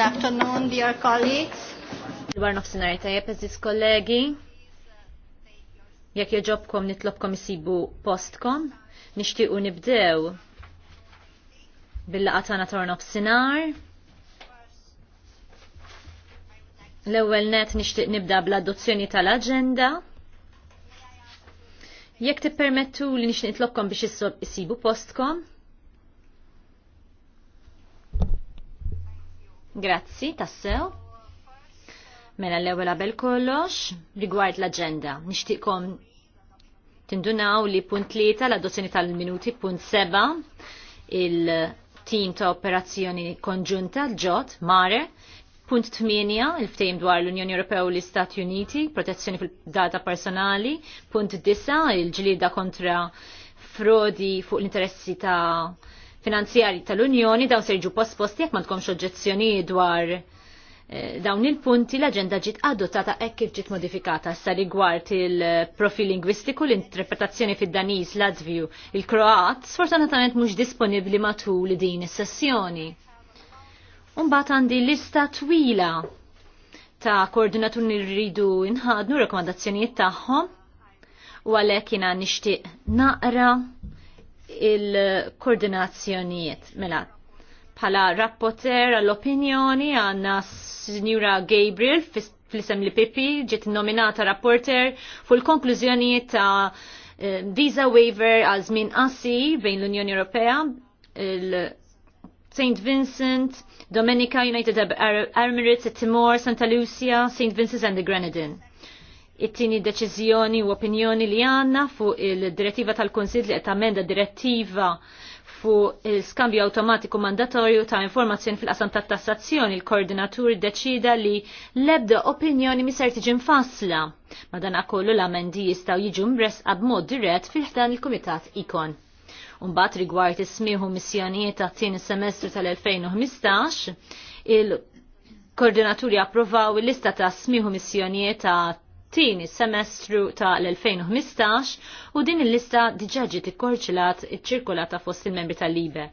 Good afternoon, dear colleagues. Dwar nofsinhar tajjeb eżis kollegi. Jekk joġobkom nitlobkom isibu postkom, nixtiequ nibdew billa laqgħa tagħna tor nofsinhar. L-ewwel net nixtieq nibda bl-adozzjoni tal-aġenda. Jekk tippermettu li nixtieq nitlobkom biex issibu postkom, Grazzi, tassew. Mela l-ewwel qabel kollox rigward l-aġenda. Nixtieqkom tindunaw li punt tlieta l-adozzjoni tal-minuti punt seba il-tim ta' operazzjoni konġunta l ġod Mare Punt 8, il-ftejm dwar l-Unjoni Ewropew u l-Istati Uniti, protezzjoni fil-data personali. Punt 9, il-ġlida kontra frodi fuq l-interessi ta' finanzjari tal-Unjoni daw serġu post-post jekk ma tkomx oġġezzjoni dwar eh, dawn il-punti l-agenda ġiet adottata hekk kif ġiet modifikata sa rigward il-profil lingwistiku l-interpretazzjoni fid-Daniż, Latvju, il-Kroat, sfortunatament mhux disponibbli matul din is-sessjoni. Umbagħad għandi lista twila ta' koordinatur nirridu inħadnu rekomandazzjonijiet tagħhom u għalhekk jiena nixtieq naqra il-koordinazzjonijiet mela pala rapporter għall-opinjoni għanna Signora Gabriel fl-isem li Pippi ġiet nominata rapporter fuq il-konklużjonijiet ta' eh, visa waiver għal żmien qasi bejn l-Unjoni Ewropea St. Vincent, Dominica, United Arab Emirates, Timor, Santa Lucia, St. Vincent and the Grenadines it-tini deċiżjoni u opinjoni li għanna fuq il-direttiva tal-Konsil li għetamenda direttiva fuq il-skambju automatiku mandatorju ta' informazzjoni fil-qasam ta' tassazzjoni il-koordinatur deċida li lebda opinjoni ser tiġi mfassla. Madana kollu l-amendi jistaw jiġu għab mod dirett fil-ħdan il-Kumitat Ikon. Umbat rigward ismiħu missjonijiet ta' tieni semestru tal-2015, il-koordinaturi approvaw il-lista ta' smiħu missjonijiet ta' tini semestru ta' l-2015 u din il-lista diġaġi ikkorċilat iċ-ċirkolata fost il-membri tal-Libe.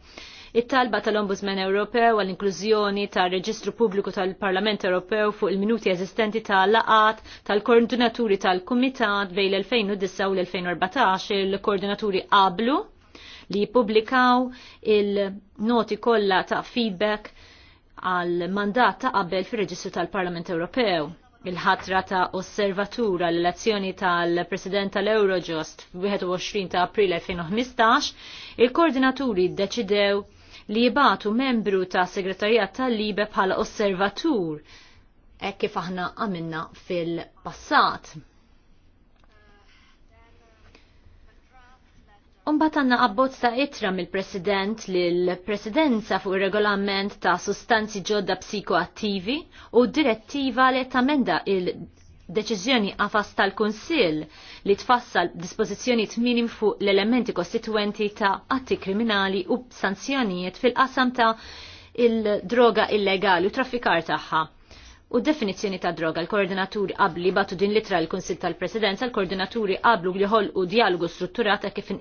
It-talba tal-Ombudsman Ewropew għall-inklużjoni ta' reġistru pubbliku tal-Parlament Ewropew fuq il-minuti eżistenti ta' laqat tal-koordinaturi tal-Kumitat bejn l-2009 u l-2014 il-koordinaturi qablu li publikaw il-noti kollha ta' feedback għal mandat ta' qabel fir-Reġistru tal-Parlament Ewropew il-ħatra ta' osservatura l-elezzjoni tal-President tal-Eurojust 21 ta' april 2015, il-koordinaturi deċidew li jibatu membru ta' segretarjat tal-Libe bħala osservatur, ekki kif aħna għamilna fil-passat. Umbat għanna abbozz ta' itra mill-President lill-Presidenza fuq il-regolament ta' sustanzi ġodda psikoattivi u direttiva li tamenda il-deċiżjoni għafas tal konsil li tfassal t minim fuq l-elementi kostituenti ta' atti kriminali u sanzjonijiet fil-qasam ta' il-droga illegali u traffikar tagħha u definizzjoni ta' droga. L-koordinaturi qabli batu din litra l konsil tal-Presidenza, l-koordinaturi qablu li ħolqu dialogu strutturata e kif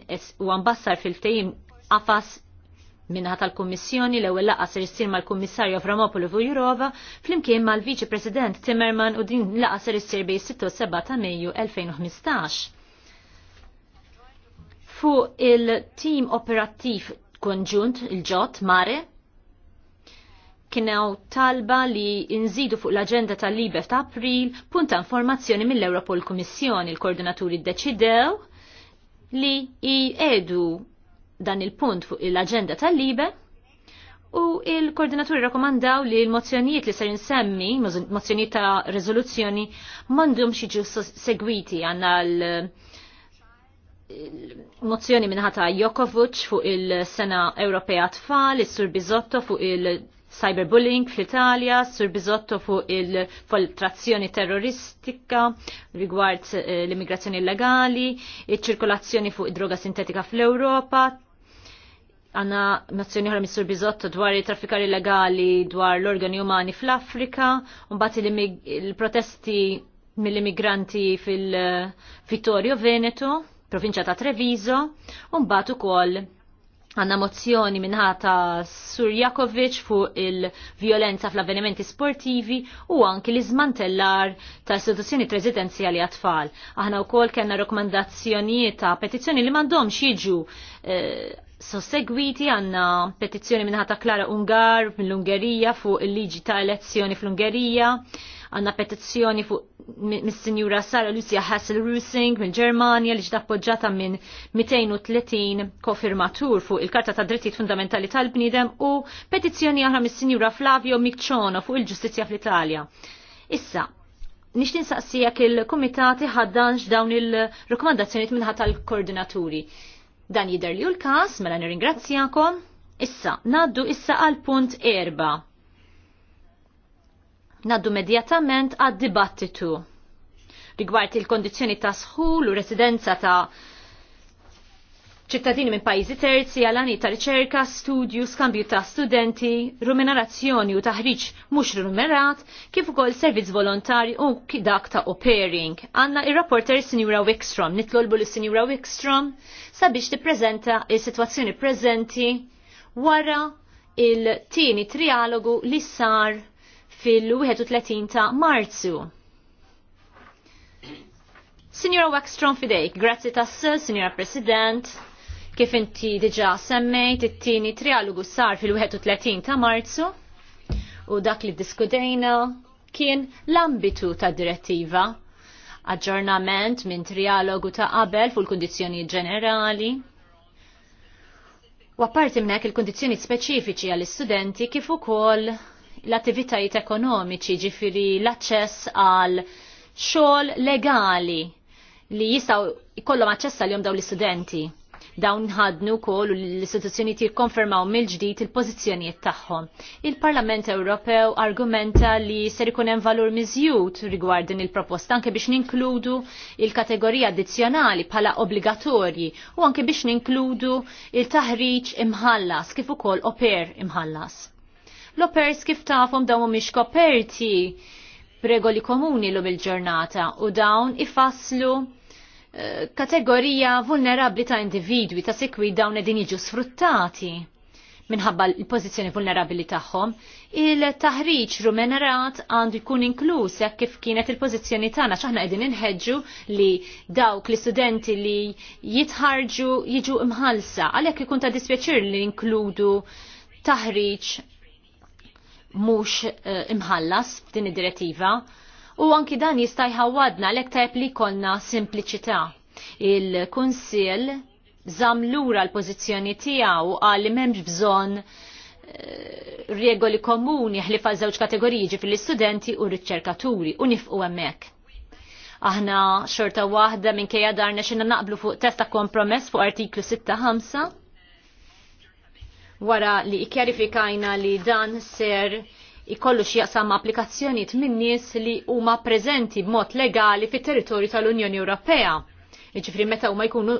u ambassar fil tejim qafas minnaħat tal-Kommissjoni l-ewwel laqgħa ser issir mal-Kummissarju Avramopoulos u Jurova flimkien mal-Viċi President Timmerman u din laqa' ser issir bejn 6 7 ta' Mejju 2015. Fuq il-tim operattiv konġunt il-ġot Mare kienaw talba li nżidu fuq l-agenda tal libef ta' april punta informazzjoni mill-Europol Kummissjoni. Il-koordinaturi deċidew li jiedu dan il-punt fuq l-agenda tal-libe u il-koordinaturi rakomandaw li l-mozzjonijiet li ser insemmi, mozzjonijiet ta' rezoluzzjoni, mandum xieġu segwiti għanna l-mozzjoni minnħata Jokovuċ fuq il-sena Ewropea tfal, il-Sur Bizotto fuq il- cyberbullying fl-Italja, sur bizotto fuq il-foltrazzjoni terroristika rigward eh, l-immigrazzjoni illegali, il-ċirkolazzjoni fuq id-droga sintetika fl-Europa, għanna nazzjoni ħra missur bizotto dwar il-traffikar illegali dwar l-organi umani fl-Afrika, un-bat il-protesti mill-immigranti fil-Vittorio eh, Veneto, provinċja ta' Treviso, un-bat u koll Għanna mozzjoni minnħata Sur Jakovic fuq il-violenza fl-avvenimenti sportivi u anki li zmantellar ta' istituzzjoni prezidenziali għatfall. Aħna u kol kena rekomendazzjoni ta' petizjoni li mandom xieġu eh, sossegwiti għanna petizzjoni ta' Klara Ungar mill-Ungerija fuq il-liġi ta' elezzjoni fl-Ungerija, għanna petizzjoni fuq mis-sinjura Sara Lucia Hassel-Rusing mill-Germania li ġdappoġġata minn 230 kofirmatur fuq il-Karta ta' Drittijiet Fundamentali tal-Bnidem u petizzjoni aħra mis-sinjura Flavio Mikċono fuq il-Ġustizzja fl-Italja. Issa, nix ninsaqsijak il-komitati ħaddanx dawn il-rekomandazzjoniet minnħata l-koordinaturi. Dan jider li l-kas, mela nir-ingrazzjakom, Issa, naddu issa għal punt erba. Naddu medjatament għad dibattitu rigward il-kondizjoni ta' sħul u residenza ta' ċittadini minn pajjiżi terzi għal ta' riċerka, studju, skambju ta' studenti, rumenerazzjoni u taħriġ mhux rumerat, kif ukoll servizz volontari u dak ta' opering. Għandna ir-rapporter Sinjura Wickstrom, nitlolbu lis sinjura Wickstrom sabiex tippreżenta is-sitwazzjoni preżenti wara il-tieni trialogu li sar fil-31 ta' Marzu. Signora Wackstrom fidejk, grazzi tassel, Signora President. Kif inti diġa semmejt, it-tieni trialogu sar fil-31 ta' Marzu u dak li diskutejna kien l-ambitu ta' direttiva aġġornament minn trialogu ta' qabel fuq il-kundizzjoni ġenerali. U apparti minn hekk il-kundizzjoni speċifiċi għall-istudenti kif ukoll l-attivitajiet ekonomiċi ġifiri l-aċċess għal xogħol legali li jistgħu jkollhom aċċess għal dawn l-istudenti dawn ħadnu kol u l-istituzzjoni konfermaw mill-ġdid il pozizjoniet tagħhom. Il-Parlament Ewropew argumenta li ser ikun hemm valur miżjud rigward din il-proposta anke biex ninkludu il-kategorija addizzjonali bħala obbligatorji u anke biex ninkludu il-taħriġ imħallas kif ukoll oper imħallas. L-opers kif tafhom dawn mhumiex koperti regoli komuni l-lum il-ġurnata u dawn ifasslu kategorija vulnerabli ta' individwi ta' sikwi dawn edin jiġu sfruttati minħabba l-pozizjoni vulnerabili tagħhom, il-taħriġ rumenerat għandu jkun inkluż jekk kif kienet il-pożizzjoni tagħna x'aħna qegħdin inħeġġu li dawk li studenti li jitħarġu jiġu imħalsa għalhekk ikun ta' dispjaċir li inkludu taħriġ mhux eh, imħallas f'din id-direttiva u anki dan jista' jħawwadna l tajb li konna simpliċità. Il-Kunsil zamlura l-pożizzjoni tiegħu għal li m'hemmx bżonn eh, regoli komuni fa' żewġ kategoriji fil studenti u r riċerkaturi u nifqu hemmhekk. Aħna xorta waħda minn kejja darna xinna naqblu fuq testa kompromess fuq artiklu 6-5 wara li ikkjarifikajna li dan ser ikollu xieqsam applikazzjonijiet minn nies li huma preżenti b'mod legali fit-territorju tal-Unjoni Ewropea. Jiġifieri meta huma jkunu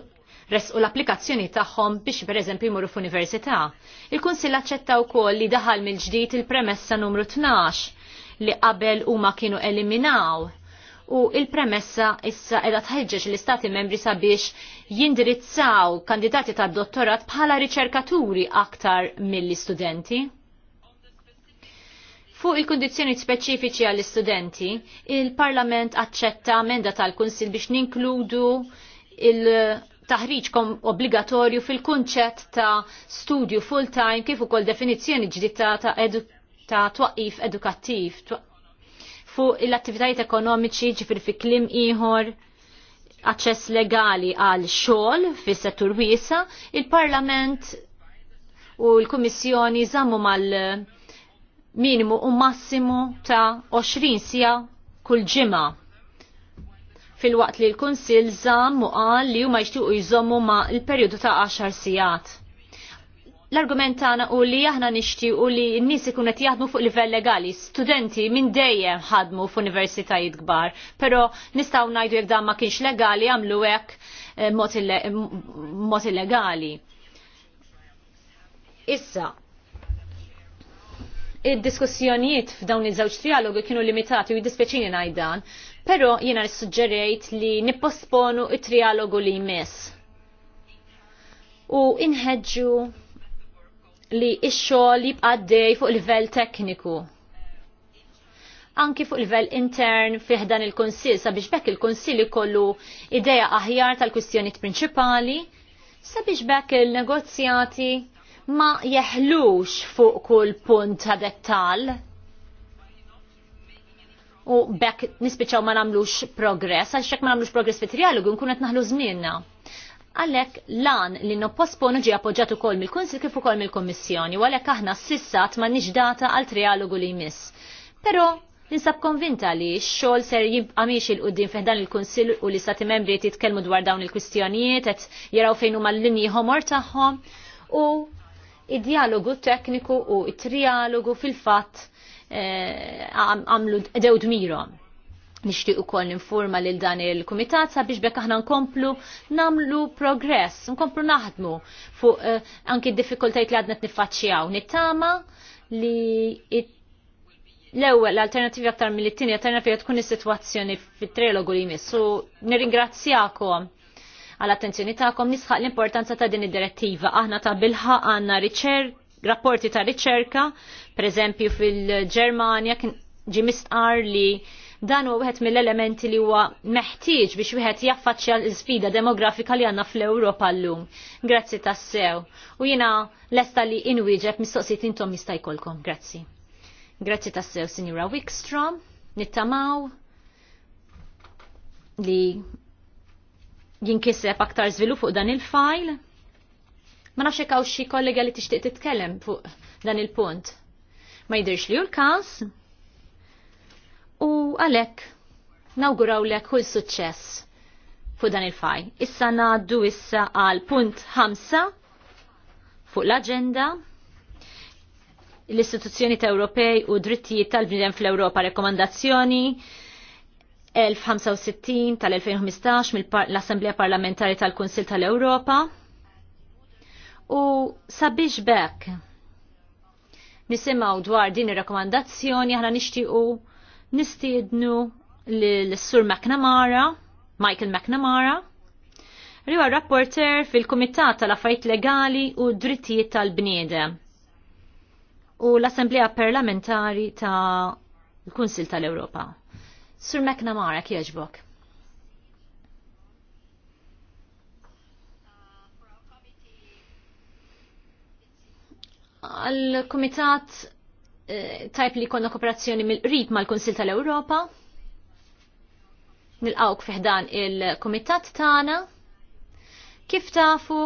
resqu l-applikazzjoni tagħhom biex pereżempju jmorru f'università. Il-Kunsill aċċetta wkoll li daħal mill-ġdid il-premessa numru 12 li qabel huma kienu eliminaw u il-premessa issa edha tħeġġeġ l-istati membri sabiex jindirizzaw kandidati tad dottorat bħala riċerkaturi aktar mill-istudenti. Fuq il-kondizjoni speċifiċi għall-istudenti, il-Parlament aċċetta amenda tal-Kunsil biex ninkludu il-taħriġ obbligatorju fil-kunċett ta' studju full-time kif ukoll definizzjoni ġdita ta', edu ta twaqif edukattiv fuq l-attivitajiet ekonomiċi ġifir fi klim ieħor aċċess legali għal xogħol fis-settur wiesa, il-Parlament u l-Kummissjoni żammu mal- minimu u massimu ta' 20 sija kull ġimgħa. Fil-waqt li l-Kunsil zam u qal li huma jixtiequ jżommu ma' il perjodu ta' 10 sijat. L-argument tagħna u li aħna nixtiequ li n-nies ikun qed jaħdmu fuq livell legali, studenti minn dejjem ħadmu f'universitajiet kbar, però nistgħu ngħidu jekk dan ma kienx legali għamlu hekk eh, mod illegali. Issa, id-diskussjonijiet f'dawn iż-żewġ trialogi kienu limitati u jiddispjaċini ngħidan, però jiena nissuġġerejt li nipposponu it-trialogu li jmiss. U inħeġġu li x-xogħol jibqa' dej fuq livell tekniku. Anki fuq livell intern fih dan il-Kunsill sabiex bekk il-Kunsill ikollu ideja aħjar tal-kwistjonijiet prinċipali sabiex bekk il-negozjati ma jeħlux fuq kull punt ta' dettal u bekk nispiċaw ma namlux progress, għal xek ma namlux progress fit trialogu nkun qed naħlu żmienna. Għalek lan li nopposponu ġi appoġġat ukoll mill-Kunsil kif ukoll mill-Kommissjoni, u għalek aħna s-sissat ma nix data għal trialogu li jmiss. Pero Ninsab konvinta li xol ser jibqamiex il-qoddim fiħdan il-Konsil u li stati membri jitkelmu dwar dawn il-kwistjonijiet, et jaraw fejn huma l-linji homor tagħhom u id-dialogu tekniku u it-trialogu fil-fatt eh, għamlu dewd dew dmirom. Nishtiq ukoll ninforma lil dan il-kumitat sabiex bekk aħna nkomplu namlu progress, nkomplu naħdmu fuq e, anki d-diffikultajt li għadna t-nifacċjaw. Nittama li l-ewwel l-alternativi aktar mill-tieni alternativi tkun is-sitwazzjoni fit-trilogu li jmissu. Nirringrazzjakom għal attenzjoni tagħkom nisħaq l-importanza ta' din id-direttiva. Aħna ta' bilħa għandna rapporti ta' riċerka, eżempju fil-Ġermanja kien mistqar li dan huwa wieħed mill-elementi li huwa meħtieġ biex wieħed jaffaċċja l-sfida demografika li għandna fl-Ewropa llum. Grazzi tassew. U jiena lesta li inwieġeb mistoqsijiet intom jista' jkollkom. Grazzi. Grazzi tassew, Signora Wickstrom. Nittamaw li jinkiseb aktar zvilu fuq dan il-fajl. Ma nafx hekk xi kollega li tixtieq titkellem fuq dan il-punt. Ma jidhirx li hu l-każ. U għalhekk nawguraw lek kull suċċess fuq dan il-fajl. Issa ngħaddu issa għal punt 5 fuq l-aġenda l-istituzzjoni ta' Ewropej u drittijiet tal-bniedem fl-Ewropa rekomandazzjoni 1065 tal-2015 mill-Assemblea Parlamentari tal-Kunsil tal-Europa u sabiex bekk nisimaw dwar din ir-rakkomandazzjoni aħna nixtiequ nistiednu l-Sur McNamara, Michael McNamara, riwa rapporter fil-Kumitat tal-Affarijiet Legali u Drittijiet tal-Bniedem u l-Assemblea Parlamentari tal kunsil tal-Ewropa. Sur McNamara kieġbok. al komitat eh, tajp li konna kooperazzjoni mill-qrib mal-Konsil tal-Ewropa, nilqawk fiħdan il-Komitat tagħna, kif tafu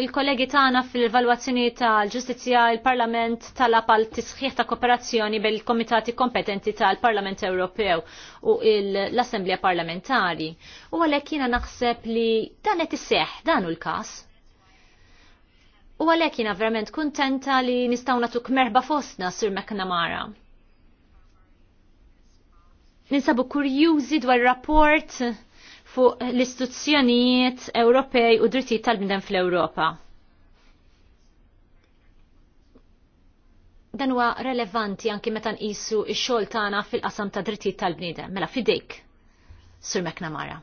il-kollegi tagħna fil-valwazzjoni tal-ġustizzja il-Parlament talab għal tisħiħ ta' kooperazzjoni bil komitati kompetenti tal-Parlament Ewropew u l-Assemblea Parlamentari. U għalhekk jiena naħseb li dan qed isseħ dan hu l-każ. U għalhekk jiena verament kuntenta li nistgħu nagħtuk merħba fostna Sir McNamara. Ninsabu kurjużi dwar rapport fuq l-istituzzjonijiet Ewropej u drittijiet tal-bnedem fl-Ewropa. Dan huwa relevanti anki meta nqisu x-xogħol tagħna fil-qasam ta' drittijiet tal-bniedem. Mela fidejk, Sur McNamara.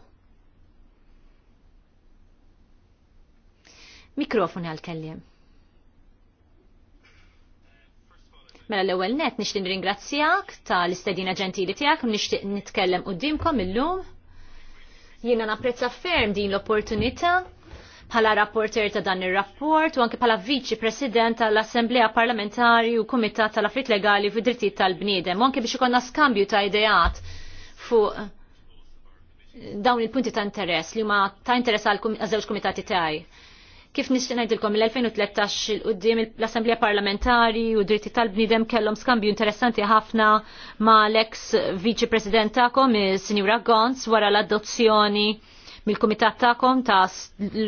Mikrofoni għal-kellim. Mela l-ewwel net nixtieq nirringrazzjak tal-istedina ġentili tiegħek nixtieq nitkellem qudiemkom illum. Jiena napprezza ferm din l-opportunità bħala rapporter ta' dan ir-rapport u anke bħala viċi president tal-Assemblea Parlamentari u Kumitat tal-Affarijiet Legali fi Drittijiet tal-Bniedem, anke biex ikonna skambju ta' ideat fuq dawn il-punti ta' interess li huma ta' interess għal żewġ kumitati tiegħi. Kif nixtieq ngħidilkom il-2013 il qudiem l assemblija Parlamentari u dritti tal bnidem kellhom skambju interessanti ħafna ma' l-ex viċi president tagħkom is-Sinjura Gons wara l-adozzjoni mill-Kumitat tagħkom ta'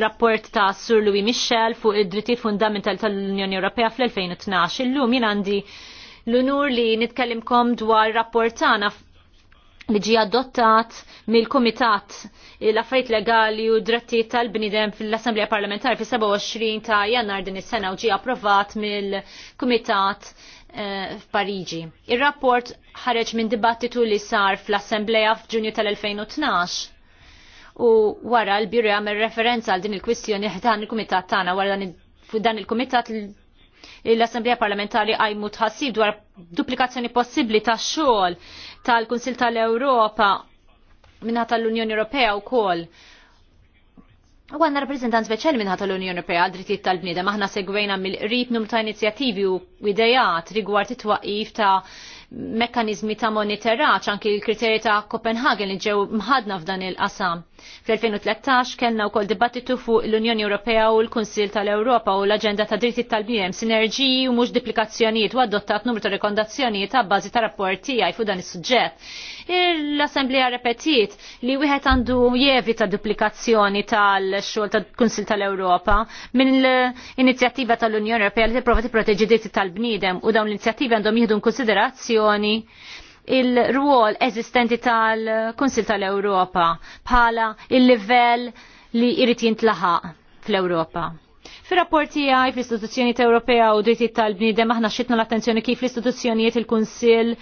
rapport ta' Sur Louis Michel fuq id dritti fundamentali tal-Unjoni Ewropea fl-2012. Illum jien għandi l-unur li nitkellimkom dwar rapport tagħna li ġi adottat mill-Kumitat l-Affarijiet Legali u Drettijiet tal-Bnidem fil-Assemblea Parlamentari fil 27 ta' Jannar din is-sena u ġi approvat mill-Kumitat eh, f'Pariġi. Ir-rapport ħareġ minn dibattitu li sar fl-Assembleja f'Ġunju tal-2012 u wara l-Bjuri għamel referenza għal din il-kwistjoni dan il-Kumitat tagħna wara dan il-Kumitat l-Assemblea Parlamentari għajmu tħassib dwar duplikazzjoni possibbli ta' xogħol tal-Kunsil tal-Ewropa minna tal-Unjoni Ewropea u kol. U għanna rappresentant speċjali minna tal-Unjoni Ewropea għal drittijiet tal-bniedem, aħna segwejna mill-qrib num ta' inizjattivi u idejat rigward it-twaqif ta' mekkanizmi ta' monitoraġġ anki l-kriterji ta' Copenhagen li ġew mħadna f'dan il-qasam. Fl-2013 kellna wkoll dibattitu fuq l-Unjoni Ewropea u l-Kunsil tal-Ewropa u l-Aġenda ta' Dritti tal-Bniedem sinerġiji u mhux diplikazzjonijiet u adottat numru ta' rekondazzjonijiet ta' bażi ta' rapport tiegħi fuq dan is-suġġett. L-Assembleja repetit li wieħed għandu jevi ta' duplikazzjoni tal-xogħol tal-Kunsil tal-Ewropa minn l-inizjattiva tal-Unjoni Ewropea li tipprova tipproteġi dritti tal-bniedem u dawn l-inizjattivi għandhom jieħdu konsiderazzjoni il-ruol eżistenti tal-Kunsil tal-Ewropa bħala il-livell li irrit jintlaħaq fl-Ewropa. Fir-rapporti għaj fl-istituzzjoni Ewropea u dritti tal-bniedem aħna xitna l-attenzjoni kif l-istituzzjonijiet il-Kunsil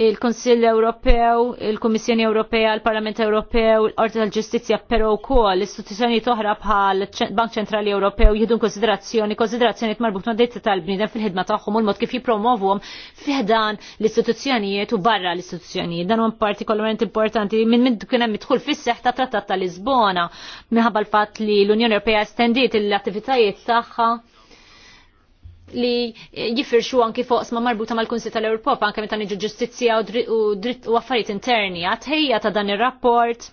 il-Konsill Ewropew, il-Kummissjoni Ewropea, il-Parlament Ewropew, l-Qorti tal-Ġustizzja, però wkoll l-istituzzjoni toħra bħal Bank Ċentrali Ewropew jieħdu konsiderazzjoni, konsiderazzjoni marbut ma' dritti tal-bniedem fil-ħidma tagħhom u l-mod kif jipromovhom fiħdan l-istituzzjonijiet u barra l-istituzzjonijiet. Dan huwa partikolarment importanti minn minn kien hemm idħul fis-seħħ ta' Trattat tal Lisbona minħabba l-fatt li l-Unjoni Ewropea estendiet l-attivitajiet tagħha li jifirxu anki fuq ma marbuta mal-Kunsi tal-Ewropa anke meta niġu ġustizzja u affarijiet interni. Għatħejja ta' dan ir-rapport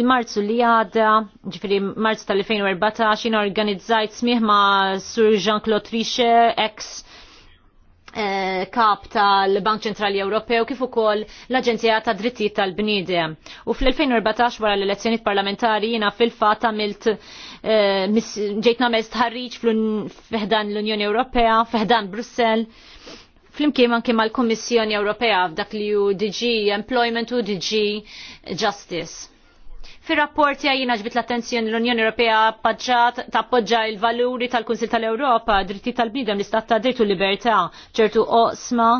il-Marzu li għadda, ġifiri Marzu tal-2014, jina organizzajt smih ma' Sur Jean-Claude Trichet, ex Eh, kap tal-Bank Ċentrali Ewropew kif ukoll l-Aġenzija ta' Drittijiet tal-Bniedem. U fl-2014 wara l-elezzjonijiet parlamentari jiena fil-fatt għamilt eh, ġejt nagħmel stħarriġ f'ħdan l-Unjoni Ewropea, f'ħdan Brussell, flimkien anke mal-Kummissjoni Ewropea f'dak li hu DG Employment u DG Justice Fi rapporti għajina ġbit l-attenzjoni l-Unjoni Ewropea tappoġġa il-valuri tal-Kunsil tal-Ewropa, dritti tal-bnidem, l-istat ta' u libertà, ċertu oqsma,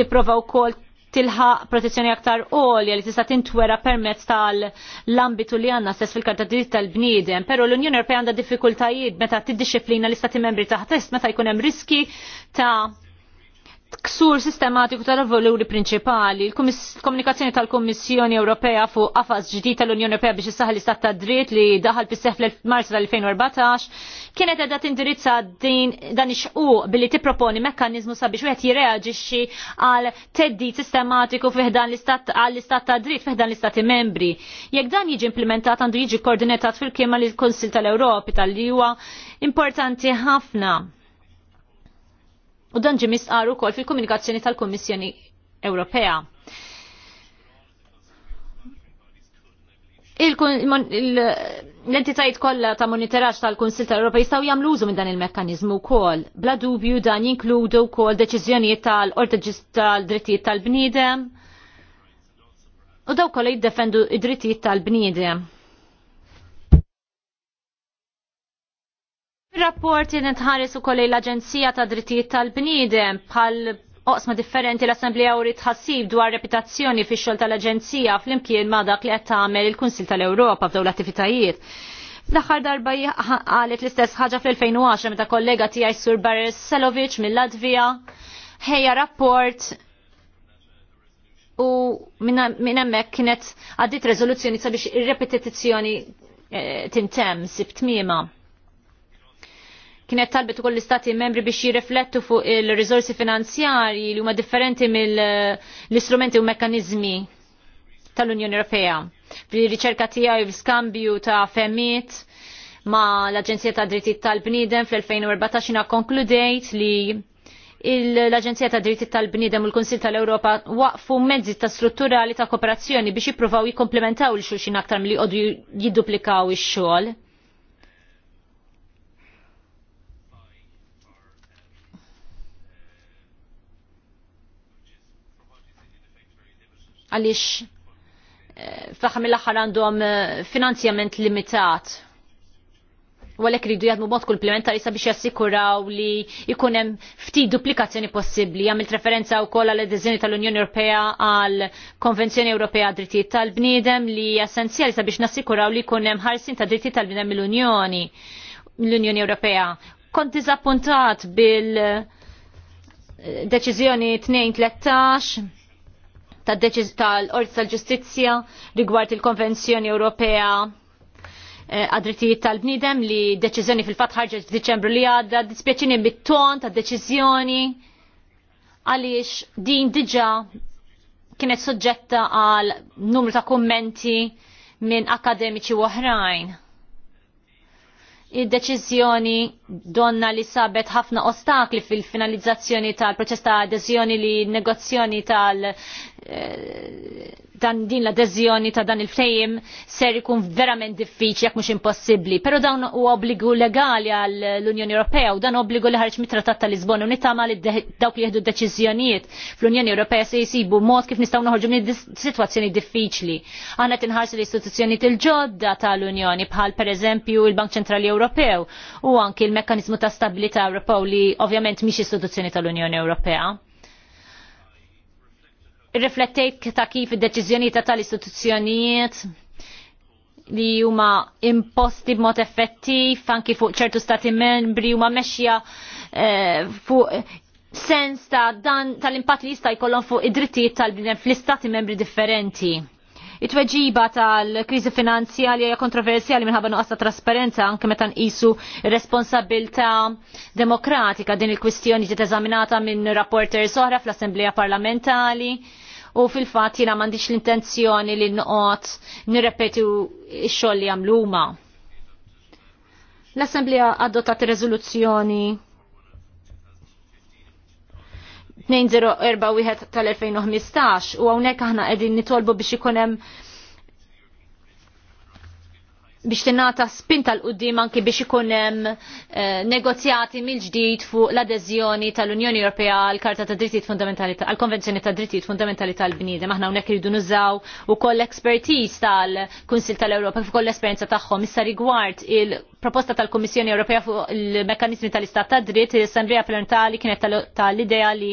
tipprova wkoll tilħaq protezzjoni aktar għolja li tista' tintwera permezz tal-ambitu li għandna stess fil-karta dritt tal-bniedem, però l-Unjoni Ewropea għandha diffikultajiet meta tiddixxiplina l-istati membri taħt meta jkun hemm riski ta' ksur sistematiku tal-valuri prinċipali, il-komunikazzjoni tal-Kommissjoni Ewropea fuq qafas ġdid tal-Unjoni Ewropea biex l istat ta' dritt li daħal fis seħħ fl-Marzu tal-2014, kienet qiegħda tindirizza din dan ix-xquq billi tipproponi mekkaniżmu sabiex wieħed jireaġixxi għal teddit sistematiku fiħdan l-istat għall-istat ta' dritt fih dan l-istati membri. Jekk dan jiġi implementat għandu jiġi koordinetat fil-kiema l kunsil tal-Ewropi tal-li huwa importanti ħafna U dan ġim istqaru kol fil-komunikazzjoni tal komissjoni Ewropea. L-entitajiet kollha ta' monitoraġ tal konsil tal europa jistaw jagħmlu użu minn dan il-mekkaniżmu wkoll. Bla dubju dan jinkludu wkoll deċiżjonijiet tal-Qorti tal-Drittijiet tal-Bniedem u daw kollha jiddefendu id-drittijiet tal-bniedem. Rapporti nitħares ukoll l-Aġenzija ta' Drittijiet tal-Bniedem bħal oqsma differenti l-Assembleja u tħassib dwar reputazzjoni fi xol tal-Aġenzija fl-imkien ma dak li qed tagħmel il-Kunsil tal-Ewropa f'dawn l-attivitajiet. L-aħħar darba qalet l-istess ħaġa fl-2010 meta kollega tiegħi Sur Baris Selovic mill-Latvija ħejja rapport u minn hemmhekk kienet għaddit reżoluzzjoni sabiex ir-repetizzjoni eh, tintem sibt tmiema kienet talbet ukoll l-istati membri biex jirreflettu fuq il-rizorsi finanzjarji li huma differenti mill-istrumenti eh, u mekkaniżmi tal-Unjoni Ewropea. fir riċerka tiegħu f-iskambju ta' femmit ma l-Aġenzija ta' Drittijiet tal-Bniedem fl-2014 konkludejt li l-Aġenzija ta' Drittijiet tal-Bniedem u l-Kunsil tal-Ewropa waqfu mezzi ta' strutturali ta' kooperazzjoni biex jippruvaw jikkomplementaw il-xulxin aktar milli jqogħdu jidduplikaw ix-xogħol għaliex eh, fl l mill-aħħar għandhom eh, finanzjament limitat. U għalhekk ridu jadmu mod komplementari sabiex jassikuraw li jikunem hemm ftit duplikazzjoni possibbli. Għamilt referenza wkoll għal edizjoni tal-Unjoni Ewropea għal Konvenzjoni Ewropea Drittijiet tal-Bniedem li essenzjali sabiex nassikuraw li jkun hemm ħarsin ta' drittijiet tal bnidem mill-Unjoni l-Unjoni Ewropea. Kont diżappuntat bil eh, deċiżjoni 2-13 ta' tal-Orz tal-Ġustizzja rigward il-Konvenzjoni Ewropea eh, għadrittijiet tal-bnidem li deċiżjoni fil-fat ħarġet f'Diċembru li għadda, dispjaċini bit-ton ta' deċiżjoni għaliex din diġa kienet soġġetta għal numru ta' kummenti minn akademiċi oħrajn. Id-deċiżjoni donna li sabet ħafna ostakli fil-finalizzazzjoni tal-proċess ta' adeżjoni li negozjoni tal Eh, dan din l-adeżjoni ta' dan il-fejjem ser ikun verament diffiċli jekk mhux impossibbli. Però dawn u obbligu legali għall unjoni Ewropea u dan obbligu li ħarġ mit tratat ta' Lisbon u nittama li dawk li jieħdu deċiżjonijiet fl-Unjoni Ewropea se jsibu mod kif nistgħu noħorġu minn sitwazzjoni diffiċli. Aħna tinħarsu l-istituzzjoni til-ġodda tal-Unjoni bħal pereżempju il-Bank Ċentrali Ewropew u anki l-Mekkaniżmu ta' Stabilità Ewropew li ovvjament mhix istituzzjoni tal-Unjoni Ewropea irriflettejt ta' kif id deċizjoni ta' tal-istituzzjonijiet li huma imposti b'mod effettiv anki fuq ċertu stati membri huma mexja eh, fuq sens ta' dan tal-impatt li jista' jkollhom fuq id-drittijiet tal-bnedem fl-istati membri differenti. It-tweġiba tal-kriżi finanzjali hija kontroversjali minħabba nuqqas ta' trasparenza anke meta nqisu responsabilità demokratika din il-kwistjoni ġiet eżaminata minn rapporters oħra fl-Assembleja Parlamentali u fil-fat jina mandiċ l-intenzjoni li nqot nirrepetu xoll li għamluma. L-Assemblea adottat rezoluzzjoni 2041 tal-2015 u għawnek aħna għedin nitolbu biex ikunem biex tinata spinta l-qoddim anki biex ikun hemm eh, negozjati mill-ġdid fuq l-adeżjoni tal-Unjoni Ewropea għall karta ta' Drittijiet Fundamentali għall konvenzjoni ta' Drittijiet Fundamentali tal-Bniedem. Aħna hawnhekk iridu nużaw ukoll l expertise tal-Kunsil tal-Ewropa fuq l-esperjenza tagħhom issa rigward il proposta tal-Kommissjoni Ewropea fuq il-mekanizmi tal-Istat ta' dritt, l-Assemblea Plenartali kienet tal-idea li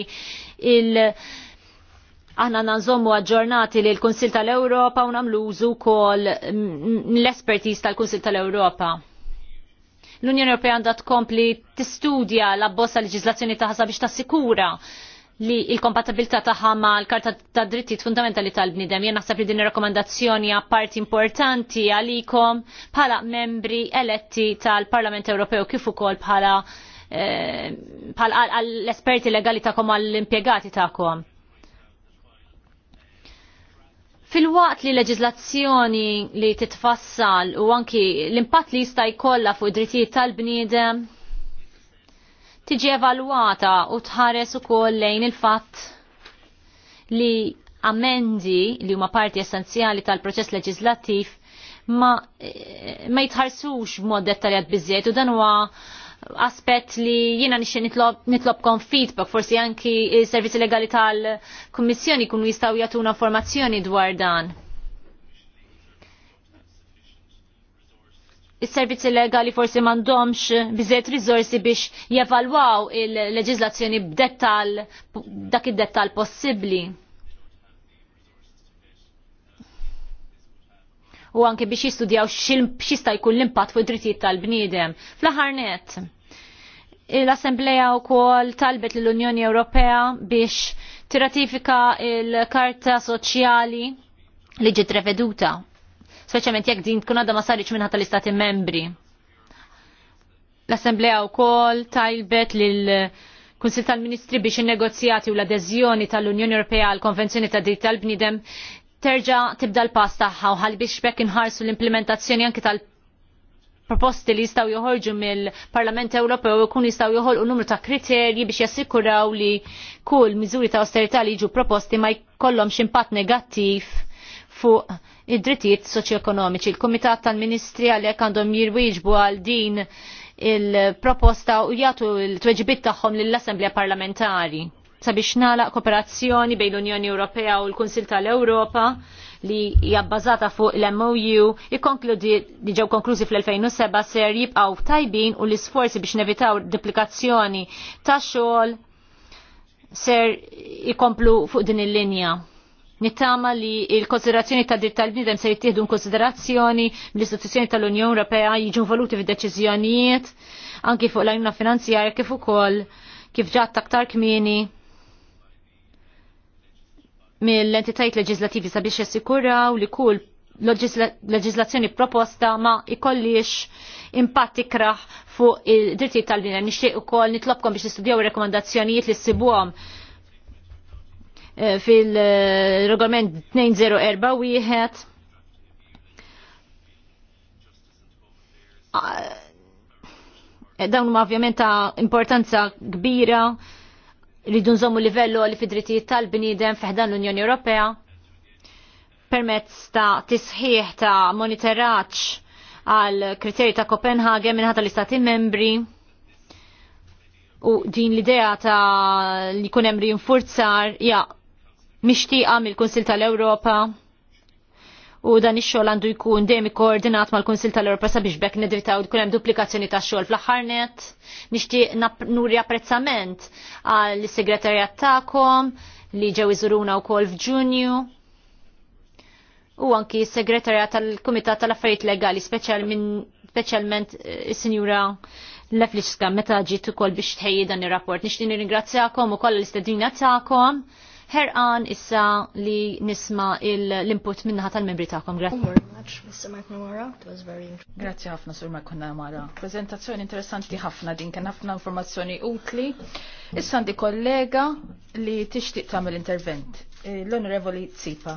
il- aħna nanżommu aġġornati li l-Kunsil tal-Ewropa u namlu użu kol l-espertiz tal-Kunsil tal-Ewropa. L-Unjoni Ewropea għandha tkompli tistudja l bossa leġislazzjoni taħsa biex tassikura li il-kompatibilità tagħha mal karta ta' drittijiet fundamentali tal-bnidem. Jena naħseb li din ir-rakkomandazzjoni parti importanti għalikom bħala membri eletti tal-Parlament Ewropew kif ukoll bħala eh, għall l-esperti legali tagħkom għall-impjegati tagħkom Fil-waqt li leġizlazzjoni li titfassal u anki l-impatt li jista' jkollha fuq id-drittijiet tal-bniedem tiġi evalwata u tħares ukoll lejn il-fatt li amendi li huma parti essenzjali tal-proċess leġislattiv ma, eh, ma jitħarsux b'mod dettaljat biżjed u dan huwa aspett li jiena nitlob, nitlobkom feedback, forsi anki il-servizzi legali tal-Kummissjoni kunu jistaw jatuna formazzjoni dwar dan. Is-servizzi legali forsi m'għandhomx bizet rizorsi biex jevalwaw il-leġiżlazzjoni b'dettal dak id-dettal possibbli. u anke biex jistudjaw xista jkun l-impatt fuq id-drittijiet tal-bniedem. Fl-aħħar net, l-Assembleja wkoll talbet lill unjoni Ewropea biex tirratifika l karta Soċjali li ġiet reveduta. Speċjalment jekk din tkun għadha ma sarriċ minnha tal-Istati membri. L-Assembleja wkoll talbet lil Kunsil tal-Ministri biex il negozjati u l adezjoni tal-Unjoni Ewropea għall konvenzjoni ta' dritt tal-bniedem terġa' tibda l-pass tagħha u biex bekk inħarsu l-implementazzjoni anki tal proposti li jistaw joħorġu mill-Parlament Ewropew ikun jistaw joħolqu numru ta' kriterji biex jassikuraw li kull miżuri ta' austerità li jiġu proposti ma jkollhomx impatt negattiv fuq id-drittijiet soċjoekonomiċi. Il-Kumitat tal-Ministri għalhekk għandhom jirwieġbu għal din il-proposta u jagħtu l-tweġibiet tagħhom lill-Assemblea Parlamentari sabiex nagħlaq kooperazzjoni bejn l-Unjoni Ewropea u l-Kunsil tal-Ewropa li jabbażata fuq l-MOU li ġew konklużi fl-2007 ser jibqaw tajbin u l-isforzi biex nevitaw duplikazzjoni ta' xogħol ser ikomplu fuq din il-linja. Nittama li il-konsiderazzjoni ta' dritt tal-bnidem se jittieħdu konsiderazzjoni l istituzzjoni tal-Unjoni Ewropea jiġu voluti fid-deċiżjonijiet anki fuq l-għajnuna finanzjarja kif ukoll kif ġat aktar kmieni mill-entitajt leġislativi sabiex jassikuraw li kull leġislazzjoni proposta ma ikollix impatt ikraħ fuq id-drittijiet tal bina Nixtieq ukoll nitlobkom biex tistudjaw ir-rekomandazzjonijiet li ssibuhom eh, fil-regolament 204 ah, eh, dawn huma ovvjament ta' importanza kbira rridu nżommu livellu li fid tal-bniedem fiħdan l-Unjoni Ewropea permezz ta' tisħiħ ta' monitoraċ għal kriterji ta' Kopenhagen minħata l-istati membri u din l-idea ta' li kunem rinforzar ja mixtieqa mill-Kunsil tal-Ewropa u dan ix-xogħol għandu jkun dejjem koordinat mal-Kunsil tal-Ewropa sabiex bekk nedritaw jkun hemm duplikazzjoni tax-xogħol fl-aħħar net. Nixtieq nuri apprezzament għall-segretarjat tagħkom li ġew iżuruna wkoll f'Ġunju u anki s-segretarjat tal-Kumitat tal-Affarijiet Legali speċjalment eh, is-Sinjura Lefliska meta ġiet ukoll biex tħejji dan ir-rapport. Nixtieq nirringrazzjakom ukoll l-istedina tagħkom herqan issa li nisma l-input minnaħa tal-membri ta'kom. Grazie ħafna sur Markona Mara. Prezentazzjoni interessanti ħafna din kien ħafna informazzjoni utli. Issa għandi kollega li tixtieq tagħmel intervent. Eh, L-Onorevoli Zipa.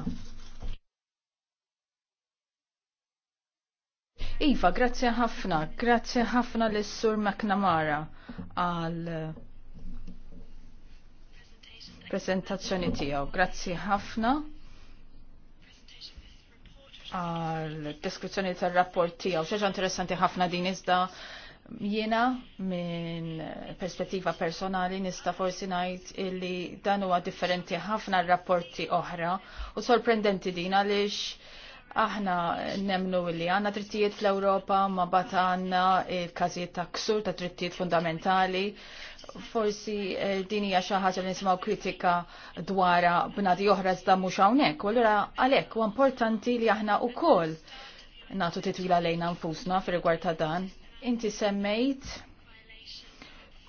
Iva, grazie ħafna, grazie ħafna l-Sur McNamara għal prezentazzjoni tiegħu. Grazzi ħafna għal deskrizzjoni tal-rapport tiegħu. Xi interessanti ħafna din iżda jiena minn perspettiva personali nista forsi ngħid illi dan huwa differenti ħafna rapporti oħra u sorprendenti din għaliex aħna nemnu li għanna drittijiet fl-Ewropa ma bat għanna il-każijiet ta' ksur ta' drittijiet fundamentali forsi eh, din hija xi ħaġa li nisimgħu kritika dwara b'nadi oħra zda mhux hawnhekk. U allura għalhekk huwa importanti li aħna wkoll nagħtu titwila lejna nfusna fir-rigward ta' dan. Inti semmejt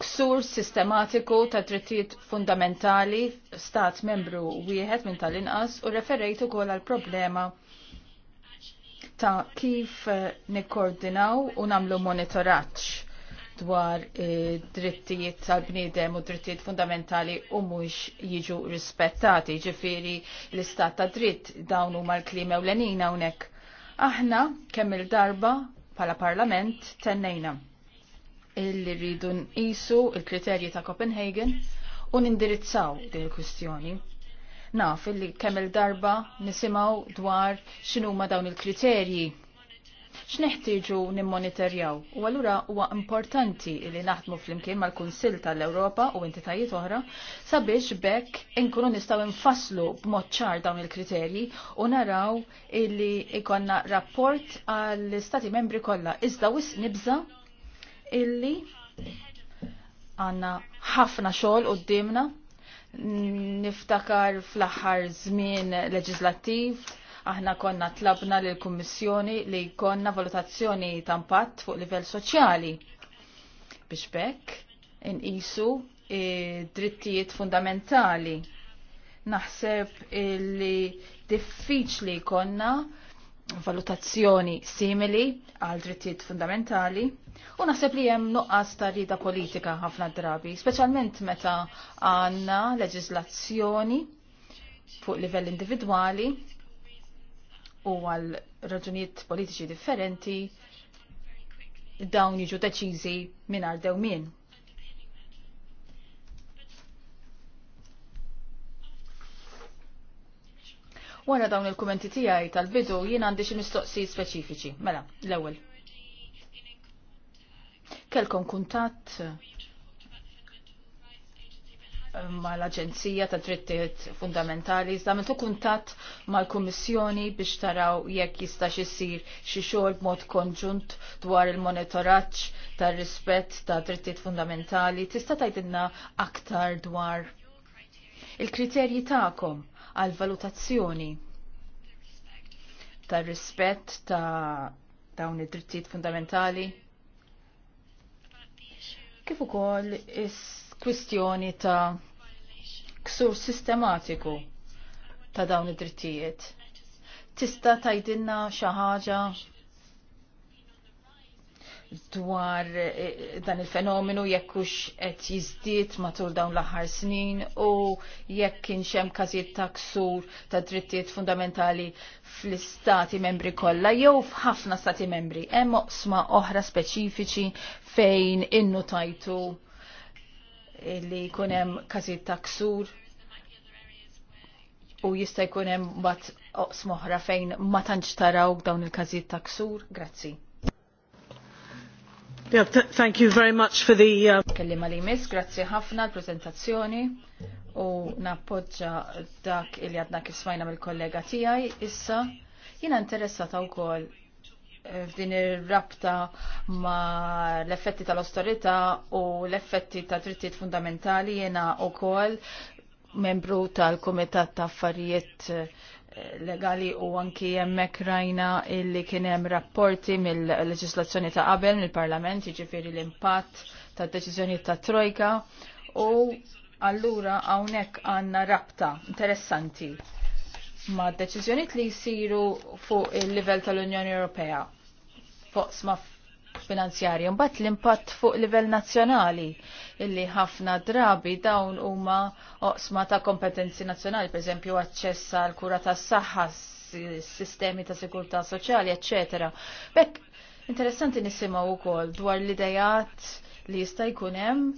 ksur sistematiku ta' drittijiet fundamentali stat membru wieħed minn tal-inqas u referejt ukoll għal problema ta' kif eh, nikkoordinaw u namlu monitoraġġ dwar eh, drittijiet tal-bniedem u drittijiet fundamentali u mhux jiġu rispettati, ġifiri l-istat ta' dritt dawn huma l-klim ewlenin hawnhekk. Aħna kemm il-darba bħala parlament tennejna illi rridu nqisu il-kriterji ta' Copenhagen u nindirizzaw din il-kwistjoni. Naf illi kemm il-darba nisimgħu dwar x'inhuma dawn il-kriterji x'neħtieġu nimmonitorjaw. U allura huwa importanti li naħdmu flimkien mal-Kunsill tal-Ewropa u entitajiet oħra sabiex bekk inkunu nistgħu nfasslu b'mod ċar dawn il-kriterji u naraw illi ikonna rapport għall-Stati membri kollha iżda wis nibża illi għanna ħafna xogħol qudiemna niftakar fl-aħħar żmien leġislattiv Aħna konna tlabna l kummissjoni li konna valutazzjoni ta' impatt fuq livell soċjali. Biex bekk, inqisu drittijiet fundamentali. Naħseb li diffiċli konna valutazzjoni simili għal drittijiet fundamentali u naħseb li hemm nuqqas ta' rida politika ħafna drabi, speċjalment meta għandna leġiżlazzjoni fuq livell individwali u għal raġunijiet politiċi differenti dawn jiġu deċiżi mingħajr min. Wara dawn il-kumenti tijaj tal-bidu jien għandi xi mistoqsi speċifiċi. Mela, l-ewwel. Kelkom kuntatt mal-Aġenzija ta' Drittijiet Fundamentali, għamiltu kuntatt mal-Kummissjoni biex taraw jekk jistax issir xi xogħol b'mod konġunt dwar il-monitoraġġ tar-rispett ta' drittijiet fundamentali. Tista' tgħidilna aktar dwar il-kriterji tagħkom għal valutazzjoni tar-rispett ta' dawn id-drittijiet fundamentali? Kif ukoll is kwistjoni ta' ksur sistematiku ta' dawn id-drittijiet. Tista' tajdinna xi ħaġa dwar eh, dan il-fenomenu jekk hux qed jiżdied matul dawn l-aħħar snin u jekk kien hemm każijiet ta' ksur ta' drittijiet fundamentali fl-istati membri kollha jew f'ħafna stati membri hemm oqsma oħra speċifiċi fejn innu tajtu li jkun hemm każijiet ta' ksur u jista' jkun hemm mbagħad oqs moħra fejn ma tantx taraw dawn il-każijiet ta' ksur. Grazzi. Yeah, thank you very much for the... Uh... Kellima li mis, grazzi ħafna l-prezentazzjoni u nappoġġa dak il-li għadna kif smajna mill-kollega tiegħi issa. jiena interessata wkoll f'din ir-rabta ma l-effetti tal-austerità u l-effetti ta' drittijiet fundamentali jena u kol membru tal-Kumitat ta' Affarijiet eh, legali u anki jemmek rajna illi kienem rapporti mill-leġislazzjoni ta' qabel mill-parlament, jiġifieri l-impatt ta' deċiżjoni ta' trojka u allura hawnhekk għandna rabta interessanti ma' deċiżjonijiet li jsiru fuq il-livell tal-Unjoni Ewropea fuq sma finanzjarji, mbagħad l-impatt fuq livell nazzjonali illi ħafna drabi dawn huma oqsma ta' kompetenzi nazzjonali, pereżempju aċċess għal kura tas-saħħa, sistemi ta' sigurtà soċjali, eccetera. Bekk Interessanti nisimgħu wkoll dwar l-idejat li jista' jkun hemm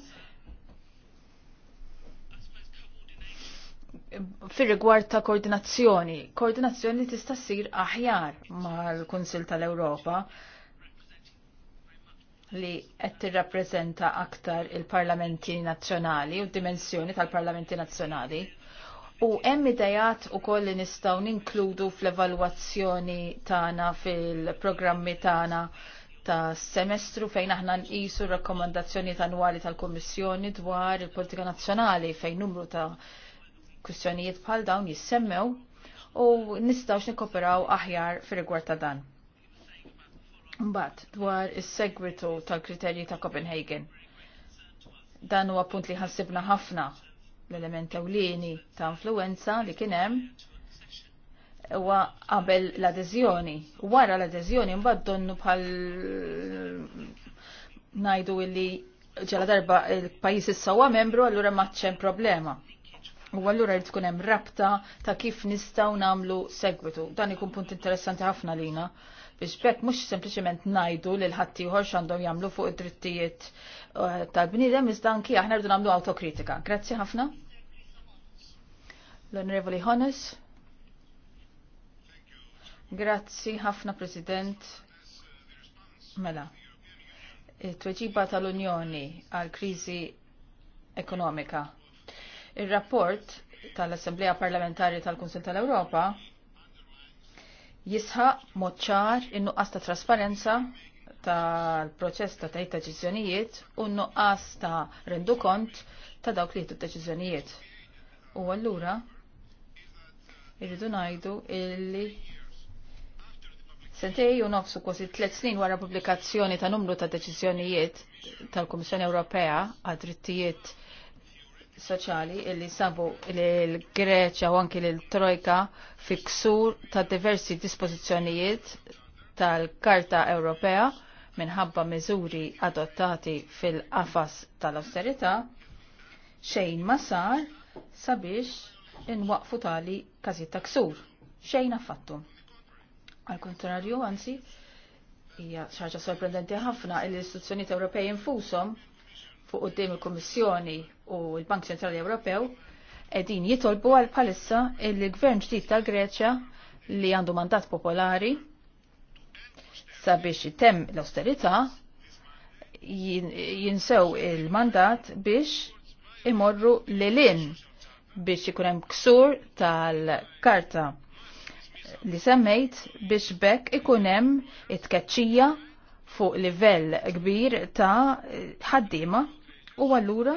fil-rigward ta' koordinazzjoni. Koordinazzjoni tista' ssir aħjar mal-Kunsil tal-Ewropa li qed tirrappreżenta aktar il-parlamenti nazzjonali u dimensjoni tal-parlamenti nazzjonali. U hemm idejat ukoll li nistgħu ninkludu fl-evalwazzjoni tagħna fil-programmi tagħna ta' semestru fejn aħna nqisu rakkomandazzjoni annwali tal-Kummissjoni dwar il-Politika Nazzjonali fejn numru ta' kwistjonijiet bħal dawn jissemmew u nistgħux nikkoperaw aħjar fir-rigward ta' dan. Mbagħad dwar is-segwitu tal-kriterji ta' Copenhagen. Dan huwa punt li ħassibna ħafna l-element ewlieni ta' influenza li kien hemm huwa qabel l-adeżjoni. Wara l-adeżjoni mbagħad donnu bħal ngħidu illi ġala darba il pajjiż issa huwa membru allura maċċen problema. U għallura rrid tkun hemm rabta ta' kif nistgħu nagħmlu segwitu. Dan ikun punt interessanti ħafna lina biex bekk mhux sempliċement ngħidu lil ħaddieħor x'għandhom jagħmlu fuq id-drittijiet eh, tal-bniedem iżda anki aħna rridu nagħmlu autokritika. Grazzi ħafna. L-Onorevoli Hones. Grazzi ħafna President. Mela. Tweġiba tal-Unjoni għal kriżi ekonomika Il-rapport tal-Assemblea Parlamentari tal-Kunsil tal-Europa jisħa moċċar in-nuqqas ta' trasparenza tal-proċess ta' tajt deċiżjonijiet u n-nuqqas ta' rendu kont ta' dawk li jittu deċiżjonijiet. U allura irridu ngħidu illi Sentej u nofsu kważi tliet snin wara pubblikazzjoni ta' numru ta' deċiżjonijiet tal-Kummissjoni Ewropea għad drittijiet soċjali illi sabu l-Greċja u anki l-Trojka fi ksur ta' diversi dispożizzjonijiet tal-Karta Ewropea minħabba miżuri adottati fil-qafas tal-austerità xejn ma sar sabiex inwaqfu tali kazi ta' ksur. Xejn affattu. Al kontrarju, anzi, hija xaġa sorprendenti ħafna l istituzzjonijiet Ewropej infushom fuq qudiem il-Kummissjoni u l-Bank Ċentrali Ewropew edin jitolbu għal palissa il-gvern ġdid tal-Greċja li għandu mandat popolari sabiex jitem l-austerità jinsew il-mandat biex imorru l-lin biex ikunem ksur tal-karta li semmejt biex bekk ikunem it tkeċċija fuq livell kbir ta' ħaddima U allura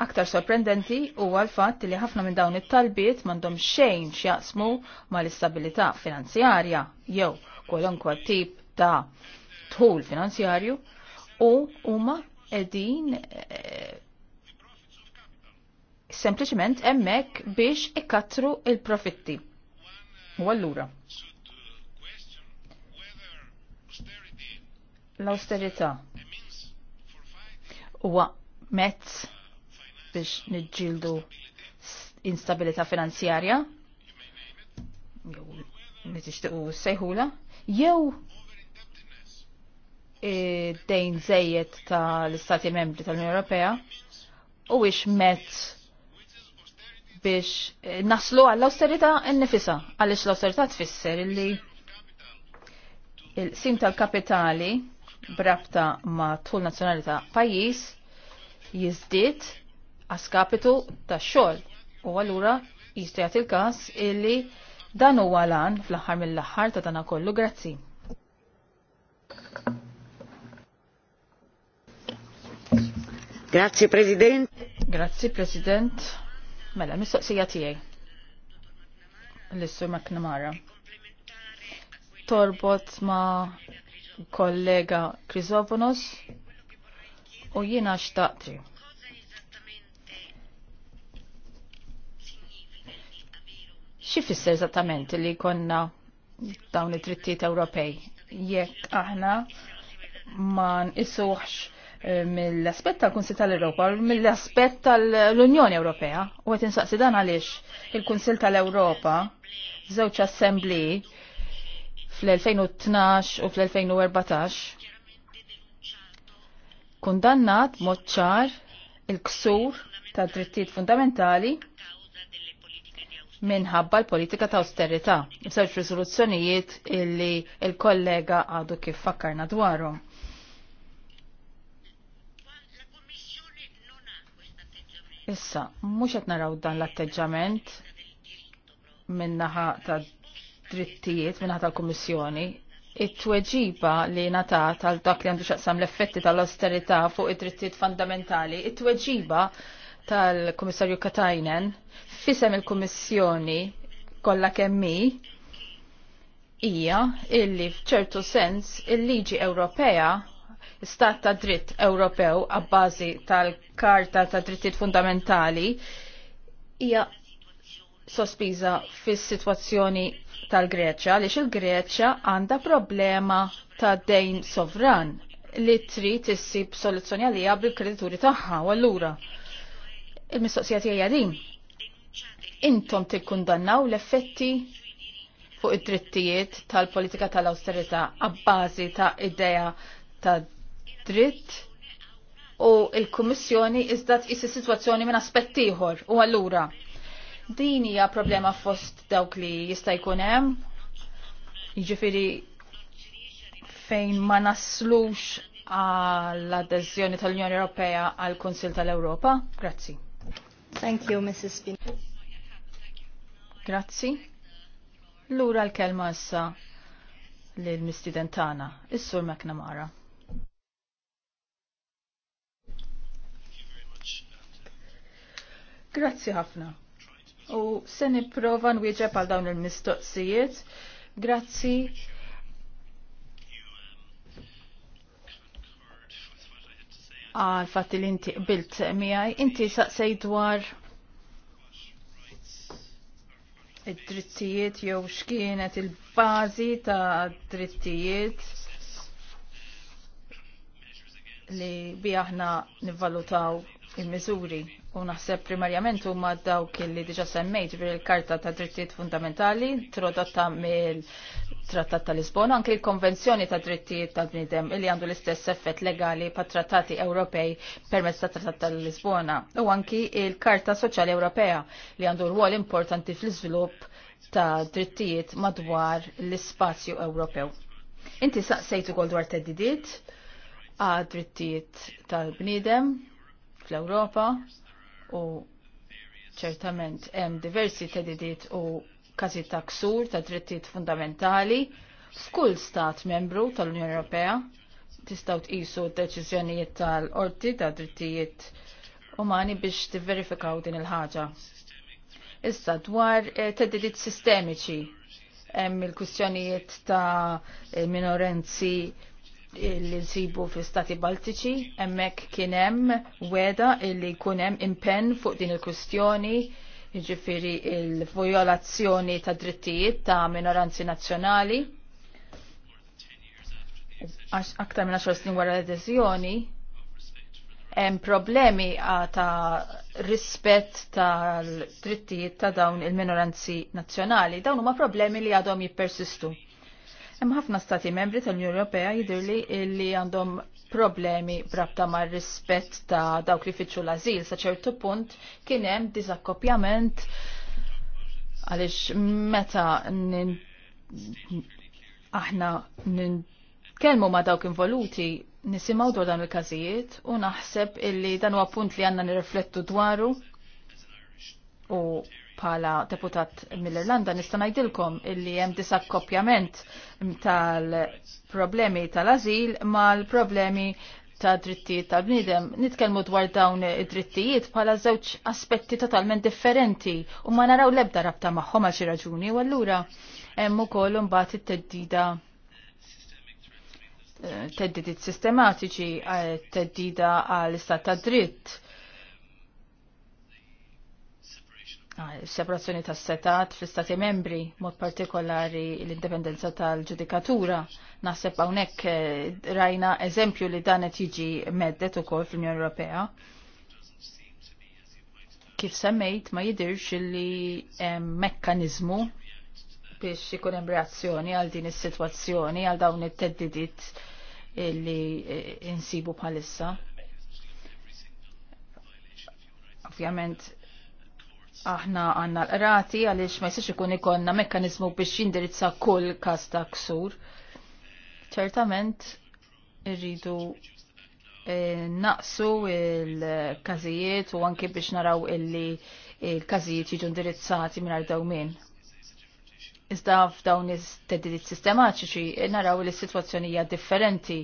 Aktar sorprendenti huwa l-fatt li ħafna minn dawn it-talbiet m'għandhom xejn x'jaqsmu mal-istabilità finanzjarja jew kolonkwa tip ta' tħul finanzjarju u huma qegħdin eh, sempliċement hemmhekk biex ikkatru il-profitti. U allura. L-austerità huwa mezz biex nġildu instabilità finanzjarja, jew nitixtiqu sejħula, jew dejn zejjed tal-Istati Membri tal-Unjoni Ewropea u biex mezz biex naslu għall-austerità n-nifisa, għalix l-austerità tfisser illi il-sim tal-kapitali brabta ma tul nazzjonalità pajis jizdit għaskapitu ta' xol. U għallura jistajat il-kas illi dan u għalan fl ħar mill ħar ta' dana kollu grazzi. Grazie President. Grazie President. Mela, mistoqsija tiegħi. L-Sur McNamara. Torbot ma kollega Krizovonos u jiena xtaqtri. Xi fisser eżattament li konna dawn it trittiet Ewropej jekk aħna ma nqisuħx eh, mill-aspett tal-Kunsil tal-Ewropa, mill-aspett tal-Unjoni Ewropea, u qed insaqsi dan għaliex il-Kunsil tal-Ewropa, żewġ assembli fl-2012 u fl-2014, kundannat moċċar il-ksur ta' drittijiet fundamentali minħabba l-politika ta' austerità. B'sewġ risoluzzjonijiet illi il-kollega għadu kif fakkarna dwarhom. Issa, mhux qed naraw dan l-atteġġament minnaħa ta' drittijiet minnaħa tal-Kummissjoni it-tweġiba li nata għal dak li għandu xaqsam l-effetti tal-austerità fuq id-drittijiet fundamentali, it-tweġiba tal-Komissarju Katajnen fisem il-Komissjoni kollha kemmi hija illi f'ċertu sens il-liġi Ewropea stat ta' dritt Ewropew għabbażi tal-Karta ta' Drittijiet Fundamentali hija sospiża fis-sitwazzjoni tal-Greċja għaliex il-Greċja għandha problema ta' dejn sovran li trid issib soluzzjoni għalija bil-kredituri tagħha u allura il-mistoqsija tiegħi din. Intom tikkundannaw l-effetti fuq id-drittijiet tal-politika tal austerita għabbażi ta' idea ta' dritt u il-Kummissjoni iżda tqis is-sitwazzjoni minn aspett ieħor u allura Din hija problema fost dawk li jista' jkun hemm. Jiġifieri fejn ma naslux għall-adeżjoni tal-Unjoni Ewropea għal Kunsil tal-Ewropa. Grazzi. Thank you, Mrs. Spin. Grazzi. Lura l-kelma issa lill-mistidentana, is-Sur McNamara. Grazzi ħafna u se nipprova nwieġeb għal dawn il-mistoqsijiet. Grazzi. għal fatti li inti qbilt miħaj, inti saqsej dwar id-drittijiet jew x'kienet il-bażi ta' drittijiet li bi aħna nivvalutaw il-miżuri u naħseb primarjament huma dawk li diġa semmejt ġifieri l-Karta ta' Drittijiet Fundamentali introdotta mill-Trattat ta' Lisbona anke l-Konvenzjoni ta' Drittijiet tal-Bniedem li għandu l-istess effett legali pa' trattati Ewropej permezz ta' Trattat ta' Lisbona u anki l-Karta Soċjali Ewropea li għandu rwol importanti fl-iżvilupp ta' drittijiet madwar l-ispazju Ewropew. Inti saqsejtu kol dwar teddidiet għad drittijiet tal-bniedem fl-Ewropa u ċertament hemm diversi tedidiet u kazi ta' ksur ta' drittijiet fundamentali f'kull stat membru tal-Unjoni Ewropea tistgħu tqisu d-deċiżjonijiet tal-qorti ta' drittijiet umani biex tivverifikaw din il-ħaġa. Issa dwar eh, teddidiet sistemiċi hemm il-kwistjonijiet ta' minorenzi li nsibu fi stati Baltiċi, emmek kienem weda illi kunem impen fuq din il-kustjoni, ġifiri il vojolazzjoni ta' drittijiet ta' minoranzi nazzjonali. Aktar minna xor snin wara l-adesjoni, hemm problemi ta' rispett tal-drittijiet ta' dawn il-minoranzi nazzjonali. Dawn huma problemi li għadhom jippersistu Hemm ħafna stati membri tal-Unjoni Ewropea jidhirli li għandhom problemi brabta mar rispett ta' dawk li fitxu l-azil sa' ċertu punt kien hemm diżakkopjament għaliex meta aħna nitkellmu ma' dawk involuti nisimgħu dwar dan il-każijiet u naħseb illi dan huwa punt li għandna nirriflettu dwaru u bħala deputat mill-Irlanda nista' ngħidilkom illi hemm disakkoppjament tal-problemi tal-ażil mal-problemi ta' drittijiet ta' bnidem. Nitkellmu dwar dawn id-drittijiet bħala żewġ aspetti totalment differenti u ma naraw lebda rabta magħhom għal xi raġuni u allura hemm ukoll imbagħad it-teddida eh, teddidiet sistematiċi, eh, teddida għall istat ta' dritt separazzjoni tas setat fl-istati membri, mod partikolari l-indipendenza tal-ġudikatura. Naħseb hawnhekk eh, rajna eżempju li dan qed jiġi meddet ukoll fl-Unjoni Ewropea kif semmejt ma jidirx li mekkanizmu biex ikun hemm reazzjoni għal din is-sitwazzjoni għal dawn it-teddidiet li eh, insibu bħalissa. Ovvjament aħna għanna l-rati għaliex ma jistax ikun ikonna mekkanizmu biex jindirizza kull kas ta' ksur. Ċertament irridu eh, naqsu il-kazijiet u anki biex naraw illi il-kazijiet jiġu indirizzati minn dawmin. Iżda f'dawn is-teddidiet sistematiċi eh, naraw li s-sitwazzjoni hija differenti.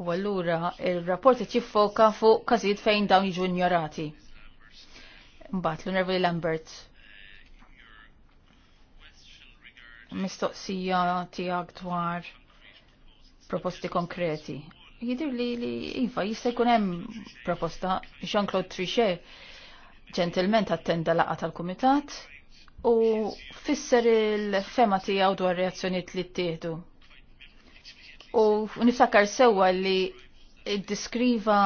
U allura il-rapport qed jiffoka fuq każijiet fejn dawn jiġu ignorati. Mbagħad l-Onorevoli Lambert. Mistoqsija tiegħek dwar proposti konkreti. Jidir li li iva jista' jkun hemm proposta Jean-Claude Trichet ġentilment attenda laqgħa tal-Kumitat u fisser il-fema tiegħu dwar reazzjonijiet li ttieħdu. U niftakar sewwa li ddiskriva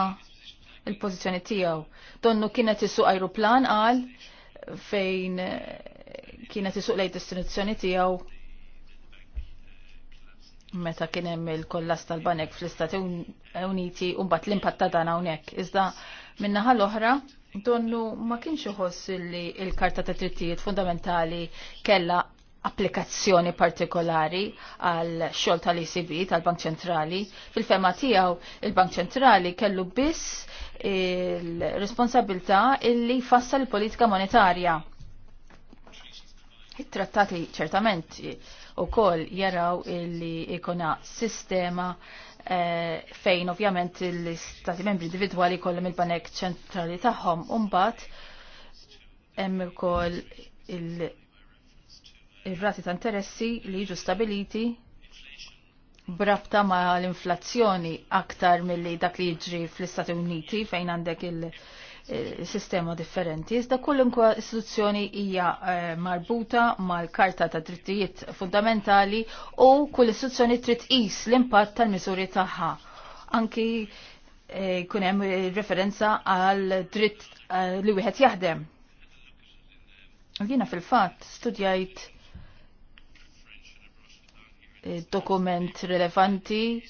il-pozizjoni tiegħu. Donnu kienet isuq ajruplan għal fejn eh, kienet isuq lejn destinazzjoni tiegħu meta kien hemm il-kollas tal-banek fl-Istati Uniti u mbagħad l-impatt ta' dan hawnhekk. Iżda min-naħa l-oħra donnu ma kienx iħoss li l-Karta ta' trittijiet Fundamentali kella applikazzjoni partikolari għal xol tal-ECB, tal-Bank Ċentrali. Fil-fema tijaw, il-Bank Ċentrali kellu biss il-responsabilta illi fassa l-politika monetarja. Il-trattati ċertament u kol jaraw illi ikona sistema eh, fejn ovvjament il-stati membri individuali kollum il-banek ċentrali taħħom. un-bat hemm ukoll il- ir-rati ta' interessi li jiġu stabiliti brabta ma' l-inflazzjoni aktar mill-li dak li jiġri fl-Istati Uniti fejn għandek il-sistema differenti. Iżda kullunkwa istituzzjoni hija eh, marbuta mal-Karta ta' Drittijiet Fundamentali u kull istituzzjoni trid qis l-impatt tal-miżuri tagħha. Anki eh, jkun hemm referenza għal dritt eh, li wieħed jaħdem. Jiena fil-fatt studjajt dokument rilevanti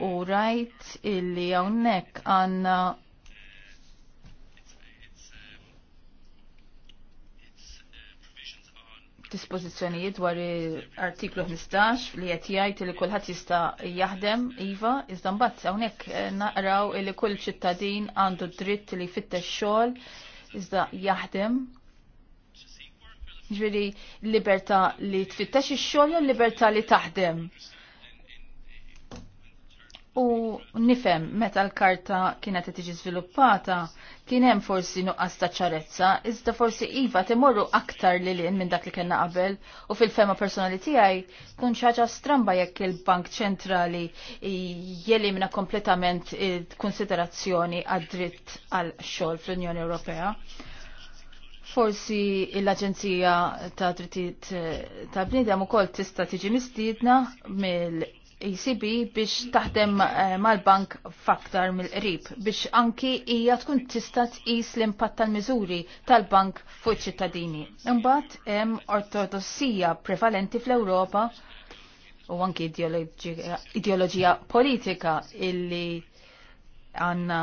u rajt illi hawnhekk għandna dispożizzjonijiet dwar artiklu 15 li qed jgħid li kulħadd jista' jaħdem iva, iżda mbagħad hawnhekk eh, naqraw li kull ċittadin għandu dritt li jfittex xogħol iżda jaħdem Ġveri, libertà li tfittax ix-xogħol jew libertà li taħdem. U nifem meta l-karta kienet tiġi żviluppata, kien hemm forsi nuqqas ta' ċarezza, iżda forsi iva timorru aktar li lin minn dak li kellna qabel u fil-fema personali tiegħi kun ħaġa stramba jekk il-Bank Ċentrali jelimna kompletament il-konsiderazzjoni għad-dritt għal xogħol fl-Unjoni Ewropea. Forsi l-Aġenzija ta' Drittijiet ta' Bniedem ukoll tista' tiġi mistiedna mill-ECB biex taħdem eh, mal-bank faktar mill-qrib biex anki hija tkun tista' tqis l-impatt tal-miżuri tal-bank fuq iċ-ċittadini. Imbagħad hemm ortodossija prevalenti fl-Ewropa u anki ideoloġija politika illi għanna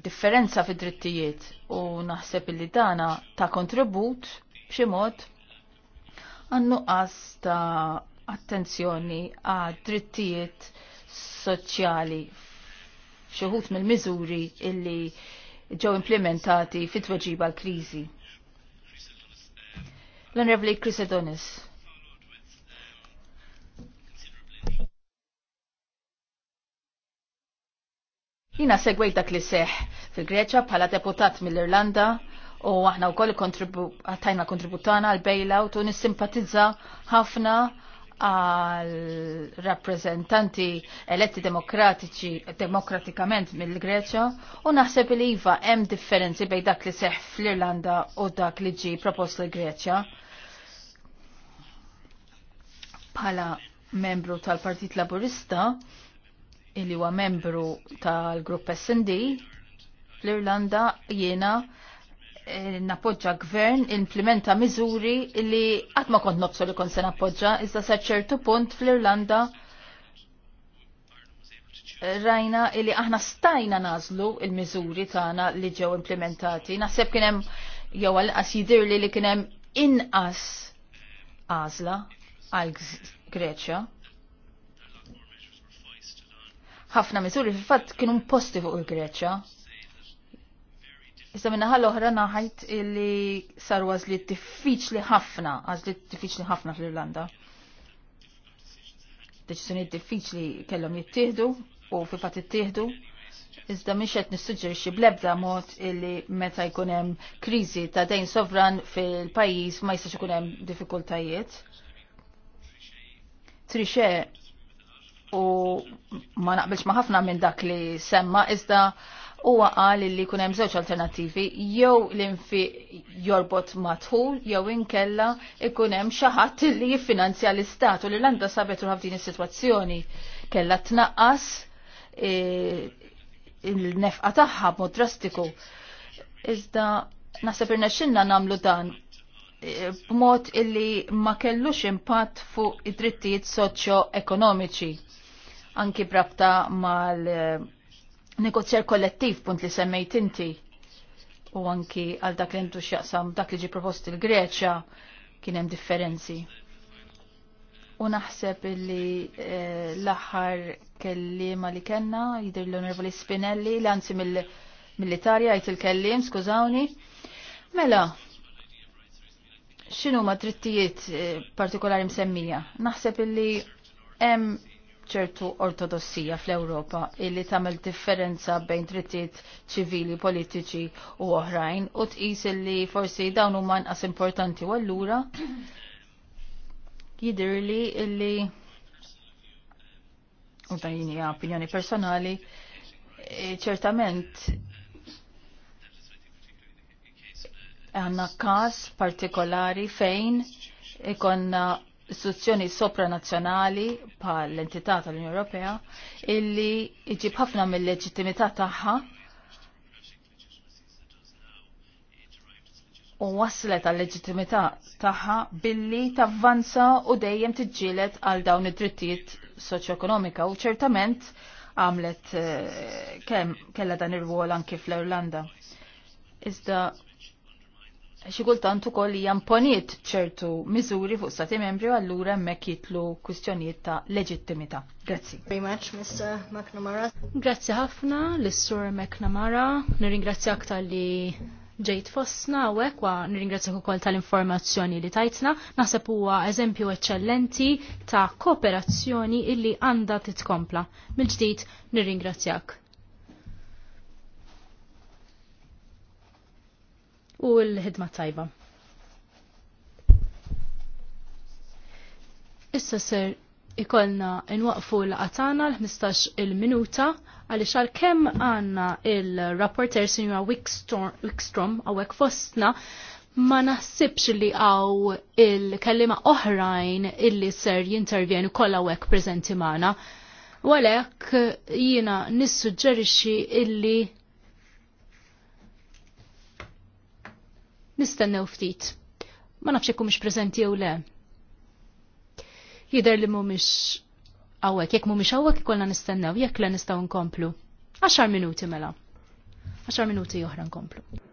differenza fi drittijiet u naħseb li dana ta' kontribut b'xi mod għannuqqas ta' attenzjoni għad drittijiet soċjali f'xi mill-miżuri illi ġew implementati fit-tweġiba l-kriżi. L-Onorevoli Chris Adonis. Jina segwejt dak li seħ fil-Greċa bħala deputat mill-Irlanda u aħna wkoll għattajna kontributana għal bailout u nissimpatizza ħafna għal rappresentanti eletti demokratiċi demokratikament mill-Greċa u naħseb li iva hemm differenzi bejn dak li seħ fl-Irlanda u dak li ġi propost l greċja Bħala membru tal-Partit Laburista illi huwa membru tal-grupp SD fl-Irlanda jiena eh, nappoġġa gvern implementa miżuri li qatt ma kont nobsu li kont se nappoġġa iżda sa ċertu punt fl-Irlanda rajna illi aħna stajna nażlu il-miżuri tagħna li ġew implementati. Naħseb kien hemm jew għalqas jidhirli li li kien hemm inqas għażla għal Greċja ħafna misuri fil fat kienu posti fuq il-Greċja. Issa minna ħalla oħra naħajt illi saru għażli diffiċli ħafna, għażli diffiċli ħafna fl-Irlanda. Deċiżjonijiet diffiċli kellhom jittieħdu u fi fat jittieħdu Iżda miex qed nissuġġerixxi bl-ebda mod illi meta jkun hemm kriżi ta' dejn sovran fil-pajjiż ma jistax ikun hemm diffikultajiet. Trixe u ma naqbilx ma ħafna minn dak li semma iżda huwa qal li jkun hemm żewġ alternattivi jew l-infi jorbot matħul jew inkella ikun hemm xi ħadd li jiffinanzja l-istat u l-Irlanda sabet ruħ f'din is-sitwazzjoni kellha tnaqqas e, il-nefqa tagħha mod drastiku. Iżda naħseb irnexxinna nagħmlu dan b'mod illi ma kellux impatt fuq id-drittijiet soċjo-ekonomiċi. Anki brabta mal eh, negozjar kollettiv punt li semmejt inti u anki għal dak li ntux jaqsam dak li ġi propost il-Greċa kien hemm differenzi. U naħseb illi eh, l-aħħar kellima li kellna jidher l-Onorevoli Spinelli l anzi mill-Militarja jgħid il-kellim, skużawni. Mela, xinu ma drittijiet eh, partikolari msemmija? Naħseb illi hemm ċertu ortodossija fl-Ewropa illi tagħmel differenza bejn drittijiet ċivili, politiċi u oħrajn u tqis illi forsi dawn huma as importanti u allura li illi u dan hija opinjoni personali eh, ċertament għanna kas partikolari fejn ikonna istituzzjoni sopranazzjonali pal l-entità tal-Unjoni Ewropea illi iġib ħafna mill-leġittimità tagħha u waslet għal leġittimità tagħha billi tavvanza u dejjem tiġġielet għal dawn id-drittijiet soċjoekonomika u ċertament għamlet eh, kemm kella dan ir-rwol anki fl-Irlanda. Iżda xi kultant ukoll hija imponiet ċertu miżuri fuq stati membri allura hemmhekk jitlu kwistjonijiet ta' leġittimità. Grazzi. Very much, Mr. McNamara. Grazzi ħafna lis-Sur McNamara. Nirringrazzjak tal-li ġejt fostna għek wa nirringrazzjak ukoll tal-informazzjoni li tajtna. Naħseb huwa eżempju eccellenti ta' kooperazzjoni illi għandha titkompla. mil ġdid nirringrazzjak. u l-ħidma tajba. Issa ser ikolna inwaqfu l-qatana l-15 il-minuta għalix għal kem għanna il-rapporter sinjura Wickstrom għawek fostna ma naħsibx li għaw il-kellima oħrajn illi ser jintervjenu kolla għawek prezenti maħna. Għalek jina nissuġġerixi illi nistennew ftit. Ma nafx jekk mhux preżenti jew le. Jidher li mhumiex hawnhekk, jekk mhumiex hawnhekk ikollna nistennew, jekk le nistgħu nkomplu. għaxar minuti mela. għaxar minuti oħra nkomplu.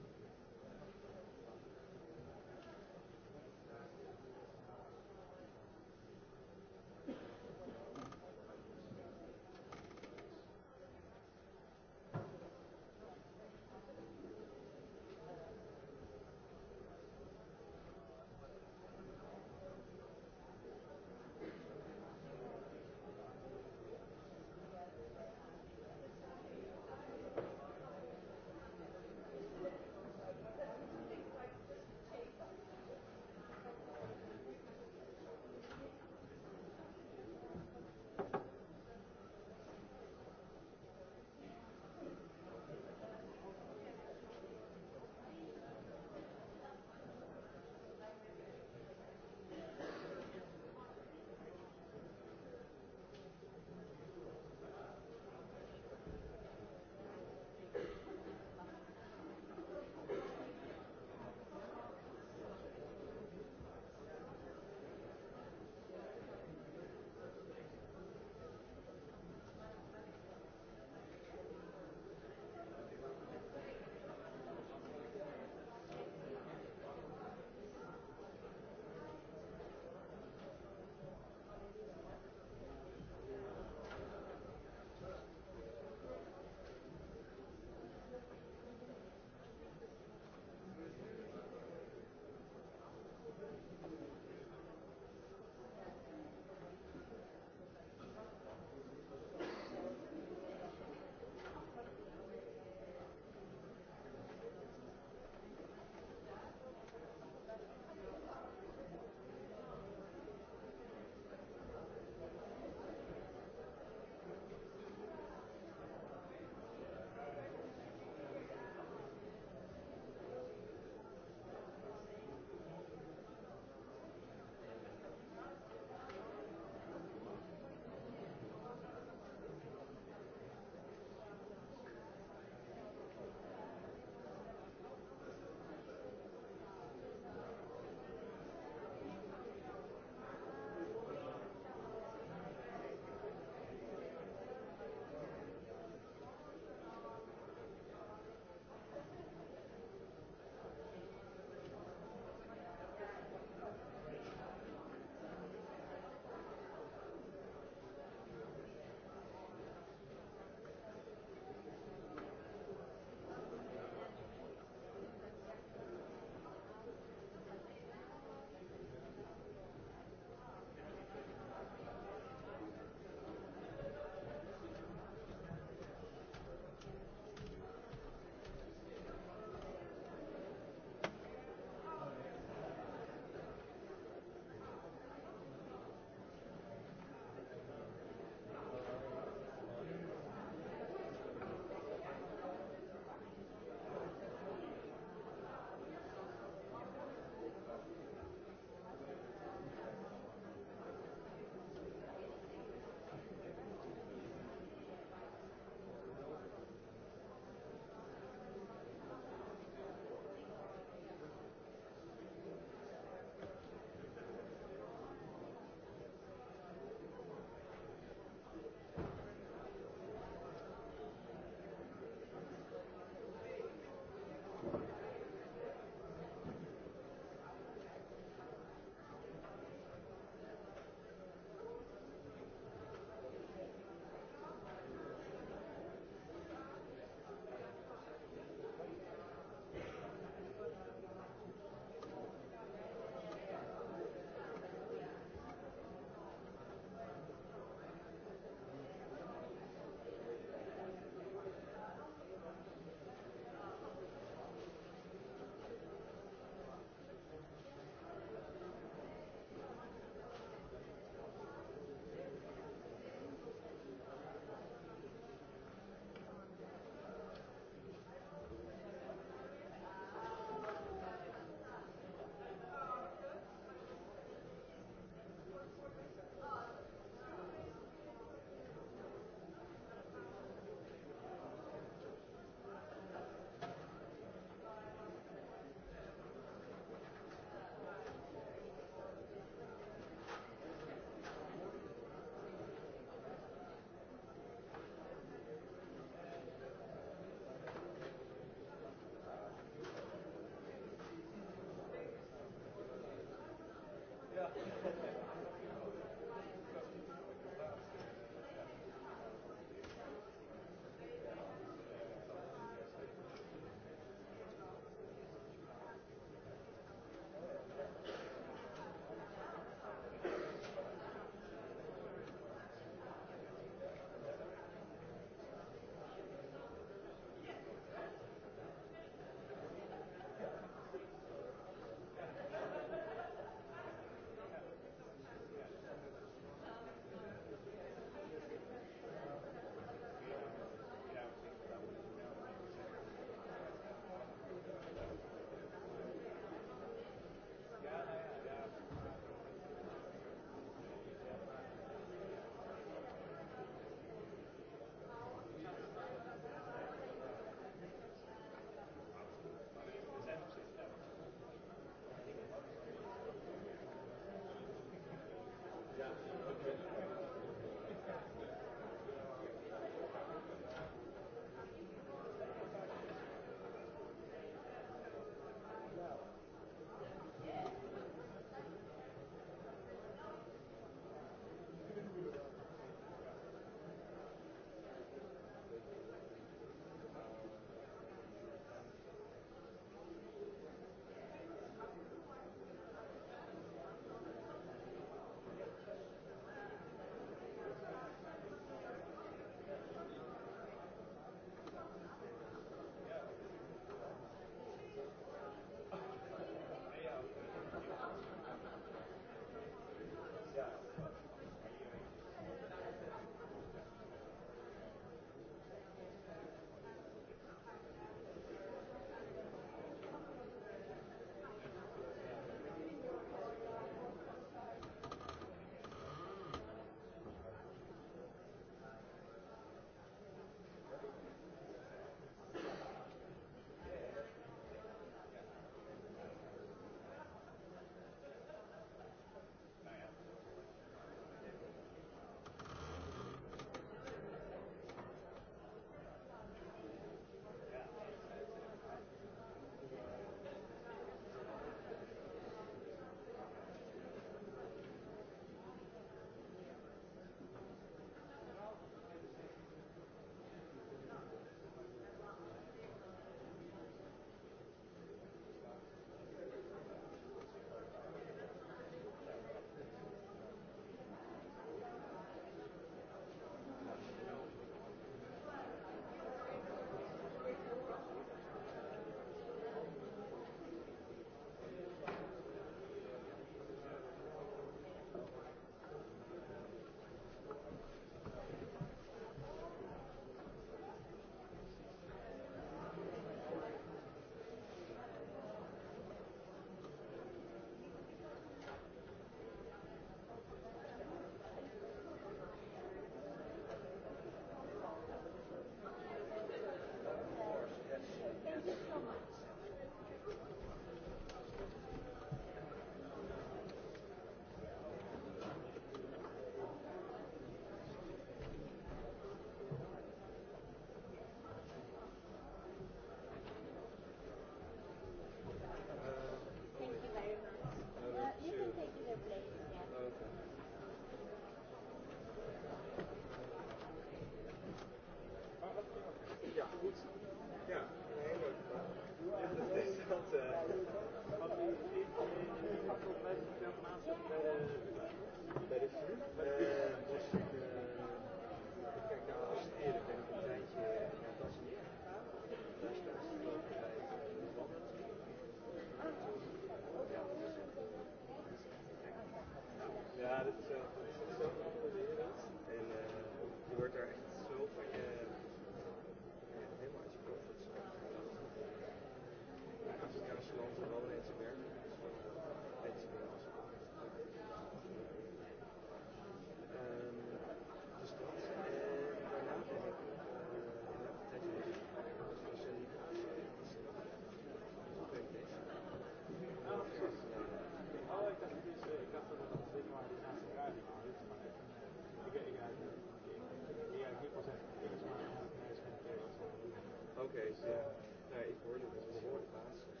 Okay, so No, it's really, there's the reward class. It's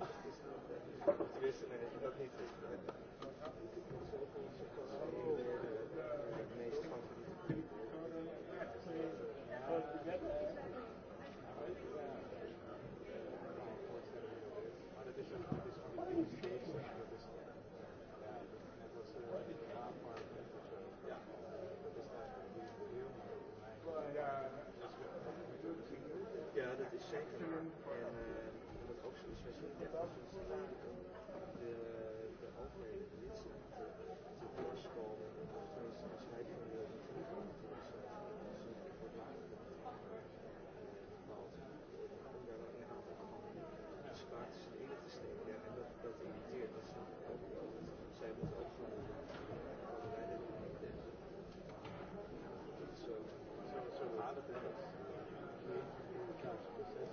not that. It's not that. It's not that. It's not that. It's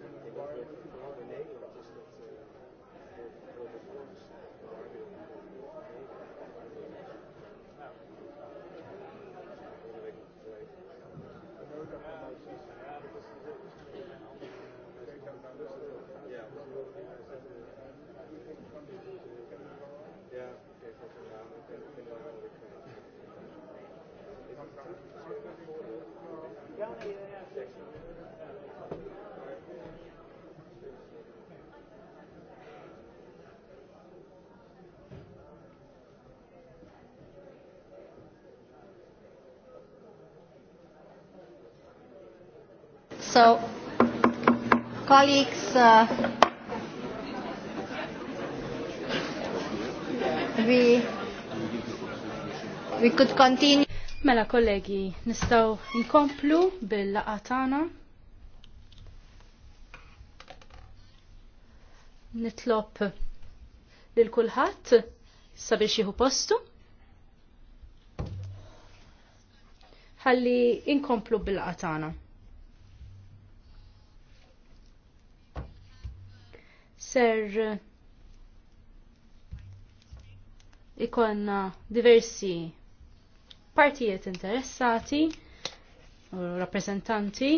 Thank you. So, colleagues, uh, we, we could continue. Mela kollegi, nistaw nkomplu bil-laqatana. Nitlop lil kulħadd sabiex jieħu postu. Ħalli inkomplu bil laqatana ser ikonna diversi partijiet interessati u rappresentanti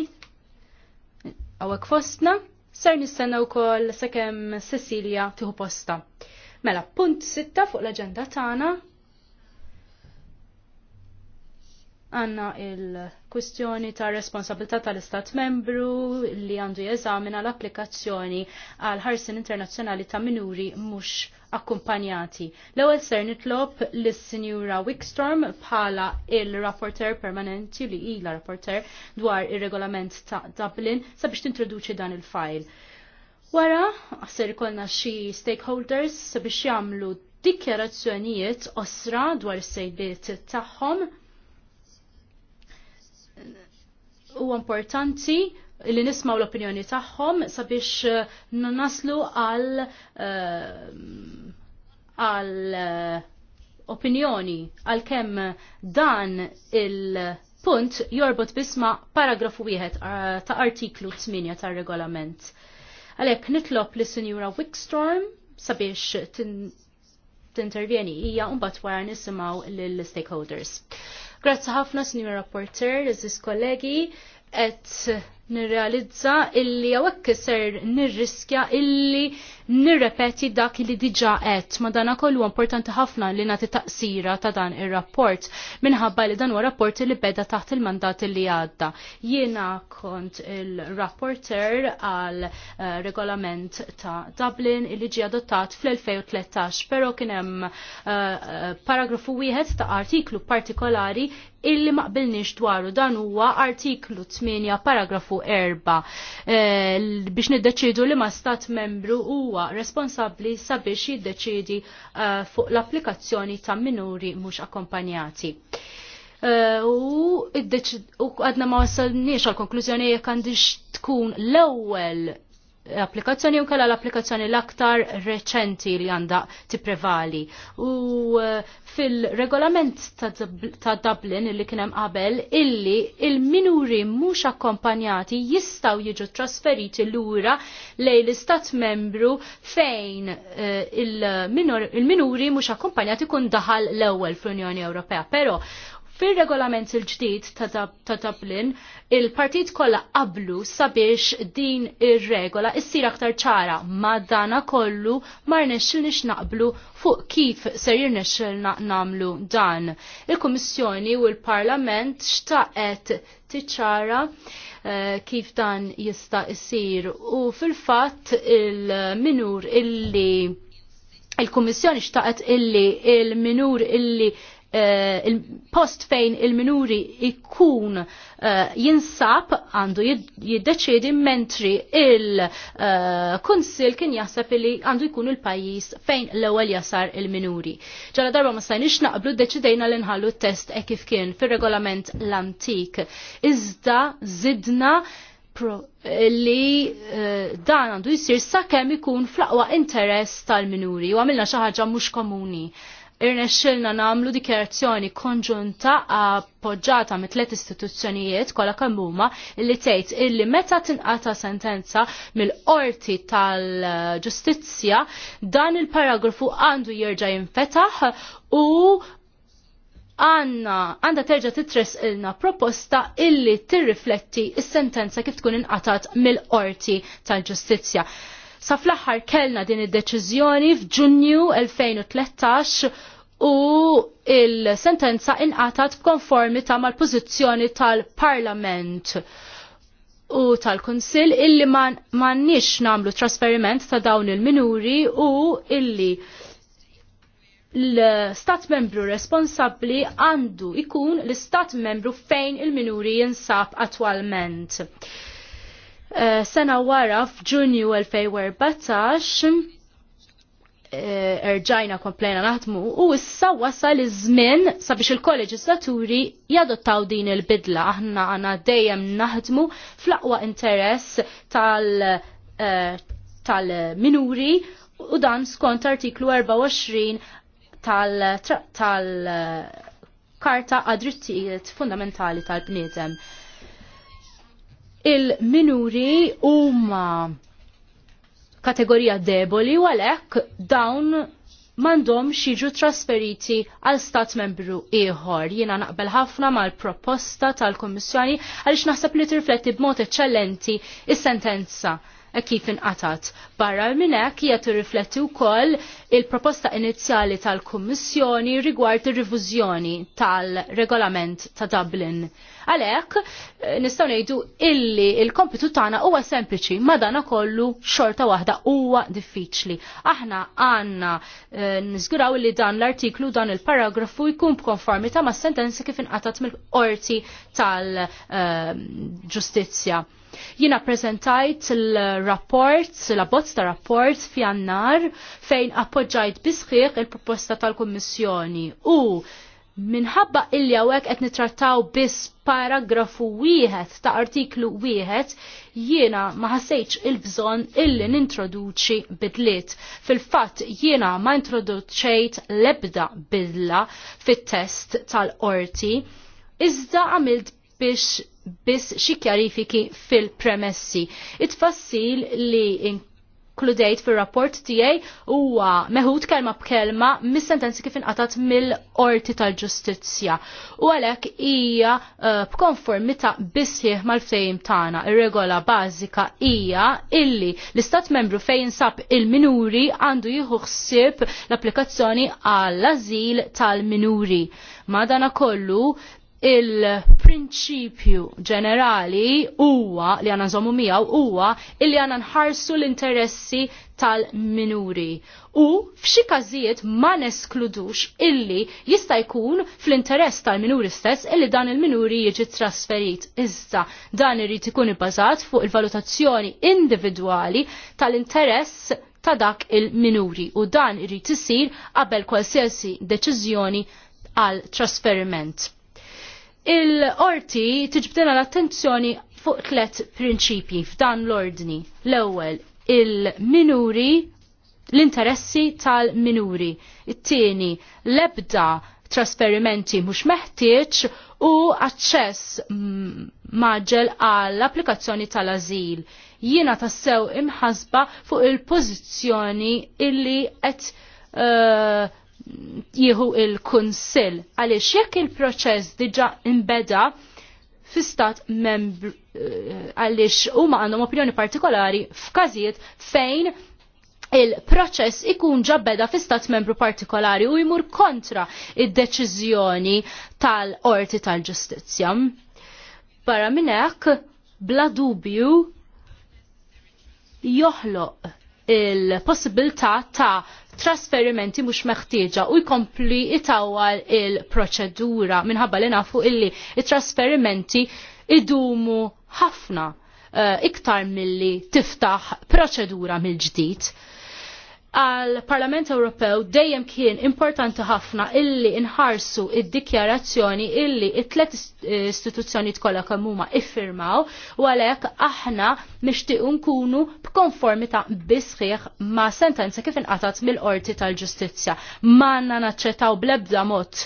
għawek fostna ser nistenna u kol sekem Cecilia tiħu posta. Mela, punt sitta fuq l-agenda tana għanna il kustjoni ta' responsabilità tal-Istat membru li għandu jeżamina l-applikazzjoni għal ħarsin internazzjonali ta' minuri mhux akkumpanjati. L-ewwel ser nitlob lis-Sinjura Wickstorm bħala il-rapporter permanenti li ila rapporter dwar ir-regolament ta' Dublin sabiex tintroduċi dan il-fajl. Wara, ser kolna xi stakeholders sabiex jagħmlu dikjarazzjonijiet osra dwar is-sejbiet tagħhom huwa importanti li nismaw l-opinjoni tagħhom sabiex eh, naslu għal eh, għal eh, opinjoni għal kemm dan il-punt jorbot bisma paragrafu wieħed ta' artiklu 8 ta' regolament. Għalek nitlob li sinjura Wickstorm sabiex tintervjeni hija mbagħad wara nisimgħu lill-stakeholders. Grazie ħafna, Senior Rapporteur, eżis kollegi, et nirrealizza illi għawek kisser nirriskja illi nirrepeti dak li diġa qed. Madana kollu importanti ħafna li nagħti taqsira ta' dan ir-rapport minħabba li dan huwa rapport li beda taħt il-mandat li għadda. Jiena kont il-rapporter għal eh, regolament ta' Dublin li ġie adottat fl-2013, però kien hemm eh, paragrafu wieħed ta' artiklu partikolari illi maqbilniex dwaru dan huwa artiklu 8 paragrafu Erba eh, biex niddeċidu li ma stat membru huwa responsabli sabiex jiddeċidi eh, fuq l-applikazzjoni ta' minuri mhux akkompanjati. Eh, u għadna ma wasalniex għal konklużjoni jekk għandix tkun l-ewwel applikazzjoni u kalla l-applikazzjoni l-aktar reċenti li għanda tipprevali. U eh, fil-regolament ta' Dublin li kienem qabel illi il-minuri mhux akkompanjati jistaw jiġu trasferiti lura lej l-istat membru fejn eh, il-minuri mhux akkompanjati kun daħal l-ewwel fl-Unjoni Ewropea. Però Fil-regolament il-ġdid ta' Dublin, il-partit kollha qablu sabiex din ir-regola issir aktar ċara ma' dana kollu mar nix naqblu fuq kif ser jirnexxilna namlu dan. Il-Kummissjoni u l-Parlament xtaqet tiċċara eh, kif dan jista' isir u fil-fatt il-minur illi il-Kummissjoni xtaqet illi il-minur illi Eh, il-post fejn il-minuri ikun eh, jinsab għandu jiddeċedi mentri il-kunsil eh, kien jaħseb li għandu jkun il-pajis fejn l-ewwel jasar il-minuri. ċala darba ma stajniex naqblu deċidejna li nħallu test e kif kien fir-regolament l-antik. Iżda zidna Pro, li uh, dan għandu jisir sakemm ikun fl-aqwa interess tal-minuri u għamilna xi ħaġa mhux komuni irnexxilna namlu dikjerazzjoni konġunta appoġġata mit tliet istituzzjonijiet kollha kemm huma li tgħid illi meta tinqata sentenza mill-qorti tal-ġustizzja dan il-paragrafu għandu jerġa' jinfetaħ u għanna għanda terġa titres ilna proposta illi tirrifletti is-sentenza kif tkun inqatat mill-qorti tal-ġustizzja. Sa fl-aħħar kellna din id-deċiżjoni f'Ġunju 2013 u il-sentenza inqatat ta' mal-pożizzjoni tal-Parlament u tal kunsill illi mannix man namlu trasferiment ta' dawn il-minuri u illi l-stat membru responsabli għandu ikun l-stat membru fejn il-minuri jinsab attualment. Eh, sena wara f'Ġunju 2014 eh, erġajna komplejna naħdmu u issa wasal iż-żmien sabiex il-kolleġislaturi jadottaw din il-bidla. Aħna għana dejjem naħdmu fl-aqwa interess eh, tal-minuri u dan skont artiklu 24 tal-karta għadrittijiet fundamentali tal-bniedem. tal il-minuri huma kategorija deboli u għalhekk dawn mandom xiġu trasferiti għal stat membru ieħor. Jiena naqbel ħafna mal-proposta tal-Kommissjoni għaliex naħseb li tirfletti b'mod eċċellenti is-sentenza e kif inqatat. Barra minn hekk hija tirrifletti wkoll il-proposta inizjali tal-Kummissjoni rigward ir-rivużjoni tal-regolament ta' Dublin Għalhekk eh, nistgħu ngħidu illi il-kompitu tagħna huwa sempliċi, madana kollu xorta waħda huwa diffiċli. Aħna għandna eh, niżguraw li dan l-artiklu dan il-paragrafu jkun b'konformità s sentenzi kif inqatat mill-qorti tal-ġustizzja. Eh, Jina prezentajt l rapport l bozz ta' rapport fjannar fejn appoġġajt bisħiq il-proposta tal-Kommissjoni u minħabba illi għawek qed nitrattaw biss paragrafu wieħed ta' artiklu wieħed, jiena ma ħassejtx il-bżon illi nintroduċi bidliet. Fil-fatt jiena ma introduċejt lebda bidla fit-test tal-orti, iżda għamilt biex biss xi kjarifiki fil-premessi. It-fassil li konkludejt fil-rapport tijaj huwa meħud kelma b'kelma mis-sentenzi kif inqatat mill-qorti tal-ġustizzja. U għalhekk hija eh, b'konformità bisħieħ mal fejm tagħna. Ir-regola bażika hija illi l-istat membru fejn sab il-minuri għandu jieħu ħsieb l-applikazzjoni għall-ażil tal-minuri. Madana kollu il-prinċipju ġenerali huwa li għana nżommu miegħu huwa illi għana nħarsu l-interessi tal-minuri. U f'xi każijiet ma neskludux illi jista' jkun fl-interess tal-minuri stess illi dan il-minuri jiġi trasferit. Iżda dan irid ikun ibbażat fuq il-valutazzjoni individwali tal-interess ta' dak il-minuri u dan irid isir qabel kwalsiasi deċiżjoni għal trasferiment. Il-orti tiġbdina l-attenzjoni fuq tlet prinċipji f'dan l-ordni. L-ewwel, il-minuri, l-interessi tal-minuri. It-tieni, l-ebda trasferimenti mhux meħtieġ u aċċess maġel għall applikazzjoni tal-azil. Jiena tassew imħasba fuq il-pożizzjoni illi qed uh, jieħu il-Kunsill għaliex jekk il-proċess diġa imbeda fi stat membru eh, għaliex huma għandhom opinjoni partikolari f'każijiet fejn il-proċess ikun ġabbeda fi stat membru partikolari u jmur kontra id-deċiżjoni tal-orti tal-ġustizzja. Barra minnek, bla dubju, joħloq il-possibilità ta' trasferimenti mhux meħtieġa u jkompli jitawal il-proċedura minħabba li nafu illi il trasferimenti idumu ħafna uh, iktar milli tiftaħ proċedura mill-ġdid għal Parlament Ewropew dejjem kien importanti ħafna illi inħarsu id-dikjarazzjoni illi it-tlet eh, istituzzjoni tkollha kemm huma iffirmaw u għalhekk aħna nixtiequ nkunu b'konformità bisħieħ ma' sentenza kif inqatat mill-Qorti tal-Ġustizzja. M'għandna naċċettaw bl-ebda mod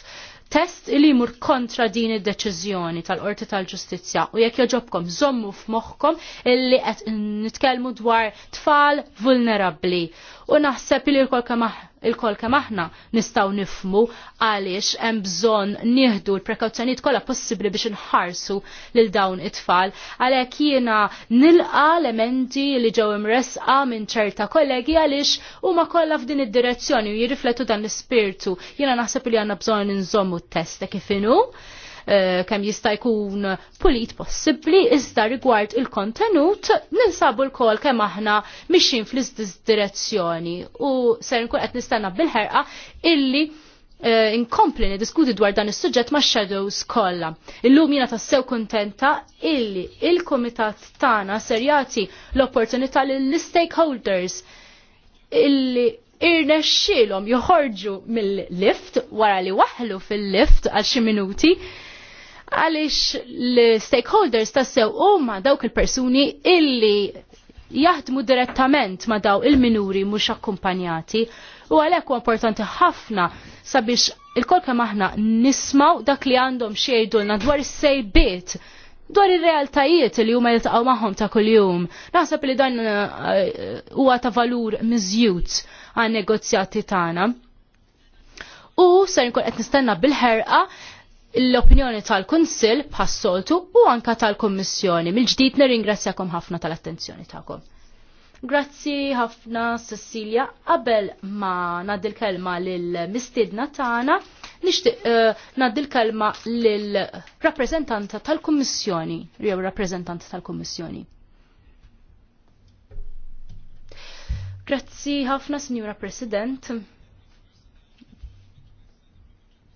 test li jmur kontra din id-deċiżjoni tal-Qorti tal-Ġustizzja u jekk joġobkom żommu f'moħħkom illi qed nitkellmu dwar tfal vulnerabbli u naħseb li l-kol kemm aħna nistgħu nifmu għaliex hemm bżonn nieħdu l-prekawzjonijiet kollha possibbli biex inħarsu lil dawn it-tfal. Għalhekk jiena nilqa elementi li ġew imresqa minn ċerta kollegi għaliex huma kollha f'din id-direzzjoni u jirrifletu dan l-ispirtu. Jiena naħseb li għandna bżonn inżommu t-test e kif inhu Eh, kemm jista' jkun pulit possibbli iżda rigward il-kontenut ninsabu l-kol kemm aħna mixin fl-istess direzzjoni u ser nkun qed nistenna bil-ħerqa illi eh, inkompli diskuti dwar dan is-suġġett ma' shadows kollha. Illum jiena tassew kuntenta illi il-kumitat tagħna ser jagħti l-opportunità lill-stakeholders illi irnexxielhom joħorġu mill-lift wara li waħlu fil-lift għal xi minuti għaliex l-stakeholders tassew huma dawk il-persuni illi jaħdmu direttament ma daw il-minuri mhux akkumpanjati u għalhekk huwa importanti ħafna sabiex il-kol kem aħna nismaw dak li għandhom xejdulna dwar is-sejbiet dwar ir-realtajiet li huma jiltaqgħu magħhom ta' kuljum. Naħseb li dan eh, eh, huwa ta' valur miżjud għan negozjati tagħna. U ser nkun qed nistenna bil-ħerqa l-opinjoni tal-Kunsil bħassoltu u anka tal-Kommissjoni. Mil-ġdid nirringrazzjakom ħafna tal-attenzjoni tagħkom. Grazzi ħafna Cecilia. Qabel ma naddil l-kelma lil-mistidna tagħna, nixtieq uh, l-kelma lil-rappreżentanta tal-Kummissjoni, jew rappreżentanta tal-Kummissjoni. Grazzi ħafna, Signora President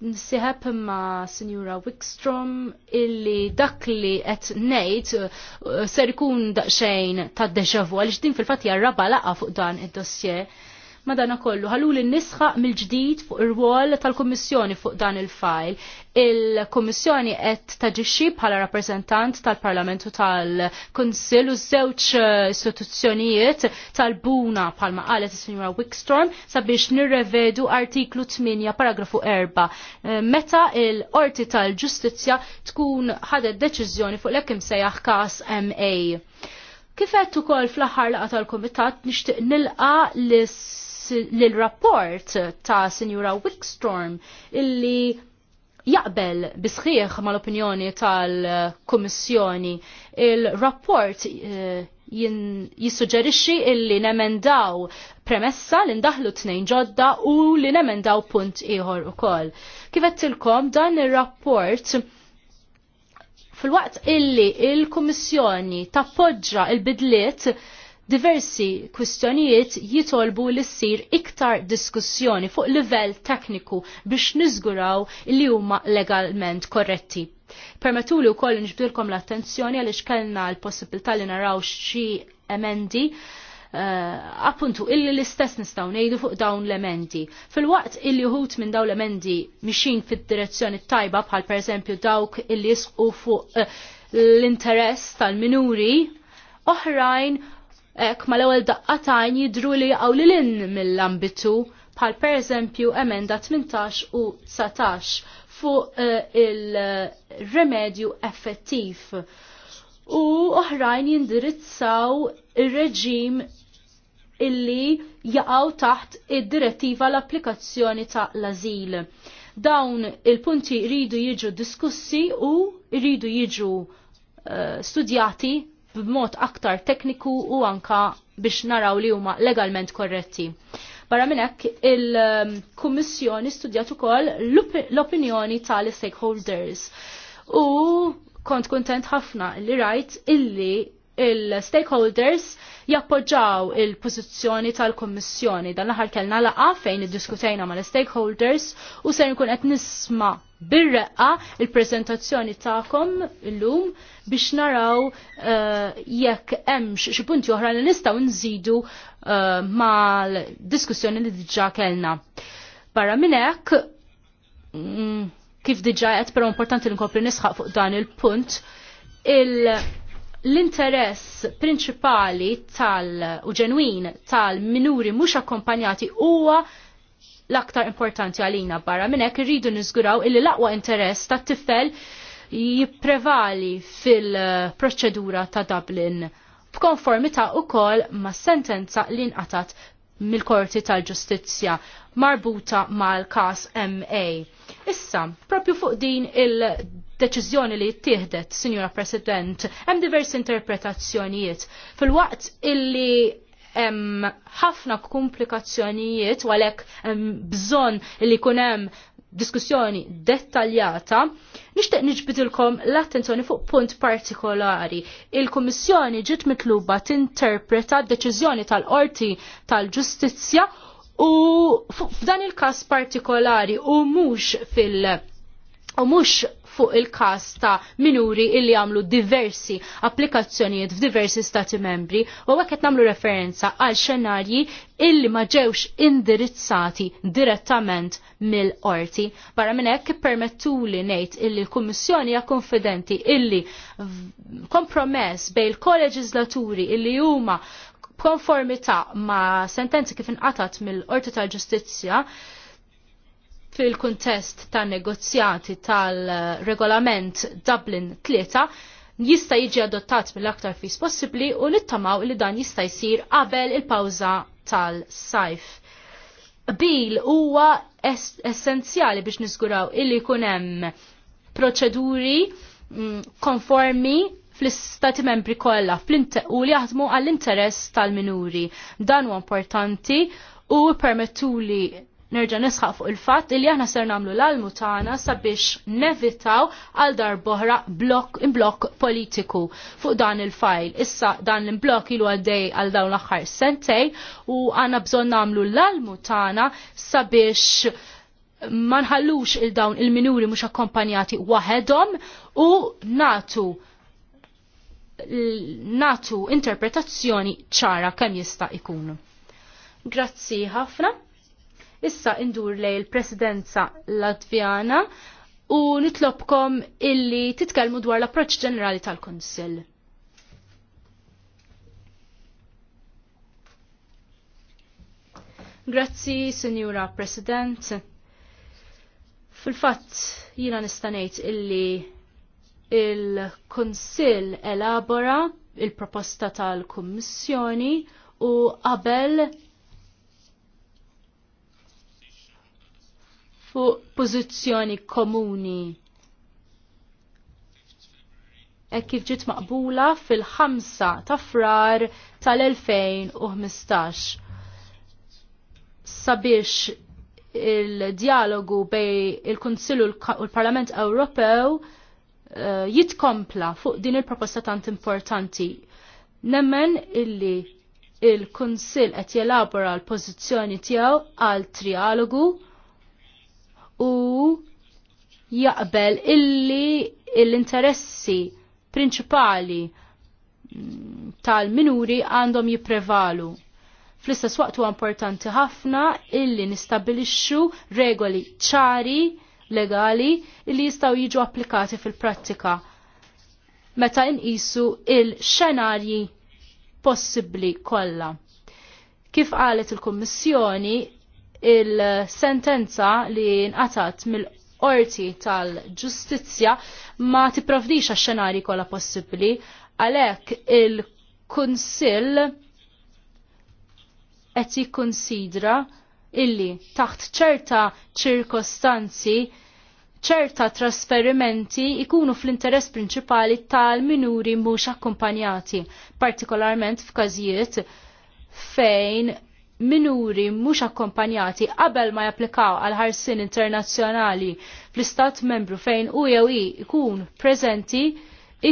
nsiħab ma Signora Wickstrom illi dak li qed ngħid uh, ser ikun daqsxejn ta' deja vu għaliex din fil-fatt jarraba raba laqa fuq dan id-dossier Madana kollu, ħallu li nisħaq mill-ġdid fuq ir wall tal-Kommissjoni fuq dan il-fajl. Il-Kommissjoni qed taġixxi bħala rappreżentant tal-Parlamentu tal-Kunsill u żewġ eh, istituzzjonijiet tal-Buna bħalma qalet is-Sinjura Wickstrom sabiex nirrevedu artiklu 8 paragrafu 4 eh, meta il-Qorti tal-Ġustizzja tkun ħadet deċiżjoni fuq l-ekim sejjaħ kas MA. Kifet ukoll fl-aħħar laqa tal-Kumitat nixtieq nilqa' lis l-rapport ta' Sinjura Wickstorm illi jaqbel ma mal-opinjoni tal-Kummissjoni. Il-rapport eh, jissuġġerixxi illi nemendaw premessa li ndaħlu tnejn ġodda u li nemendaw punt ieħor ukoll. Kif qedtilkom dan ir-rapport fil-waqt illi il-Kummissjoni tappoġġa il-bidliet il bidliet diversi kwistjonijiet jitolbu li ssir iktar diskussjoni fuq livell tekniku biex niżguraw li huma legalment korretti. Permetulu u koll nġbdilkom l-attenzjoni għaliex kellna l-possibilità li naraw xi emendi uh, appuntu illi l-istess nistaw nejdu fuq dawn l-emendi. Fil-waqt illi uħut minn dawn l-emendi mixin fid-direzzjoni tajba bħal per eżempju dawk illi jisqu fuq uh, l-interess tal-minuri, oħrajn ek ma l-ewel daqqatajn jidru li għaw li l-in mill-ambitu bħal per eżempju emenda 18 u 19 fuq eh, il-remedju effettiv u oħrajn jindirizzaw il-reġim illi jaqaw taħt id-direttiva l-applikazzjoni ta' l-azil. Dawn il-punti rridu jiġu diskussi u rridu jiġu uh, studjati b'mod aktar tekniku u anka biex naraw li huma legalment korretti. Barra minn hekk il-Kummissjoni studjat ukoll l-opinjoni tal-stakeholders u kont kontent ħafna li rajt illi il-stakeholders jappoġġaw il-pożizzjoni tal-Kommissjoni. Dan l-aħħar kellna laqa fejn iddiskutejna mal-stakeholders u se nkun qed nisma bir-reqqa il-preżentazzjoni tagħkom illum biex naraw eh, jekk hemmx xi punti oħra li nistgħu nżidu eh, mal-diskussjoni li diġà kellna. Barra minn hekk mm, kif diġà qed però importanti li nkompli nisħaq fuq dan il-punt il-, -punt, il l-interess prinċipali tal u ġenwin tal-minuri mhux akkompanjati huwa l-aktar importanti għalina barra minn hekk irridu niżguraw illi l-aqwa interess tat-tifel jipprevali fil-proċedura ta' Dublin b'konformità ukoll ma' sentenza li nqatat mill-Korti tal-Ġustizzja marbuta mal-kas MA. Issa, propju fuq din il deċiżjoni li jittieħdet, Sinjora President, hemm diversi interpretazzjonijiet. Fil-waqt illi hemm ħafna komplikazzjonijiet u għalhekk hemm bżonn li jkun hemm diskussjoni dettaljata, nixtieq niġbidilkom l-attenzjoni fuq punt partikolari. Il-Kummissjoni ġiet mitluba tinterpreta d-deċiżjoni tal-Qorti tal-Ġustizzja u f'dan il-każ partikolari u mhux fil- u mux fuq il-kas ta' minuri illi għamlu diversi applikazzjonijiet f'diversi stati membri u għeket namlu referenza għal xenarji illi ma ġewx indirizzati direttament mill-orti. Barra minn hekk permettu li ngħid illi l-Kummissjoni hija konfidenti illi kompromess bejn il-koleġislaturi illi huma konformità ma' sentenzi kif inqatat mill-Orti tal-Ġustizzja fil-kuntest ta' negozjati tal-regolament Dublin 3 jista' jiġi adottat mill-aktar fis possibbli u nittamaw li dan jista' jsir qabel il-pawża tal-sajf. Bil huwa es essenzjali biex niżguraw illi jkun hemm proċeduri mm, konformi fl-istati membri kollha u li jaħdmu għall-interess tal-minuri. Dan huwa importanti u permettuli nerġa' nisħaq fuq il-fatt li aħna ser nagħmlu l-almu tagħna sabiex nevitaw għal dar boħra blok imblok politiku fuq dan il-fajl. Issa dan l-imblok ilu għaddej għal dawn l-aħħar sentej u għandna bżonn nagħmlu l-almu tagħna sabiex ma nħallux il-dawn il-minuri mhux akkompanjati waħedhom u natu natu interpretazzjoni ċara kemm jista' ikun. Grazzi ħafna. Issa indur lej il-presidenza Latvjana u nitlobkom illi titkellmu dwar l-approċ ġenerali tal-Konsil. Grazzi, Signora President. Fil-fatt jina nistanejt illi il-Konsil elabora il-proposta tal-Kummissjoni u qabel fuq pożizzjoni komuni. Ek kif ġiet maqbula fil-5 ta' frar tal-2015. Sabiex il-dialogu bej il-Kunsillu u l-Parlament Ewropew uh, jitkompla fuq din il-proposta tant importanti. Nemmen illi il-Kunsill qed jelabora l-pożizzjoni tiegħu għal trialogu u jaqbel illi l-interessi prinċipali mm, tal-minuri għandhom jiprevalu. Fl-istess waqt huwa importanti ħafna illi nistabilixxu regoli ċari legali illi jistgħu jiġu applikati fil-prattika meta inqisu il-xenarji possibbli kollha. Kif qalet il-Kummissjoni, il-sentenza li nqatat mill-qorti tal-ġustizzja ma tipprovdix għax-xenari kollha possibbli għalhekk il-Kunsill qed jikkunsidra illi taħt ċerta ċirkostanzi ċerta trasferimenti ikunu fl-interess prinċipali tal-minuri mhux akkumpanjati, partikolarment f'każijiet fejn minuri mhux akkompanjati qabel ma japplikaw għal ħarsin internazzjonali fl-istat membru fejn u jew ikun preżenti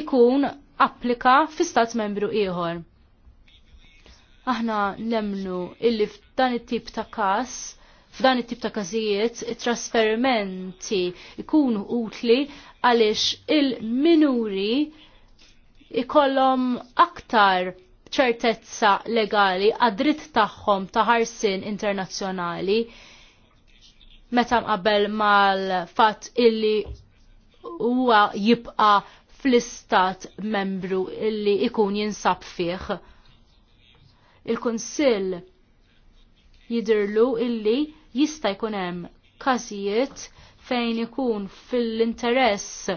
ikun applika fl-istat membru ieħor. Aħna nemnu illi f'dan it-tip ta' każ f'dan it-tip ta' każijiet it-trasferimenti ikunu utli għaliex il-minuri ikollhom aktar ċertezza legali għad-dritt tagħhom ta' ħarsin internazzjonali meta mqabel mal-fatt illi huwa jibqa fl-istat membru illi ikun jinsab fih. Il-Kunsill jidirlu illi jista' jkun hemm każijiet fejn ikun fil-interess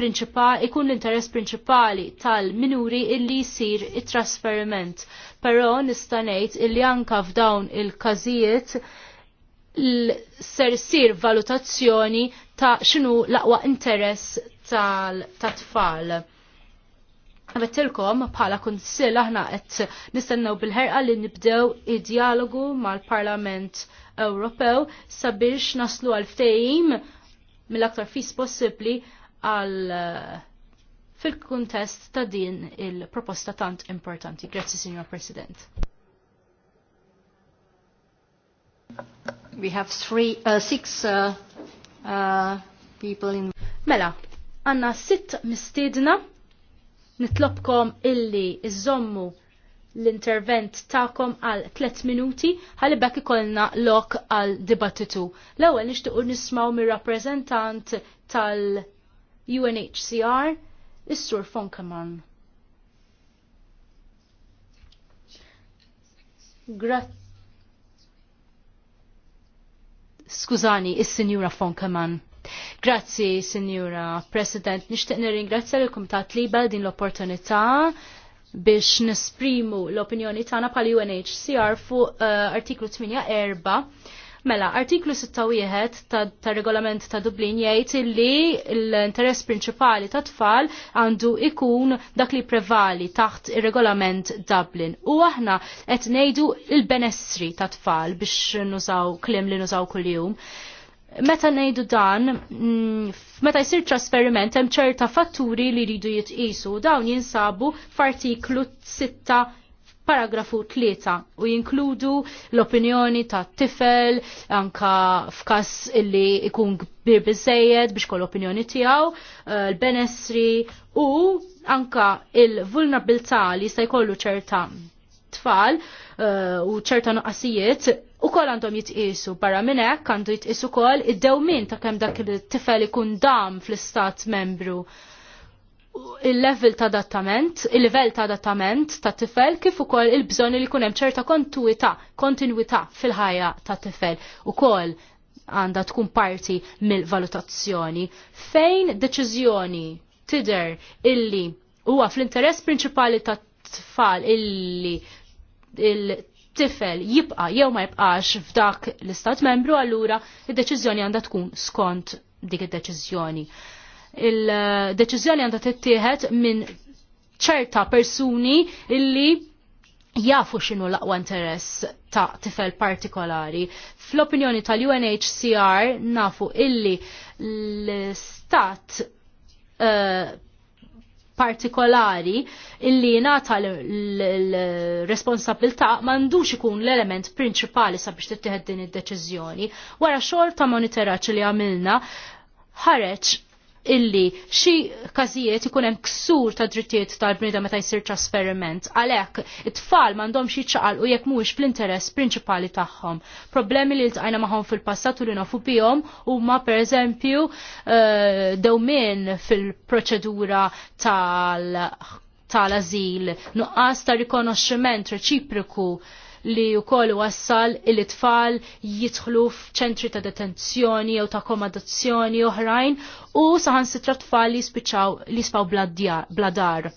prinċipali, ikun l-interess prinċipali tal-minuri illi jisir it-trasferiment. Però nistanejt illi anka f'dawn il-kazijiet ser sir valutazzjoni ta' xinu l-aqwa interess tal-tfal. Għavettilkom bħala kunsil aħna qed nistennew bil-ħerqa li nibdew id-dialogu mal-Parlament Ewropew sabiex naslu għal ftehim mill-aktar fis possibbli għal eh, fil-kuntest ta' din il-proposta tant importanti. Grazzi, Signor President. We have three, uh, six uh, uh, people in... Mela, għanna sitt mistidna nitlobkom illi iżommu l-intervent ta'kom għal 3 minuti għalli bekk ikollna lok għal dibattitu. L-ewwel nixtiequ nismaw mir-rappreżentant tal- UNHCR, is-Sur Fonkaman. Grat Skużani, is-Sinjura Fonkaman. Grazzi, Sinjura President. Nixtieq nirringrazzja l kumitat li din l-opportunità biex nisprimu l-opinjoni tagħna pal UNHCR fuq uh, artiklu 8.4 Mela, artiklu 61 ta', ta regolament ta' Dublin jgħid li l-interess prinċipali ta' tfal għandu ikun dak li prevali taħt ir-regolament Dublin. U aħna qed ngħidu l-benessri ta' tfal biex nużaw klim li nużaw kuljum. Meta ngħidu dan, mm, meta jsir trasferiment hemm ċerta fatturi li jridu jitqisu dawn jinsabu f'artiklu 6 paragrafu 3 u jinkludu l-opinjoni ta' tifel anka f'kas illi ikun kbir bizzejed biex kol opinjoni tiegħu, eh, l-benessri u anka il-vulnerabilità li se jkollu ċerta tfal eh, u ċerta nuqqasijiet u kol għandhom jitqisu barra minn hekk għandu jitqisu kol id-dewmin ta' kemm dak il-tifel ikun dam fl-istat membru il-level ta' adattament, il-level ta' adattament ta' tifel kif ukoll il-bżonn li jkun hemm ċerta kontuità, kontinuità fil-ħajja ta' tifel ukoll għandha tkun parti mill-valutazzjoni fejn deċiżjoni tider illi huwa fl-interess prinċipali ta' tfal illi il-tifel jibqa jew ma jibqax f'dak l-istat membru allura id-deċiżjoni għandha tkun skont dik id-deċiżjoni il-deċiżjoni għandha tittieħed minn ċerta persuni illi jafu xinu l-aqwa interess ta' tifel partikolari. Fl-opinjoni tal-UNHCR nafu illi l-stat uh, eh, partikolari illi nata l-responsabilta mandux ikun l-element prinċipali sabiex tittieħed din id-deċiżjoni. Wara xogħol ta' monitoraġġ li għamilna ħareġ illi xi każijiet ikun hemm ksur ta' drittijiet tal-bniedem meta jsir trasferiment. Għalhekk it-tfal m'għandhomx u jekk mhuwiex fl-interess prinċipali tagħhom. Problemi li ltqajna magħhom fil-passat u li nafu bihom huma pereżempju eh, dewmien fil-proċedura tal tal-azil, nuqqas ta' rikonoxximent reċipriku li wkoll wassal il-tfal jitħlu f'ċentri ta' detenzjoni jew ta' komodazzjoni oħrajn u saħansitra tfal li spiċaw li spaw bladar.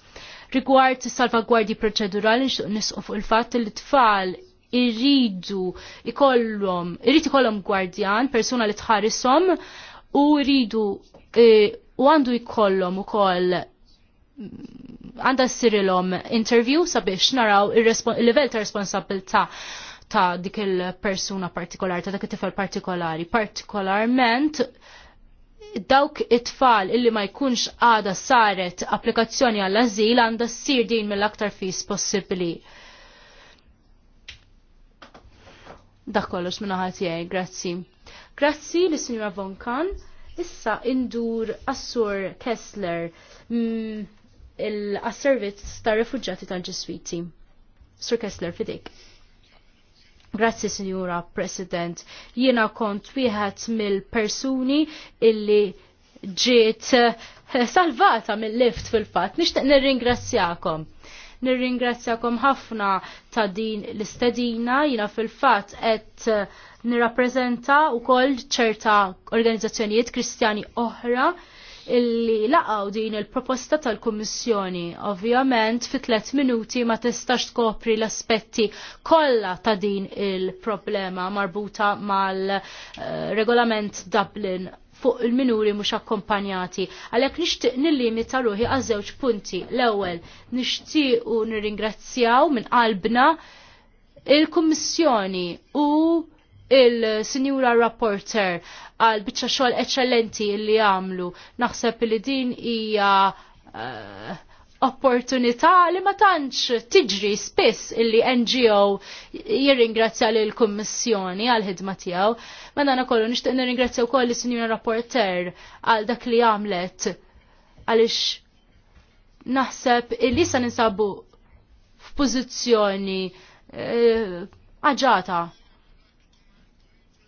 Rigward salvagwardji proċedurali nisqu fuq il-fatt li tfal irridu ikollhom, irrid ikollhom gwardjan, persuna li tħarisom u rridu eh, u għandu jkollhom ukoll għanda s-sirilom interview sabiex naraw il-level ta' responsabilta ta' dik il-persuna partikolari, ta' dak it-tifel partikolari. Partikolarment, dawk it-tfal illi ma jkunx għada saret applikazzjoni għall-azil għanda s-sir din mill-aktar fis possibli. Dak kollox minna ħatijaj, grazzi. Grazzi li signora Vonkan, issa indur Assur Kessler. Mm il-asservizz ta' rifugġati tal-ġiswiti. Sur Kessler, fidik. Grazzi, Signora President. Jiena kont wieħed mill-persuni illi ġiet eh, salvata mill-lift fil-fat. Nixtieq nirringrazzjakom. Nirringrazzjakom ħafna ta' din l-istedina jiena fil-fat qed eh, nirrappreżenta wkoll ċerta organizzazzjonijiet kristjani oħra illi laqaw din il-proposta tal-Kummissjoni. Ovvjament, fi tlet minuti ma tistax tkopri l-aspetti kollha ta' din il-problema marbuta mal-regolament Dublin fuq il-minuri mhux akkompanjati. Għalhekk nixtieq ta' ruħi għal żewġ punti. L-ewwel nixtiequ nirringrazzjaw minn qalbna il-Kummissjoni u il-Sinjura Rapporter għal bicċa xogħol eċċellenti li għamlu. Naħseb li din hija eh, opportunità li ma tantx tiġri spiss illi NGO jirringrazzja l kummissjoni għal ħidma tiegħu. Madana kollu nixtieq nirringrazzja wkoll is-Sinjura Rapporter għal dak li għamlet għaliex naħseb illi sa ninsabu f'pożizzjoni eh, aġata.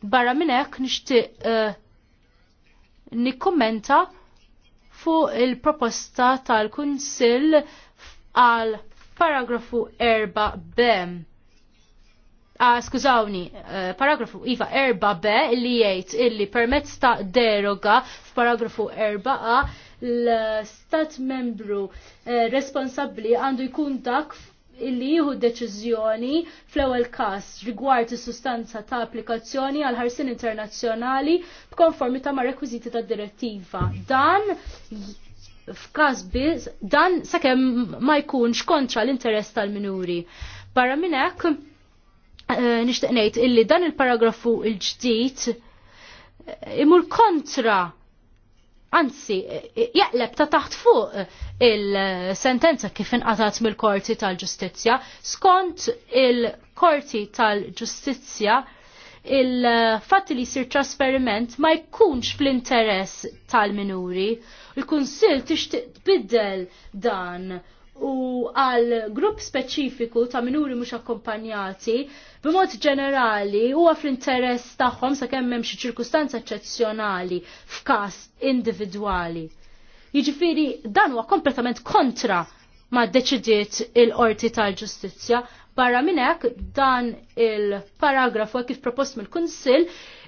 Barra minn hekk nixtieq uh, eh, nikkommenta fuq il-proposta tal-Kunsill għal paragrafu 4 b. Ah, skużawni, eh, paragrafu iva 4b li jgħid illi permezz ta' deroga f'paragrafu 4a l-stat membru uh, responsabbli għandu jkun dak illi jieħu deċiżjoni fl-ewwel każ rigward is-sustanza ta' applikazzjoni għal ħarsien internazzjonali b'konformità ma' rekwiżiti tad-direttiva. Dan f'każ dan sakemm ma jkunx kontra l-interess tal-minuri. Barra minn hekk eh, nixtieq ngħid illi dan il-paragrafu il-ġdid imur kontra anzi jaqleb ta' taħt fuq il-sentenza kif inqatat mill-Korti tal-Ġustizzja skont il-Korti tal-Ġustizzja il fatti li sir trasferiment ma jkunx fl-interess tal-minuri. Il-Kunsil tixtieq tbiddel dan u għal grupp speċifiku ta' minuri mhux akkompanjati b'mod ġenerali huwa fl-interess tagħhom sakemm hemm xi ċirkustanza eċċezzjonali f'każ individwali. Jiġifieri dan huwa kompletament kontra ma' deċidiet il-qorti tal-ġustizzja Barra minn hekk dan il-paragrafu kif propost mill-Kunsill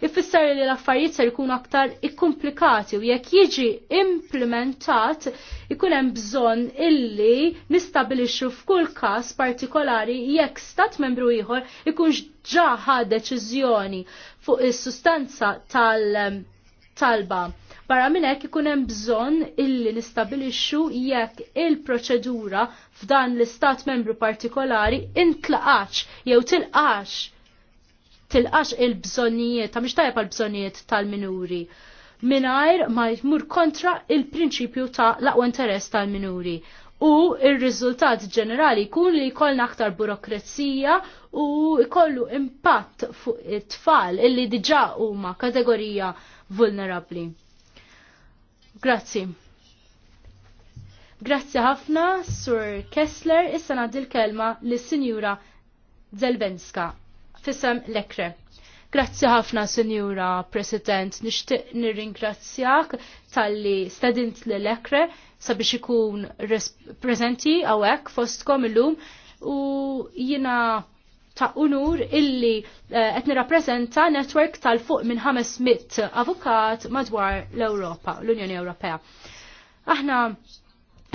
ifisser li l-affarijiet ser jkunu aktar ikkomplikati u jekk jiġi implementat ikun hemm bżonn illi nistabilixxu f'kull każ partikolari jekk stat membru ieħor ikunx ġaħa deċiżjoni fuq is-sustanza tal-talba. tal talba Barra minn hekk ikun hemm bżonn illi nistabilixxu jekk il-proċedura f'dan l-istat membru partikolari intlaqax jew tilqax tilqax il-bżonnijiet ta' mhix tajjeb għall-bżonnijiet tal-minuri mingħajr ma jmur kontra il-prinċipju ta' l-aqwa interess tal-minuri u il-rizultat ġenerali kun li jkollna aktar burokrazija u jkollu impatt fuq it-tfal illi diġa huma kategorija vulnerabli. Grazzi. Grazzi ħafna, Sur Kessler, issa naddi l-kelma lis-Sinjura Zelbenska, fissem Lekre. Grazzi ħafna, Sinjura President. Nixtieq nirringrazzjak tal-li stedint li l-ekre sabiex ikun prezenti għawek fostkom illum u jina ta' unur illi eh, qed nirrappreżenta netwerk tal-fuq minn 500 avukat madwar l-Ewropa, l-Unjoni Ewropea. Aħna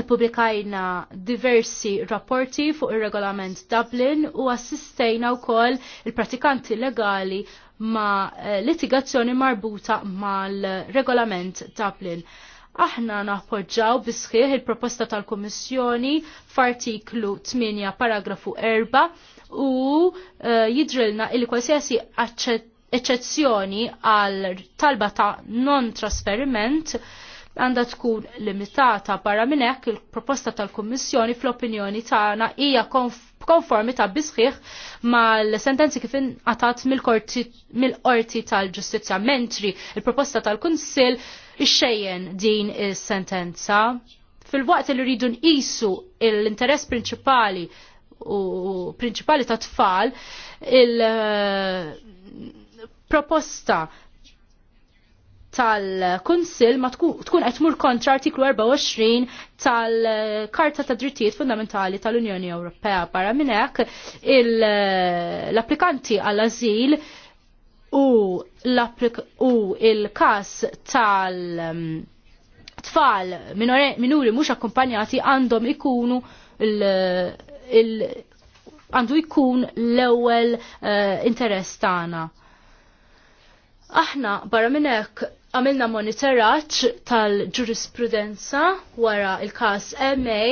ippubblikajna diversi rapporti fuq ir-regolament Dublin u assistejna wkoll il-pratikanti legali ma eh, litigazzjoni marbuta mal-regolament Dublin aħna naħpoġġaw bisħieħ il-proposta tal-Komissjoni f'artiklu 8 paragrafu 4 u eh, jidrilna il kwasjasi eccezzjoni għal talba ta' non-trasferiment għandha tkun limitata barra minn hekk il-proposta tal-Kummissjoni fl-opinjoni tagħna hija konformi ta' bisħiħ mal-sentenzi kif inqatat mill-qorti tal-ġustizzja mentri il-proposta tal-Kunsill ixxejjen din is-sentenza. Fil-waqt li rridu nqisu l-interess prinċipali u prinċipali ta' tfal il-proposta eh, tal-Kunsil ma tkun qed tmur kontra artiklu 24 tal-Karta ta' Drittijiet Fundamentali tal-Unjoni Ewropea. Barra minn hekk eh, l-applikanti għall-ażil u il-każ tal-tfal mm, minuri mhux akkumpanjati għandhom ikunu l il għandu jkun l-ewwel uh, interess tagħna. Aħna barra minn hekk għamilna monitoraġġ tal-ġurisprudenza wara il-każ MA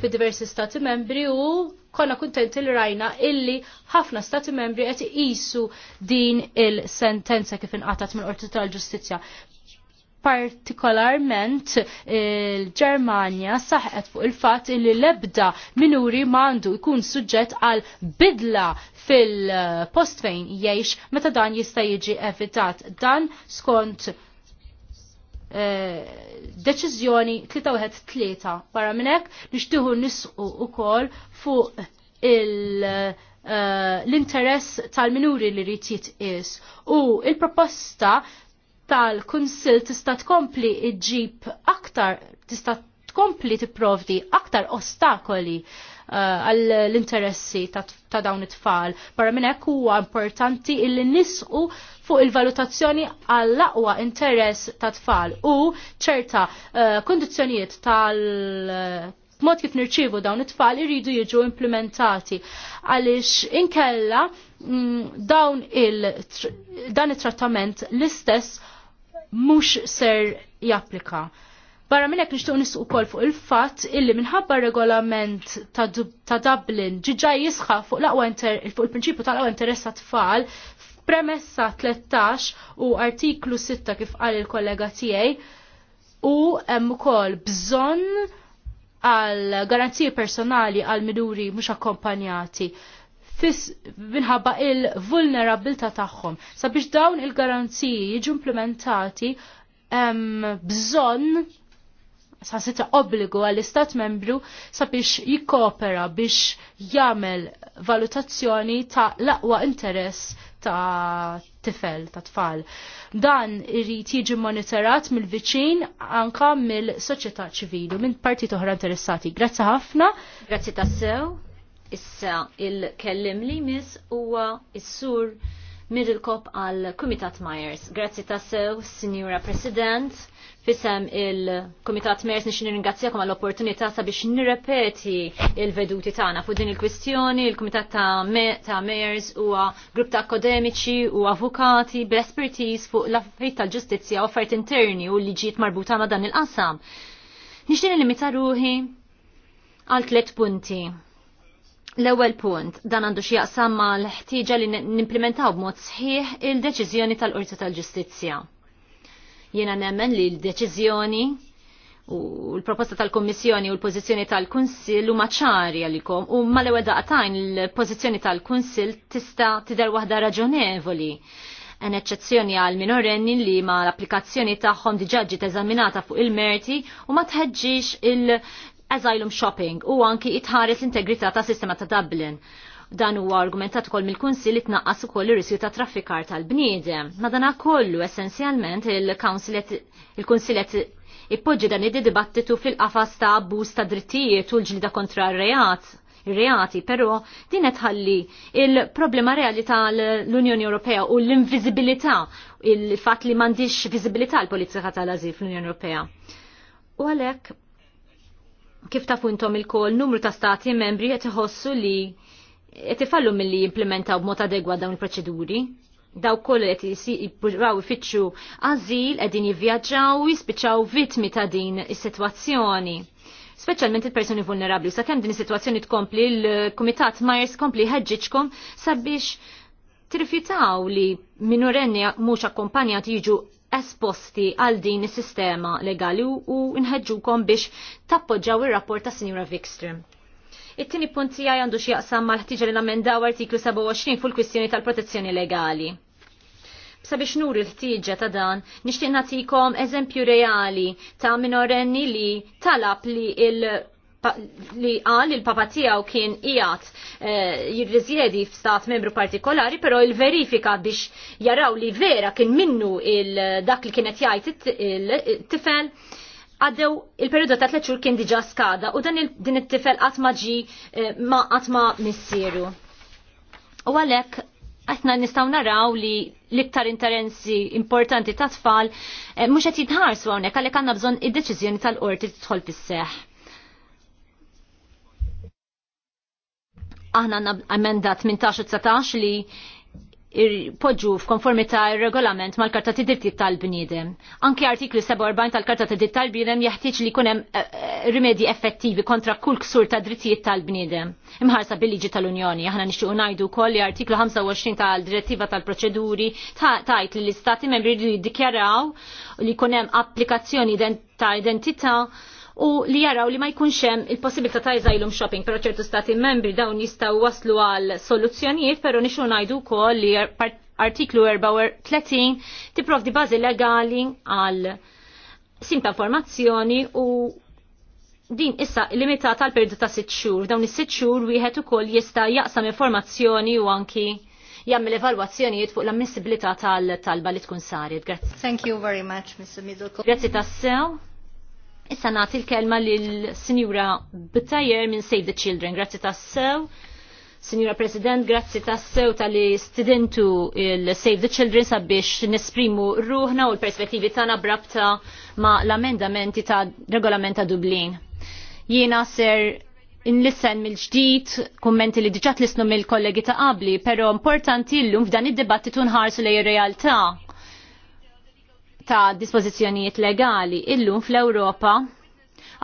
fi diversi stati membri u konna kuntenti li rajna illi ħafna stati membri qed iqisu din il-sentenza kif inqatat mill qorti tal-ġustizzja partikolarment il-Ġermanja eh, saħqet fuq il-fatt li l-ebda minuri mandu jkun suġġett għal bidla fil-post fejn jgħix meta dan jista' jiġi evitat. Dan skont eh, deċiżjoni 313 barra minn hekk nixtieħu nisqu wkoll fuq eh, l-interess tal-minuri li rrit jitqis u il-proposta tal-Kunsil tista' tkompli iġġib aktar tista' tkompli tipprovdi aktar ostakoli eh, għall interessi ta' dawn it-tfal. Barra minn hekk huwa importanti illi nisqu fuq il-valutazzjoni għall-aqwa interess ta' tfal u ċerta eh, kondizzjonijiet tal- eh, mod kif nirċivu dawn it-tfal irridu jiġu implementati għaliex inkella mm, dawn il dan it-trattament l-istess mhux ser japplika. Barra minn hekk nixtieq nisqu kol fuq il-fatt illi minħabba regolament ta', ta Dublin ġiġa jisħa fuq laqwa fuq il-prinċipju tal laqwa interess ta' tfal premessa 13 u artiklu 6 kif qal il-kollega tiegħi u hemm ukoll bżonn għal garanziji personali għal miduri mhux akkompanjati. Fis minħabba il-vulnerabilità tagħhom. Sabiex dawn il-garanziji jiġu implementati bżonn sa sita obbligu għall-istat membru sabiex jikkoopera biex jagħmel valutazzjoni ta' l-aqwa interess ta' tifel, ta' tfal. Dan irrid jiġi monitorat mill-viċin anka mill-soċjetà ċivili, minn partit oħra interessati. Grazzi ħafna. Grazzi tassew. Issa il-kellim li mis huwa s sur Middlekop għal Kumitat Myers. Grazzi tassew, Signora President, fisem il-Kumitat Myers nix nirringazzjakom għall opportunità sabiex nirrepeti il-veduti tagħna fuq din il-kwistjoni, il-Kumitat ta', me, ta Myers huwa grupp ta' akademiċi u avukati bl espertiz fuq l-affarijiet tal-ġustizzja offert interni u liġijiet marbuta ma' dan il-qasam. Nixtieq limita ruħi għal tliet punti L-ewwel punt, dan għandu xi jaqsam mal ħtieġa li nimplementaw b'mod sħiħ il-deċiżjoni tal-Qorti tal-Ġustizzja. Jiena nemmen li l-deċiżjoni u l-proposta tal-Kommissjoni u l-pożizzjoni tal-Kunsill huma ċari għalikom u mal-ewwel daqtajn l pożizzjoni tal-Kunsill tista' tidher waħda raġonevoli en eċċezzjoni għal minorenni li ma l-applikazzjoni tagħhom diġà ġiet eżaminata fuq il-merti u ma tħeġġix il asylum shopping u anki itħares integrità ta' sistema ta' Dublin. Dan huwa argumentat ukoll mill-Kunsil li tnaqqas ukoll ir risju ta' traffikar tal-bniedem. Madana kollu essenzjalment il il qed ippoġġi dan id-dibattitu fil-qafas ta' abbuż ta' drittijiet u l-ġlida kontra r-reat reati, pero din tħalli il-problema reali tal-Unjoni Ewropea u l-invizibilità, il-fat li mandiġ vizibilità l-politika tal-azil fl-Unjoni Ewropea. U għalek, kif ta' intom il-kol numru ta' stati membri qed iħossu li qed ifallu milli jimplementaw b'mod adegwa dawn il-proċeduri. Daw koll qed jippuraw ifittxu għażil qegħdin jivvjaġġaw jispiċċaw vittmi ta' din is-sitwazzjoni. Speċjalment il-persuni vulnerabli, sa' kemm din is-sitwazzjoni tkompli l-Kumitat Myers kompli ħeġġiġkom sabiex tirrifjutaw li minorenni mhux akkompanjati jiġu esposti għal din is-sistema legali u nħedġukom biex tappoġġaw ir-rapport ta' Sinjura Vikstrim. It-tieni punt tiegħi għandu xi jaqsam mal-ħtiġa li namendaw artiklu 27 fuq il-kwistjoni tal-protezzjoni legali. Sabiex nur l-ħtiġa ta' dan, nixtieq nagħtikom eżempju reali ta' minorenni li talab li il- li għal il-papa tijaw kien ijat eh, jirriżjedi f'stat membru partikolari, pero il-verifika biex jaraw li vera kien minnu il-dak li kienet jgħid il-tifel għaddew il-periodu ta' tliet xhur kien diġà skada u dan din it-tifel qatt ma ġi eh, ma qatt ma missieru. U għalhekk aħna nistgħu naraw li l-iktar interessi importanti ta' tfal eh, mhux qed jitħarsu hawnhekk għalhekk għandna bżonn id-deċiżjoni tal-qorti tidħol fis-seħħ aħna emenda 18-19 li poġġu f'konformità ir-regolament mal-Karta ta' Diritti tal-Bniedem. Anki artiklu 47 tal-Karta ta' Diritti tal-Bniedem jeħtieġ li jkun hemm eh, eh, rimedji effettivi kontra kull ksur ta' drittijiet tal-bniedem. Imħarsa bil-liġi tal-Unjoni, aħna nixtiequ ngħidu wkoll li artiklu 25 tal-Direttiva tal-Proċeduri tajt li l-Istati membri li jiddikjaraw li jkun hemm applikazzjoni ta' identità u li jaraw li ma jkunx hemm il-possibilità ta' jżajlhom shopping, però ċertu stati membri dawn jistgħu waslu għal soluzzjonijiet, però nixu ngħidu wkoll li artiklu 34 tipprovdi bażi legali għal simta informazzjoni u din issa limitata għal periodu ta' 6 xhur. Dawn is-6 xhur wieħed ukoll jista' jaqsam informazzjoni u anki jagħmel evalwazzjonijiet fuq l-ammissibilità tal-talba li tkun saret. Grazie. Thank you very much, Mr. Middlecourt. Grazzi tassew. Issa nagħti l-kelma lill Sinjura Bittajer minn Save the Children. Grazzi tassew. Sinjura President, grazzi tassew tal-li studentu il-Save the Children sabiex nesprimu ruħna u l-perspettivi tagħna brabta ma' l-amendamenti ta' regolament ta' Dublin. Jiena ser inlissen mill-ġdid kummenti li diġat l-isnu mill-kollegi ta' qabli, pero importanti llum f'dan id-dibattitu nħarsu lej realtà ta' dispożizzjonijiet legali illum fl-Ewropa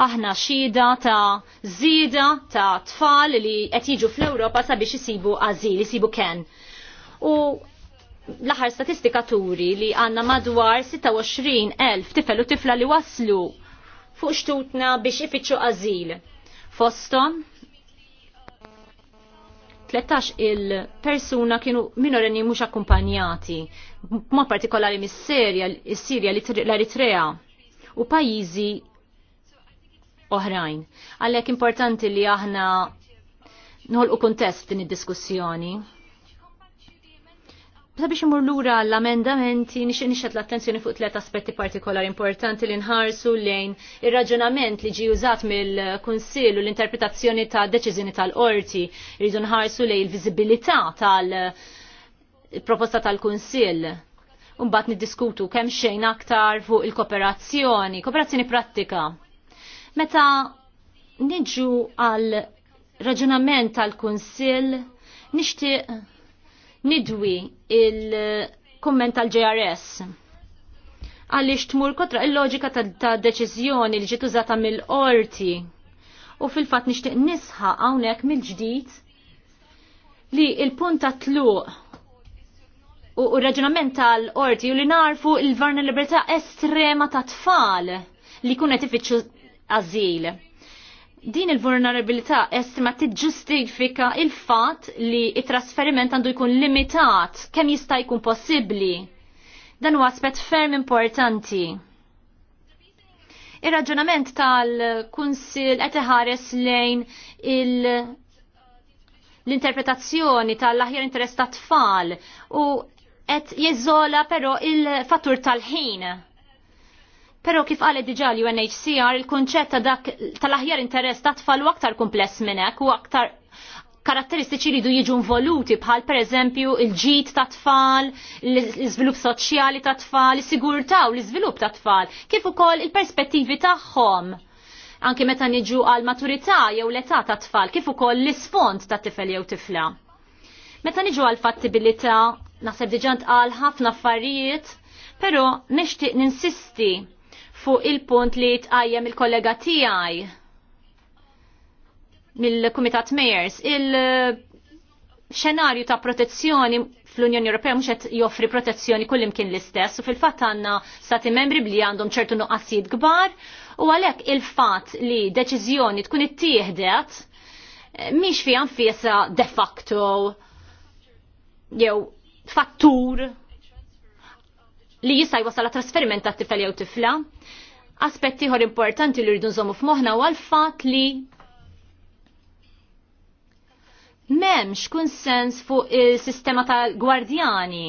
aħna xida ta' zida ta' tfal li qed jiġu fl-Ewropa sabiex isibu għażil, isibu ken. U l-aħħar statistika turi li għandna madwar 26,000 tifel u tifla li waslu fuq xtutna biex ifittxu għażil. Foston, 13 il-persuna kienu minorenni mhux akkumpanjati, ma partikolari mis-Sirja, l-Eritrea u pajjiżi oħrajn. Għalhekk importanti li aħna nħolqu kuntest din id-diskussjoni Sabiex imur lura l-amendamenti nixin nixet l-attenzjoni fuq tlet aspetti partikolari importanti li nħarsu lejn ir-raġunament li ġi użat mill-Kunsill u l-interpretazzjoni ta' deċiżjoni tal-qorti. Rridu nħarsu lejn il-viżibilità tal-proposta tal-Kunsill. Umbat niddiskutu kemm xejn aktar fuq il-kooperazzjoni, kooperazzjoni prattika. Meta niġu għal raġunament tal-Kunsill nixtieq nidwi il-komment tal-JRS għaliex tmur kontra il-loġika ta' deċiżjoni li ġituzata mill-qorti. U fil-fatt nixtieq nisħa hawnhekk mill-ġdid li il-punt ta' tluq u r-raġunament tal-qorti u li narfu il-vulnerabilità estrema ta' tfal li kunet ifittxu għażil din il-vulnerabilità estima tiġġustifika il-fat li it-trasferiment għandu jkun limitat kemm jista' jkun possibbli. Dan huwa aspett ferm importanti. Ir-raġunament tal-Kunsil qed iħares lejn l-interpretazzjoni tal-aħjar interess tat-tfal u qed jeżola però il-fattur tal-ħin Pero kif għale diġa l UNHCR, il kunċett ta' dak tal-aħjar interess ta' tfal u aktar kumpless minnek u aktar karatteristiċi li du jiġu involuti bħal per eżempju il-ġit ta' tfal, l-izvilup soċjali ta' tfal, is-sigurtà u l-izvilup ta' tfal, kif ukoll il-perspettivi tagħhom anke meta niġu għal maturità jew l-età ta' tfal, kif ukoll l-isfond ta' tifel jew tifla. Meta niġu għal fattibilità, naħseb diġant għal ħafna affarijiet, però nixtieq ninsisti fuq il-punt li tqajjem il-kollega tiegħi mill-Kumitat Mayors. Il-xenarju ta' protezzjoni fl-Unjoni Ewropea mhux qed joffri protezzjoni kullimkien l-istess u fil-fatt għandna stati membri li għandhom ċertu nuqqasijiet kbar u għalhekk il-fatt li deċiżjoni tkun ittieħdet mhix fiha nfisa de facto jew fattur li jista' jwasal trasferiment ta' tifel jew tifla. Aspetti ħor importanti li rridu nżommu f'moħħna huwa l-fatt li memx kun sens fuq il-sistema tal-gwardjani.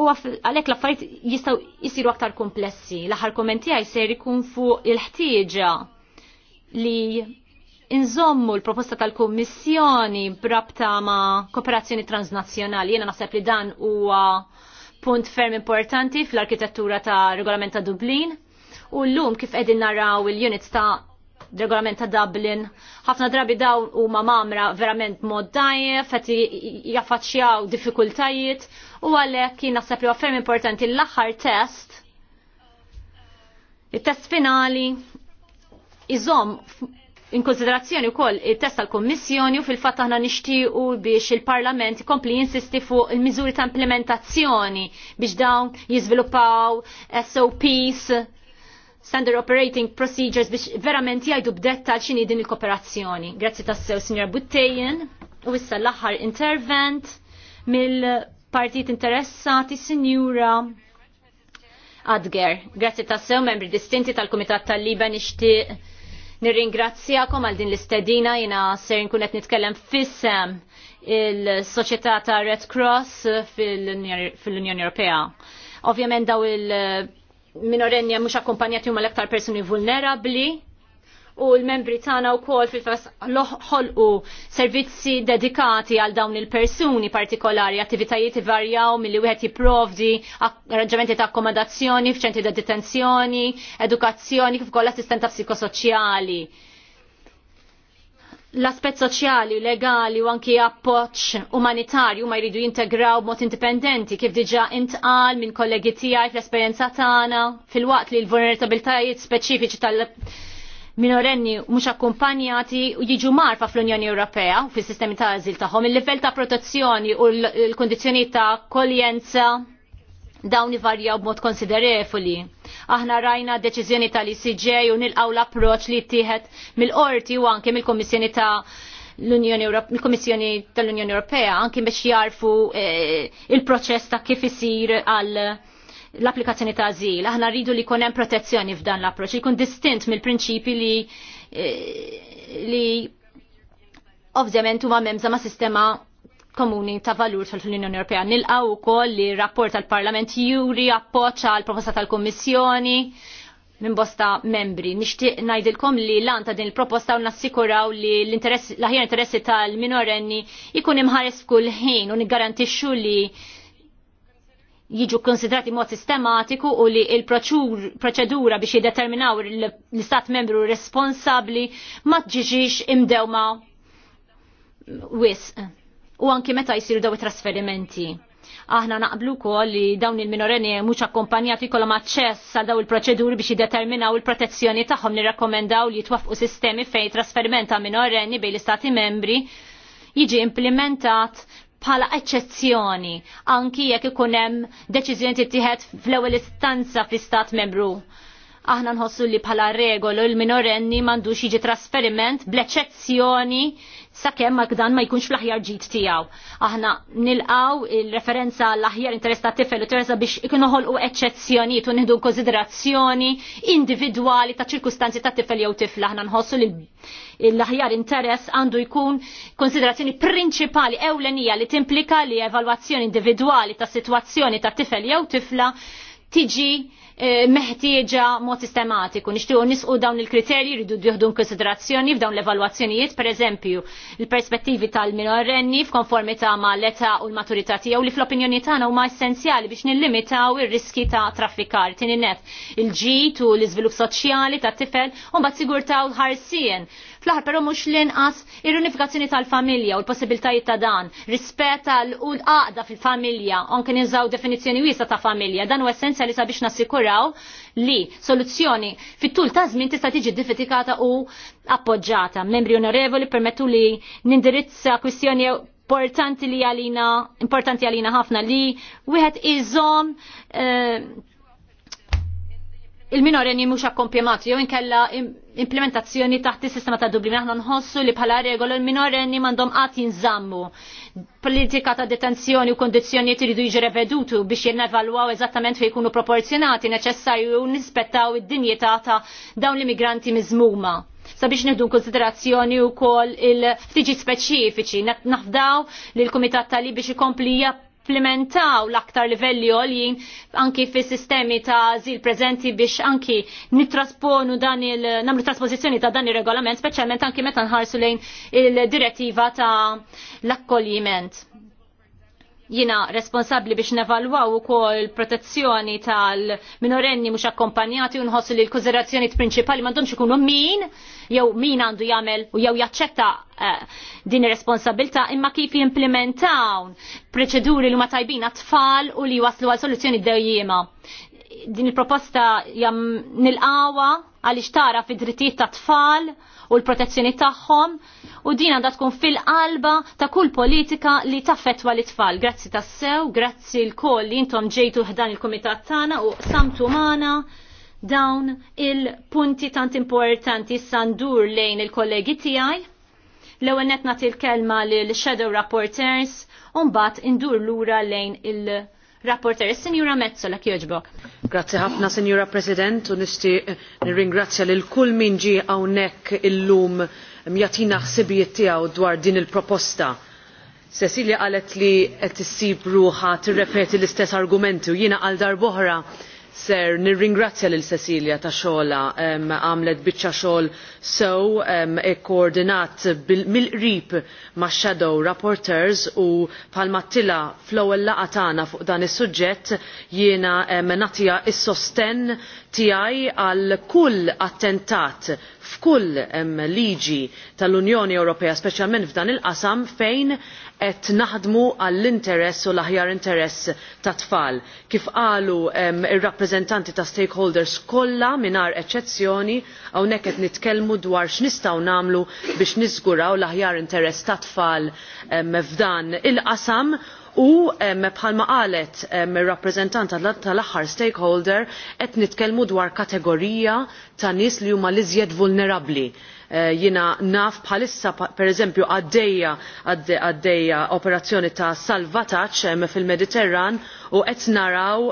U għalek l-affarijiet jistaw jisiru aktar komplessi. L-aħħar kommenti għaj ser ikun fuq il-ħtieġa li inżommu l-proposta tal-Kommissjoni brabta ma' kooperazzjoni transnazzjonali. Jena naħseb li dan huwa punt ferm importanti fl-arkitettura ta' regolament ta' Dublin. U l-lum kif edin naraw il-units ta' regolament ta' Dublin, ħafna drabi dawn huma mamra verament mod dajjef, qed jaffaċċjaw diffikultajiet u għalhekk jien naħseb li huwa ferm importanti l-aħħar test it-test finali iżom in konsiderazzjoni wkoll it-test tal-Kummissjoni u fil-fatt aħna nixtiequ biex il-Parlament kompli jinsisti fuq il-miżuri ta' implementazzjoni biex dawn jiżviluppaw SOPs Standard Operating Procedures biex verament jgħidu b'dettal x'inhi din il-kooperazzjoni. Grazzi tassew Sinjor Buttejen u issa l-aħħar intervent mill-partit interessati Sinjura Adger. Grazzi tassew membri distinti tal-Kumitat tal-Liban ixtieq Nirringrazzjakom għal din l-istedina jina ser nkun qed nitkellem fissem il-soċjetà ta' Red Cross fil-Unjoni Ewropea. Ovvjament daw il minorenja mhux akkumpanjati huma l-aktar persuni vulnerabbli u l-membri tagħna wkoll fil-fas u servizzi dedikati għal dawn il-persuni partikolari, attivitajiet varjaw milli wieħed jipprovdi arranġamenti ta' akkomodazzjoni f'ċentri ta' detenzjoni, edukazzjoni kif ukoll assistenta psikosoċjali l-aspet soċjali, legali u anki appoċ umanitarju ma jridu jintegraw b'mod indipendenti kif diġa intqal minn kollegi tiegħi fl-esperjenza tagħna fil-waqt li l-vulnerabilitajiet speċifiċi tal- minorenni mhux akkumpanjati jiġu marfa fl-Unjoni Ewropea u fis-sistemi ta' ażil tagħhom, il-livell ta' protezzjoni u l-kundizzjoni ta' koljenza dawn ivarjaw b'mod konsiderevoli. Aħna rajna deċiżjoni tal-ICJ u nilqaw l approċċ li tieħed mill-qorti u anke mill kummissjoni ta' l mill-Kommissjoni tal-Unjoni Ewropea anke biex jarfu l eh, il-proċess ta' kif isir għal l-applikazzjoni ta' azil. Aħna rridu li jkun hemm protezzjoni f'dan l-approċċ, kun distint mill-prinċipi li eh, li ovvjament huma memza ma' sistema komuni ta' valur l unjoni Ewropea. Nilqaw ukoll li rapport tal-Parlament juri appoċċa l proposta tal-Kummissjoni minn bosta membri. Nixtieq ngħidilkom li lan ta' din il-proposta u nassikuraw li l-aħjar interessi tal-minorenni jkun imħares f'kull ħin u niggarantixxu li jiġu konsidrati mod sistematiku u li il-proċedura biex jiddeterminaw l-istat membru responsabli ma tġiġix imdewma wis u anki meta jisiru daw trasferimenti. Aħna naqblu kol li dawn il-minorenni mhux akkompanjati kolom aċċess għal daw il-proċeduri biex jiddeterminaw il-protezzjoni tagħhom nirrakkomendaw li jitwafqu sistemi fejn trasferimenta ta' minorenni bejn l-istati membri jiġi implementat bħala eċċezzjoni anki jekk ikun hemm deċiżjoni tittieħed fl-ewwel istanza fl-istat membru. Aħna nħossu li bħala regolu l-minorenni m'għandux jiġi trasferiment bl-eċċezzjoni sakemm ma dan ma jkunx fl-aħjar ġid tiegħu. Aħna nilqaw il-referenza l-aħjar interess ta' tifel u teresa biex u eċċezzjonijiet u nieħdu konsiderazzjoni individwali ta' ċirkustanzi ta' tifel jew tifla. Aħna nħossu li l-aħjar interess għandu jkun konsiderazzjoni prinċipali ewlenija li timplika li evalwazzjoni individwali ta' sitwazzjoni ta' tifel jew tifla tiġi Eh, meħtieġa mod sistematiku. Nixtiequ nisqu dawn il-kriterji jridu jieħdu konsiderazzjoni f'dawn l-evalwazzjonijiet, pereżempju, il-perspettivi tal-minorenni f'konformità ma' l-età u l-maturità tiegħu li fl-opinjoni tagħna huma essenzjali biex nillimitaw ir-riski ta' traffikar tieni nef il-ġid u l-iżvilupp soċjali ta' tifel u mbagħad sigurtaw ħarsien Fl-aħħar però mhux l-inqas ir-unifikazzjoni tal-familja u l-possibiltajiet ta' dan, rispett għal u l-qaqda fil-familja, anke ninżaw definizzjoni wiesa ta' familja, dan u essenzjali sabiex nassikuraw li soluzzjoni fit-tul ta' żmien tista' tiġi diffetikata u appoġġata. Membri onorevoli permettu li nindirizza kwistjoni importanti li għalina, importanti għalina ħafna li wieħed iżom uh, il-minorenni mhux akkompjemati jew inkella implementazzjoni taħt is-sistema ta' Dublin aħna nħossu li bħala regolo l-minorenni m'għandhom qatt jinżammu. Politika ta' detenzjoni u kondizzjonijiet iridu jiġi revedutu biex jinnevalwaw eżattament fejn jkunu proporzjonati neċessarju nispettaw id-dinjità ta' dawn l-immigranti miżmuma sabiex nieħdu konsiderazzjoni wkoll il-ftiġi speċifiċi nafdaw li l-Kumitat tali biex ikompli Implementaw l-aktar livelli għoljin anki fi sistemi ta' zil prezenti biex anki nitrasponu dan il namlu trasposizjoni ta' dan il-regolament, specialment anki meta nħarsu lejn il-direttiva ta' l-akkoljiment jina responsabli biex nevalwaw u kol protezzjoni tal-minorenni mux akkompanjati unħos li l-konsiderazzjoni principali mandomx ikunu min, jew min għandu jamel u jew jaċċetta eh, din responsabilta imma kif jimplementaw proċeduri li ma tajbin tfal u li waslu għal soluzzjoni dejjima. Din il-proposta jam nil-qawa għal tara fi drittijiet ta' tfal u l-protezzjoni tagħhom u din għandha tkun fil-qalba ta' kull politika li taffetwa l tfal Grazzi tassew, grazzi l-koll li intom ġejtu ħdan il-komitat tagħna u samtu mana dawn il-punti tant importanti sandur lejn il-kollegi tiegħi. L-ewwel qed nagħti l-kelma l shadow rapporters u mbagħad indur lura lejn il- Rapporter, Signora Mezzola, kjoġbok. Grazie ħafna, Signora President, u nisti nirringrazzja lil kull min ġie hawnhekk illum mjatina ħsibijiet tiegħu dwar din il-proposta. Cecilia qalet li qed issib ruħa tirrepeti l-istess argumenti u jiena għal darb'oħra ser nirringrazzja lil Cecilia ta' xogħla għamlet biċċa xogħol So, um, e koordinat mill-qrib ma' shadow rapporteurs u palmattila fl-ewwel laqgħa tagħna fuq dan is-suġġett jiena um, nagħtiha s-sosten tiegħi għal kull attentat f'kull liġi tal-Unjoni Ewropea, speċjalment f'dan il-qasam fejn qed naħdmu għall-interess u l-aħjar interess tat tfal. Kif qalu ir-rappreżentanti ta' stakeholders kollha mingħajr eċċezzjoni hawnhekk qed nitkellmu naħdmu dwar x'nistgħu nagħmlu biex niżguraw l-aħjar interess tat-tfal f'dan il-qasam u bħalma qalet ir-rappreżentant tal-aħħar stakeholder qed nitkellmu dwar kategorija ta' nies li huma l-iżjed vulnerabbli Eh, jina naf bħalissa pereżempju għaddejja għaddeja operazzjoni ta' salvataġġ fil-Mediterran u qed naraw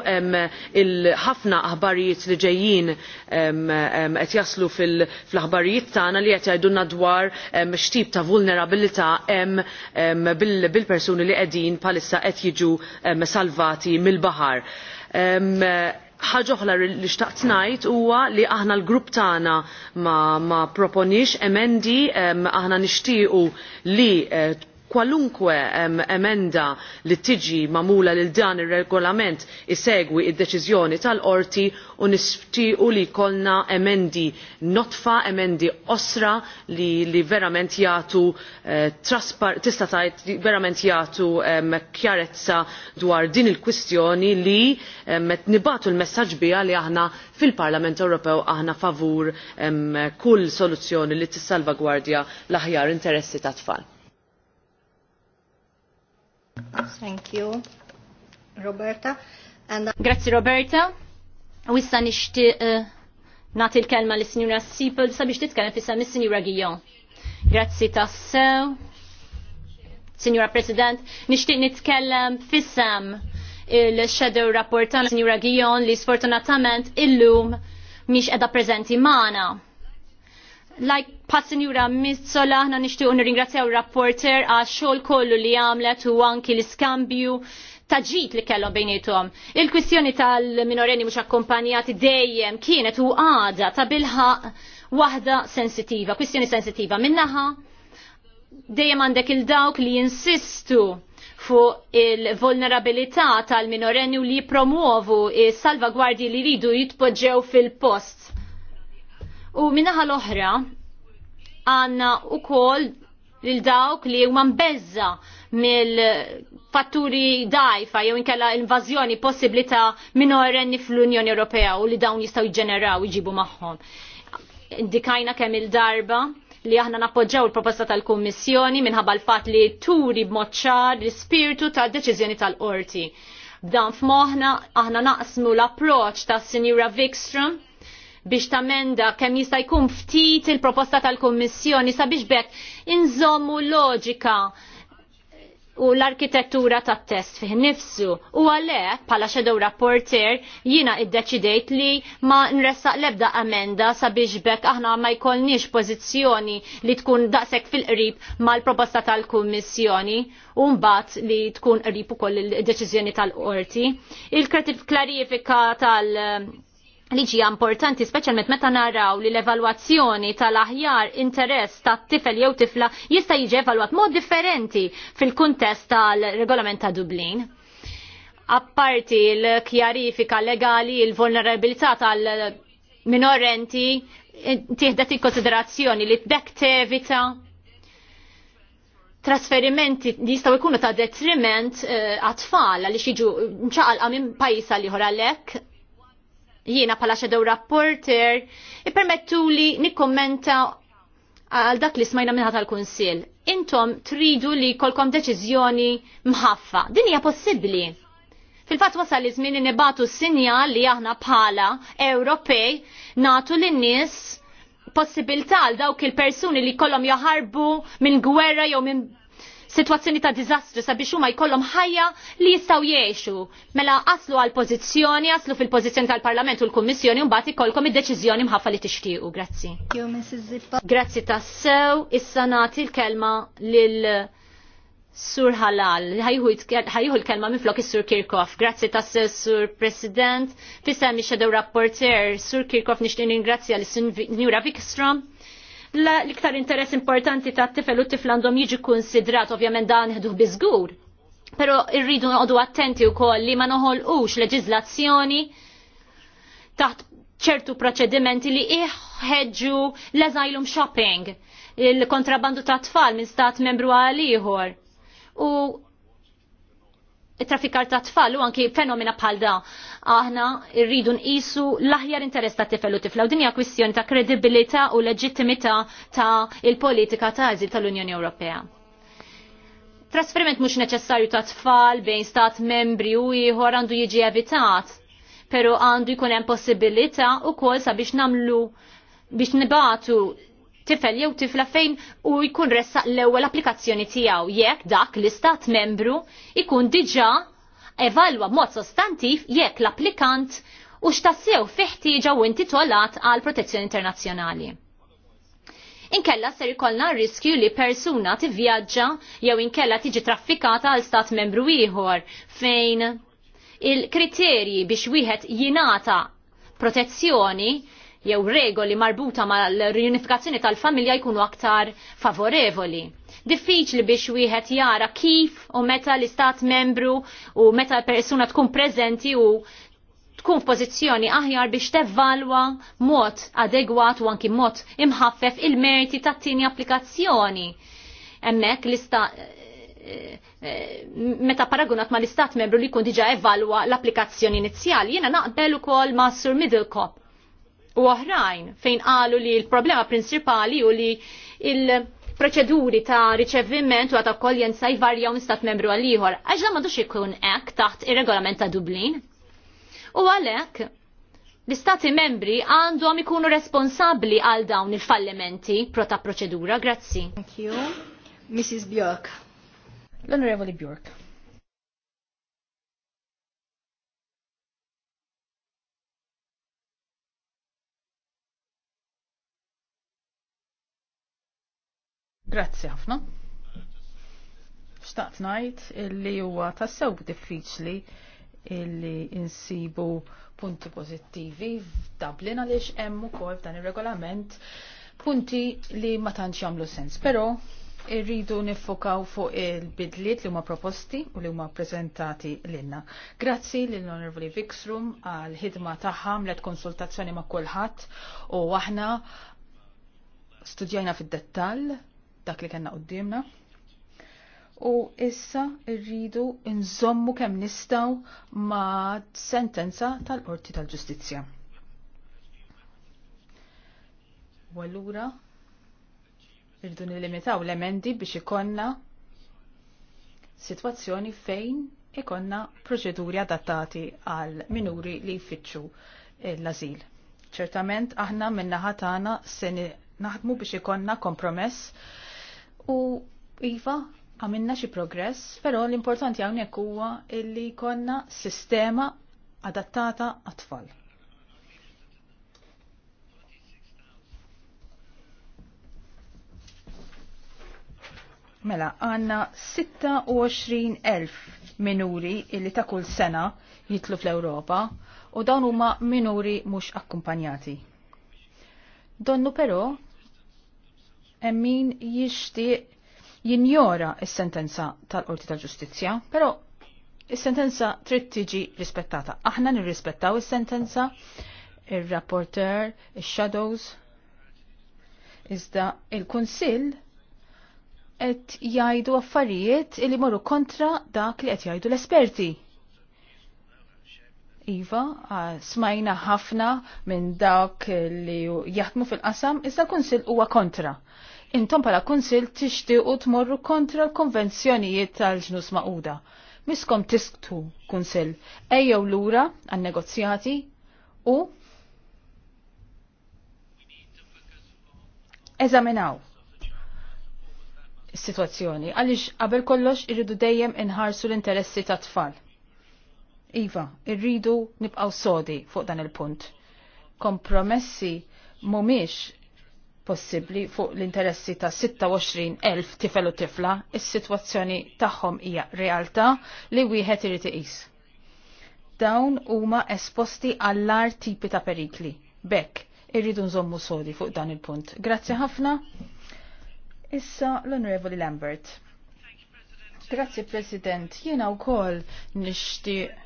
il-ħafna aħbarijiet li ġejjin qed jaslu fl-aħbarijiet tagħna li qed jgħidulna dwar x'tip ta' vulnerabilità hemm bil-persuni li qegħdin bħalissa qed jiġu salvati mill-baħar ħagħuħla oħra li xtaqt ngħid huwa li aħna l-grupp tagħna ma, ma proponix emendi aħna nixtiequ li eh, kwalunkwe emenda li tiġi mamula lil dan ir-regolament isegwi id-deċiżjoni tal-qorti u nixtiequ li jkollna emendi notfa emendi osra li, li verament jatu eh, tista' verament jagħtu kjarezza dwar din il-kwistjoni li met nibatu l-messaġġ biha li aħna fil-Parlament Ewropew aħna favur kull soluzzjoni li tissalvagwardja l-aħjar interessi tat-tfal. Thank you, Roberta. And... Grazzi, Roberta. U issa nixtieq uh, nagħti l-kelma lis sinjura Sipel sabiex titkellem fissa mis-Sinjura Gijon. Grazzi tassew. Sinjura President, nixtieq nitkellem fissam il-Shadow Rapportan Sinjura Gijon li sfortunatament illum mhix qiegħda preżenti mana. Like passinjura Mizzola, ħna un nirringrazzjaw il-rapporter għax xogħol kollu li għamlet u anki l-iskambju taġit li kellhom bejnietom. Il-kwistjoni tal minoreni mhux akkompanjati dejjem kienet u għada ta' bilħa waħda sensitiva, kwistjoni sensitiva. Minnaħa dejjem għandek il-dawk li jinsistu fuq il-vulnerabilità tal minoreni u li promuovu il-salvagwardji li ridu jitpoġġew fil-post U minnaħal l-oħra għanna u kol l-dawk li huma mbezza mill-fatturi dajfa jew inkella invażjoni possibbli ta' minorenni fl-Unjoni Ewropea u li dawn jistgħu jġeneraw jġibu magħhom. Indikajna kemm il-darba li aħna nappoġġaw il-proposta tal-Kummissjoni minħabba l-fatt li turi b'moċċar l-ispirtu ta' deċiżjoni tal-qorti. B'dan f'moħħna aħna naqsmu l-approċċ ta' Sinjura Vikstrom biex tamenda kemm jista' jkun ftit il-proposta tal-Kummissjoni sabiex bekk inżommu loġika u l-arkitettura tat test fih nifsu u għale, bħala shadow rapporter jiena deċidejt li ma nressaq l-ebda amenda sabiex bekk aħna ma jkollniex pożizzjoni li tkun daqshekk fil-qrib mal-proposta tal-Kummissjoni u mbagħad li tkun qrib ukoll il-deċiżjoni tal-qorti. Il-klarifika tal-, -qorti. il klarifika tal qorti klarifika tal liġi importanti, speċjalment meta naraw li l-evalwazzjoni tal-aħjar interess ta' tifel jew tifla jista' jiġi evalwat mod differenti fil-kuntest tal-regolament ta' Dublin. Apparti l-kjarifika legali, il-vulnerabilità tal-minorenti, tieħdet in konsiderazzjoni li bekk tevita trasferimenti li jistaw ikunu ta' detriment eh, għat-tfal li jiġu mċaqalqa minn pajis għal-liħor għalhekk jiena pala xedew rapporter ipermettu li nikkommenta għal dak li smajna minnħat tal kunsil Intom tridu li kolkom deċizjoni mħaffa. Din hija possibbli. Fil-fatt wasal li żmien nibatu sinjal li aħna bħala Ewropej natu lin-nies possibilità għal dawk il-persuni li kollhom jaħarbu minn gwerra jew minn situazzjoni ta' diżastru sabiex huma jkollhom ħajja li jistgħu jgħixu. Mela aslu għal pożizzjoni, aslu fil-pożizzjoni tal-Parlament u l-Kummissjoni u mbagħad ikollkom id-deċiżjoni mħaffa li tixtiequ. Grazzi. Grazzi tassew, issa nagħti l-kelma lil Sur Halal, ħajħu l-kelma minn flok is-Sur Kirkov. Grazzi tassew Sur President, fissem ix-Shadow Rapporteur, Sur Kirkov nixtieq ningrazzja lis-Sinjura Vikstrom l-iktar interess importanti ta' tifel u tifl għandhom jiġi konsidrat ovvjament dan ħduh bizgur. Pero irridu noqogħdu attenti wkoll li ma noħolqux leġiżlazzjoni taħt ċertu proċedimenti li iħħeġġu l azajlum shopping, il-kontrabandu ta' tfal minn stat membru għal ieħor. U it traffikar ta' tfal u anki fenomena bħal da. Aħna rridu nqisu l-aħjar interess ta' tifel u tifla u dinja kwistjoni ta' kredibilità u leġittimità ta' il-politika ta' eżil tal-Unjoni Ewropea. Trasferiment mhux neċessarju ta' tfal bejn stat membri u ieħor għandu jiġi evitat, pero għandu jkun hemm possibilità ukoll sabiex namlu biex nibatu tifel jew tifla fejn u jkun ressaq l-ewwel applikazzjoni tiegħu jekk dak l-istat membru ikun diġà evalwa b'mod sostantiv jekk l-applikant u x'tassew fiħtieġa u intitolat għal protezzjoni internazzjonali. Inkella ser ikollna riskju li persuna tivvjaġġa jew inkella tiġi traffikata għal stat membru ieħor fejn il-kriterji biex wieħed jingħata protezzjoni jew regoli marbuta mal-riunifikazzjoni tal-familja jkunu aktar favorevoli. Diffiċli biex wieħed jara kif u meta l-istat membru u meta persuna tkun prezenti u tkun f'pożizzjoni aħjar biex tevalwa mod adegwat u anki mod imħaffef il-merti tat-tieni applikazzjoni. Hemmhekk l istat eh, eh, meta paragunat ma l-istat membru li kun diġa evalwa l-applikazzjoni inizjali, jena naqbel ukoll ma Sur Middlecop u oħrajn fejn qalu li l-problema prinċipali u li il- proċeduri ta' riċevviment u għata' koljenza jvarjaw minn stat membru għal-liħor. Għax ma madux ikun ek taħt ir-regolament ta' Dublin. U għalek, l-istati membri għandhom ikunu responsabli għal dawn il-fallimenti pro ta' proċedura. Grazzi. Thank you. Mrs. Bjork. L-Onorevoli Bjork. Grazzi ħafna. Xtaqt najt illi huwa tassew diffiċli illi insibu punti pożittivi f'Dublin għaliex hemm ukoll f'dan ir-regolament punti li ma tantx jagħmlu sens, però irridu nifokaw fuq il-bidliet li huma proposti u li huma prezentati lilna. Grazzi lill onorevoli Vixrum għal ħidma tagħha mlet konsultazzjoni ma' kulħadd u aħna studjajna fid-dettall dak li kena qoddimna. U issa rridu nżommu kemm nistaw ma sentenza tal-Qorti tal-Ġustizzja. U allura irridu nilimitaw l-emendi biex ikonna situazzjoni fejn ikonna proċeduri adattati għal minuri li jfittxu l-azil. ċertament aħna minna ħatana se naħdmu biex ikonna kompromess U iva, għamilna xi progress, però l-importanti hawnhekk huwa li konna sistema adattata għat-tfal. Mela, għanna 26.000 minuri illi ta' kull sena jitlu fl-Europa u dawn huma minuri mhux akkumpanjati. Donnu però emmin jishti jinjora il sentenza tal-Qorti tal-Ġustizzja, però il sentenza trid tiġi rispettata. Aħna nirrispettaw is-sentenza, ir-rapporter, il shadows iżda il-Kunsill qed jgħidu affarijiet li morru kontra dak li qed jgħidu l-esperti. Iva, smajna ħafna minn dak li jaħdmu fil-qasam, iżda kunsil huwa kontra intom pala kunsil tixtiequ tmorru kontra l-konvenzjonijiet tal-ġnus maquda. Miskom tisktu kunsil ejjew lura għan-negozjati u eżaminaw is-sitwazzjoni għaliex qabel kollox irridu dejjem inħarsu l-interessi ta' tfal. Iva, irridu nibqaw sodi fuq dan il-punt. Kompromessi mumiex possibbli fuq l-interessi ta' 26,000 tifel u tifla, is-sitwazzjoni tagħhom hija realtà li wieħed irid iqis. Dawn huma esposti għall-ar tipi ta' perikli. Bekk irridu nżommu sodi fuq dan il-punt. Grazzi ħafna. Issa l-Onorevoli Lambert. Grazzi President, jiena wkoll nixtieq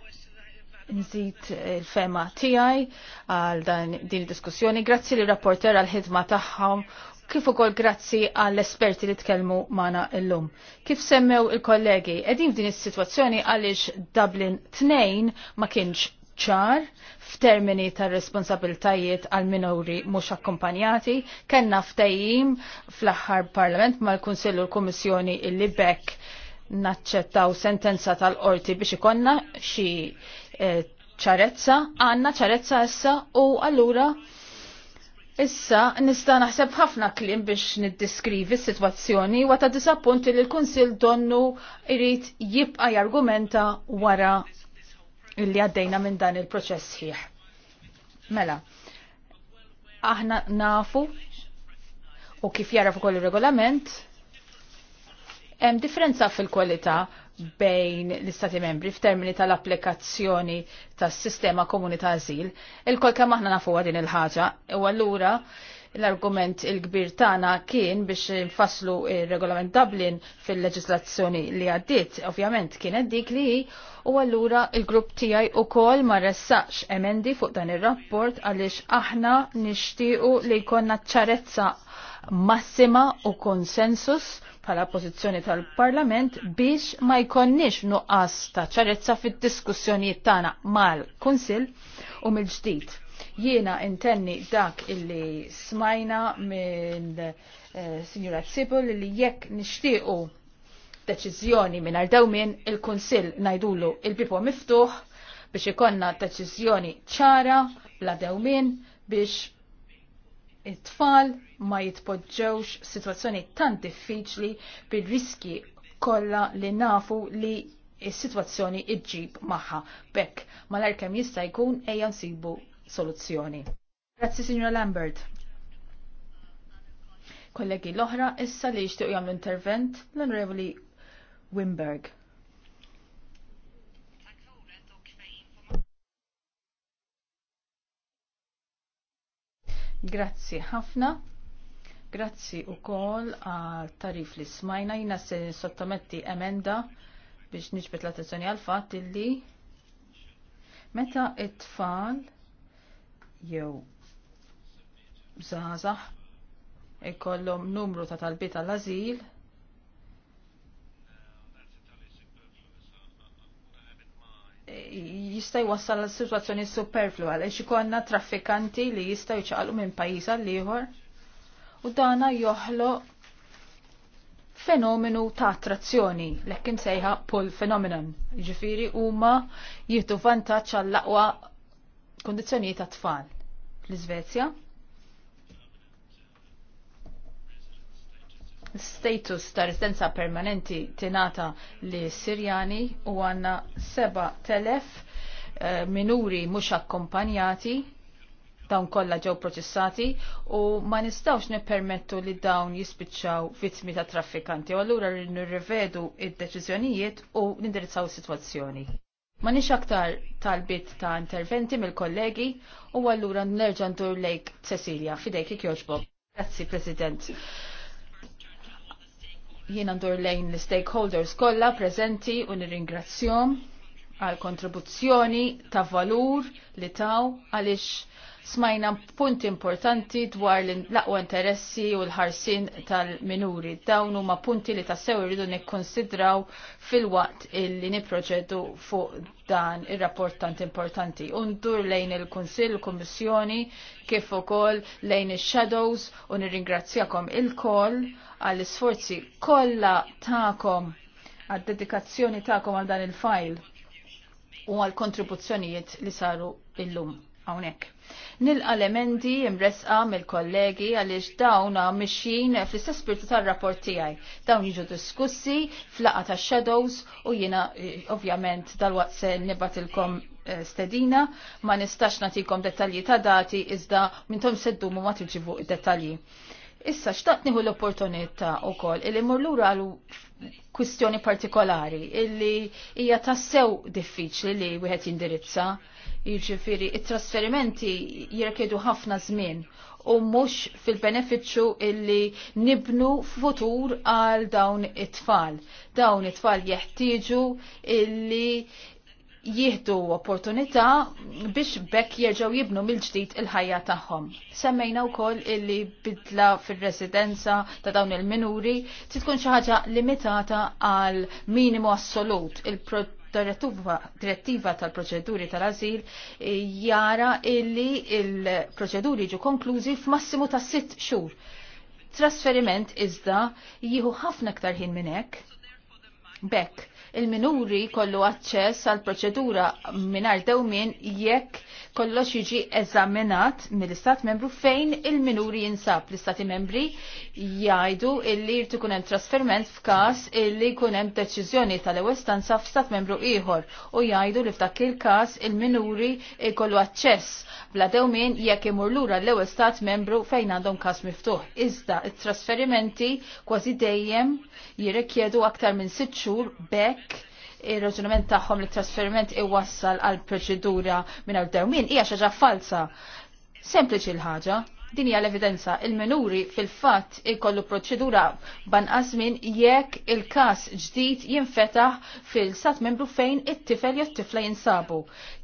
nżid il-fema tiegħi għal dan din id-diskussjoni. Grazzi li rapporter għal ħidma tagħhom kif ukoll grazzi għall esperti li tkellmu mana llum. Kif semmew il-kollegi, qegħdin f'din is-sitwazzjoni għaliex Dublin 2 ma kienx ċar f'termini ta' responsabiltajiet għal minori mhux akkompanjati, kellna ftejjim fl-aħħar Parlament mal-Kunsill u l-Kummissjoni illi bekk naċċettaw sentenza tal-qorti biex ikonna xi ċarezza, għanna ċarezza issa u allura issa nista naħseb ħafna klim biex niddiskrivi s-situazzjoni u ta' disappunti li l konsil donnu irrit jibqa jargumenta wara li għaddejna minn dan il-proċess ħieħ. Mela, aħna nafu u kif jara fuq il regolament hemm differenza fil-kwalità bejn l-Istati membri f'termini tal-applikazzjoni tas-sistema komuni ta' azil. Il-kol kemm aħna nafu din il-ħaġa, u allura l-argument il-kbir tagħna kien biex nfasslu il regolament Dublin fil-leġislazzjoni li għaddiet, ovvjament kienet dik li u allura il-grupp tiegħi wkoll ma ressaqx emendi fuq dan ir-rapport għaliex aħna nixtiequ li jkollna ċarezza massima u konsensus bħala pożizzjoni tal-Parlament biex ma jkonniex nuqqas ta' ċarezza fid-diskussjonijiet tagħna mal-Kunsill u mill-ġdid. Jiena intenni dak illi smajna minn eh, Sinjura Tsipul li jekk nixtiequ deċiżjoni minn dewmien il-Kunsill ngħidulu il-bipo miftuħ biex ikonna deċiżjoni ċara bla dewmien biex it-tfal ma jitpoġġewx situazzjoni tant diffiċli bil-riski kollha li nafu li s-situazzjoni iġġib magħha. Bekk, malar kemm jista' jkun ejja nsibu soluzzjoni. Grazzi Signora Lambert. Kollegi l-oħra issa li jixtiequ jagħmlu intervent l-Onorevoli Wimberg. Grazzi ħafna. Grazzi u kol għal tarif li smajna jina se sottometti emenda biex nġbet l-attenzjoni għal fatt illi meta it-tfal jew zazax ikollhom numru ta' talbiet l azil jista' jwassal l situazzjoni superflua għaliex ikonna traffikanti li jistgħu jċaqalqu minn pajjiż għal ieħor. U dana joħlo fenomenu ta' attrazzjoni, lekk sejħa pull phenomenon. Ġifiri huma jieħdu vantaġġ għall aqwa kondizzjonijiet tat tfal fl-Iżvezja. status ta' residenza permanenti tinata li Sirjani u għanna 7.000 eh, minuri mhux akkompanjati dawn kollha ġew proċessati u ma nistgħux nippermettu li dawn jispiċċaw vittmi ta' traffikanti u allura nirrivedu id-deċiżjonijiet u nindirizzaw is-sitwazzjoni. Ma nix aktar talbit ta' interventi mill-kollegi u allura nerġa' ndur lejk Cecilia fidejk jogħġbok. Grazzi President. Jiena ndur lejn l-stakeholders kollha preżenti u nirringrazzjom għal kontribuzzjoni ta' valur li taw għaliex smajna punti importanti dwar l-aqwa interessi u l-ħarsin tal-minuri. Dawn huma punti li tassew irridu nikkonsidraw fil-waqt illi niproġedu fuq dan ir-rapport tant importanti. Undur lejn il-Kunsill, il-Kummissjoni, kif ukoll lejn ix-shadows u nirringrazzjakom il-koll għall-isforzi kollha tagħkom għad-dedikazzjoni tagħkom għal dan il-fajl u għal kontribuzzjonijiet li saru illum hawnhekk. Nilqa elementi imresqa mill-kollegi għaliex dawn mixjin fl-istess spiritu tar-rapport tiegħi. Dawn jiġu diskussi fl-laqa' ta' shadows u jiena eh, ovvjament dal-waqt se nibatilkom eh, stedina ma nistax natikom dettalji ta' dati iżda seddu mu ma tiġibu dettalji. dettalji Issa xtaqt nieħu l-opportunità wkoll illi mmur lura għal kwistjoni partikolari illi hija tassew diffiċli li wieħed jindirizza. Jiġifieri it-trasferimenti jirkedu ħafna żmien u mhux fil-benefiċċju illi nibnu futur għal dawn it-tfal. Dawn it-tfal jeħtieġu illi jieħdu opportunità biex bekk jerġgħu jibnu mill-ġdid il-ħajja tagħhom. Semmejna wkoll illi bidla fir-residenza ta' dawn il-minuri se tkun xi ħaġa limitata għal minimu assolut il direttiva tal-proċeduri tal-azil jara illi il-proċeduri ġu konklużi f'massimu ta' sitt xhur. Trasferiment iżda jieħu ħafna ktar ħin minn hekk. Bekk il-minuri kollu aċċess għal proċedura minar dewmin jekk kollox jiġi eżaminat mill-istat membru fejn il-minuri jinsab. L-istati membri jgħidu illi jirtu kunem trasferment f'kas illi kunem deċizjoni tal-ewestanza f'stat membru ieħor u jgħidu li f'dak il-kas il-minuri jkollu aċċess bla dewmin jekk imur lura l-ewwel membru fejn għandhom kas miftuħ. Iżda it-trasferimenti kważi dejjem jirrikjedu aktar minn sitt xhur bekk ir-raġunament tagħhom li trasferiment iwassal għal proċedura minn għal dewmin ija xaġa falsa. Sempliċi l ħagġa din hija l-evidenza il-minuri fil-fatt ikollu proċedura banqas minn jekk il-każ ġdid jinfetaħ fil-sat membru fejn it-tifel jew tifla jinsabu.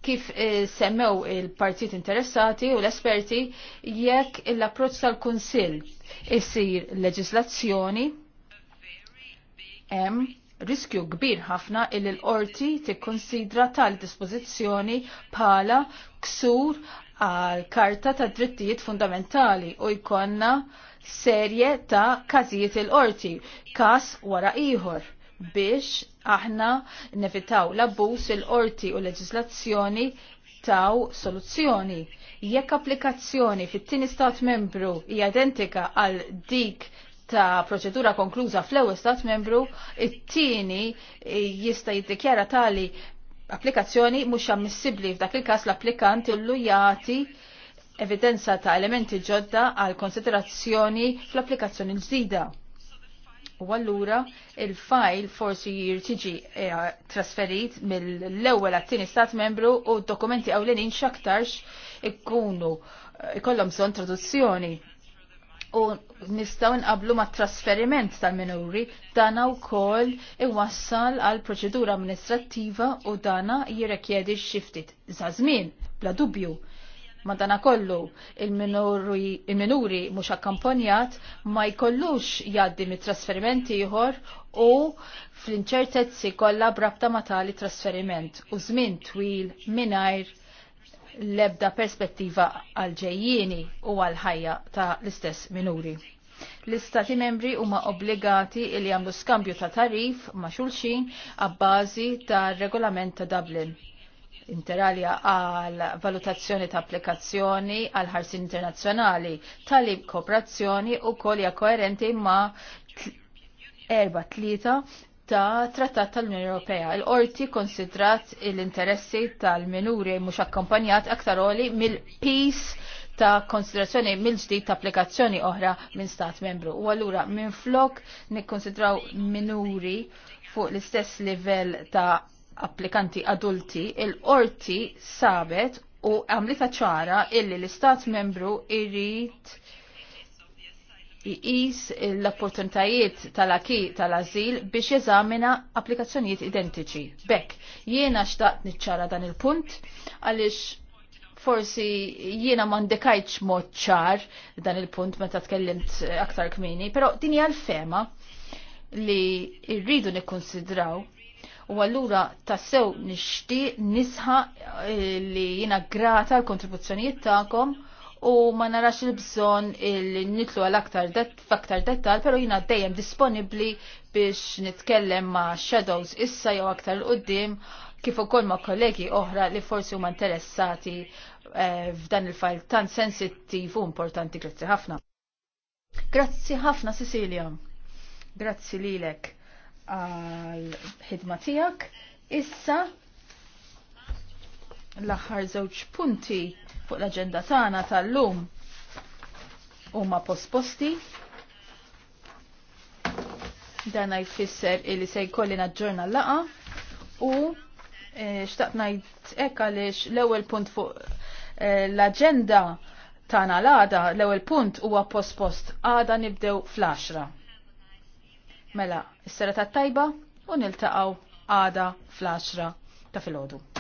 Kif eh, semmew il-partit interessati u l-esperti jekk l-approċċ tal-Kunsill isir leġislazzjoni hemm riskju kbir ħafna il l-qorti tikkonsidra tal-dispożizzjoni bħala ksur għal karta ta' drittijiet fundamentali u jkonna serje ta' kazijiet il-qorti, kas wara ieħor biex aħna nevitaw l-abbuż il-qorti u l-leġislazzjoni taw soluzzjoni. Jekk applikazzjoni fit-tieni stat membru hija identika għal dik ta' proċedura konkluża fl-ewwel stat membru, it-tieni jista' jiddikjara tali applikazzjoni mhux ammissibbli f'dak il-każ l-applikant illu jagħti evidenza ta' elementi ġodda għal konsiderazzjoni fl-applikazzjoni ġdida. U allura il-file forsi jirtiġi eh, trasferit mill-ewwel għat-tieni stat membru u dokumenti ewlenin x'aktarx ikunu eh, ikollhom bżonn traduzzjoni u nistaw nqablu ma' trasferiment tal-minuri dana u kol iwassal għal proċedura amministrattiva u dana jirrekjedi xiftit. Zazmin, bla dubju. Ma dana kollu il-minuri il mux akkampanjat ma jkollux jaddi mit trasferimenti ieħor u fl-inċertezzi kollha brabta ma tali trasferiment u żmien twil mingħajr l-ebda perspettiva għal-ġejjieni u għal-ħajja ta' l-istess minuri. L-istati membri huma obbligati li jagħmlu skambju ta' tarif ma' xulxin għabbażi ta' regolament ta' Dublin interalja għal valutazzjoni ta' applikazzjoni għal ħarsin internazzjonali tal-kooperazzjoni u kolja koerenti ma' erba tlieta ta' Trattat tal-Unjoni Ewropea. Il-qorti konsidrat l-interessi tal-minuri mhux akkompanjat aktar oli mill-peace ta' konsiderazzjoni mill-ġdid ta' applikazzjoni oħra minn stat membru. U allura minn flok nikkonsidraw minuri fuq l-istess livell ta' applikanti adulti, il-qorti sabet u għamlita ċara illi l-istat membru irrit jqis l-opportunitajiet tal-aki tal-azil biex jeżamina applikazzjonijiet identiċi. Bekk, jiena xtaqt niċċara dan il-punt għaliex forsi jiena mandekajċ mod ċar dan il-punt meta tkellimt aktar kmini, pero dini għal-fema li rridu nikkonsidraw u għallura tassew nishti nisħa eh, li jiena grata l-kontribuzzjonijiet ta'kom u ma narax il-bżon il-nitlu għal-aktar f'aktar dettal, pero jina dejjem disponibli biex nitkellem ma' shadows issa jew aktar qoddim kif ukoll ma' kollegi oħra li forsi huma interessati eh, f'dan il-fajl tan sensittiv u importanti grazzi ħafna. Grazzi ħafna Cecilia. Grazzi lilek għal ħidma tiegħek. Issa l-aħħar żewġ punti fuq l-agenda tagħna tal-lum huma posposti. Dan jfisser illi se jkolli naġġorna l-laqa u eh, xtaqt ngħid hekk għaliex l-ewwel punt fuq eh, l-aġenda tagħna l-għada l-ewwel punt huwa pospost għada nibdew fl għaxra Mela, s-sera tat-tajba u niltaqgħu għada fl għaxra ta' filgħodu.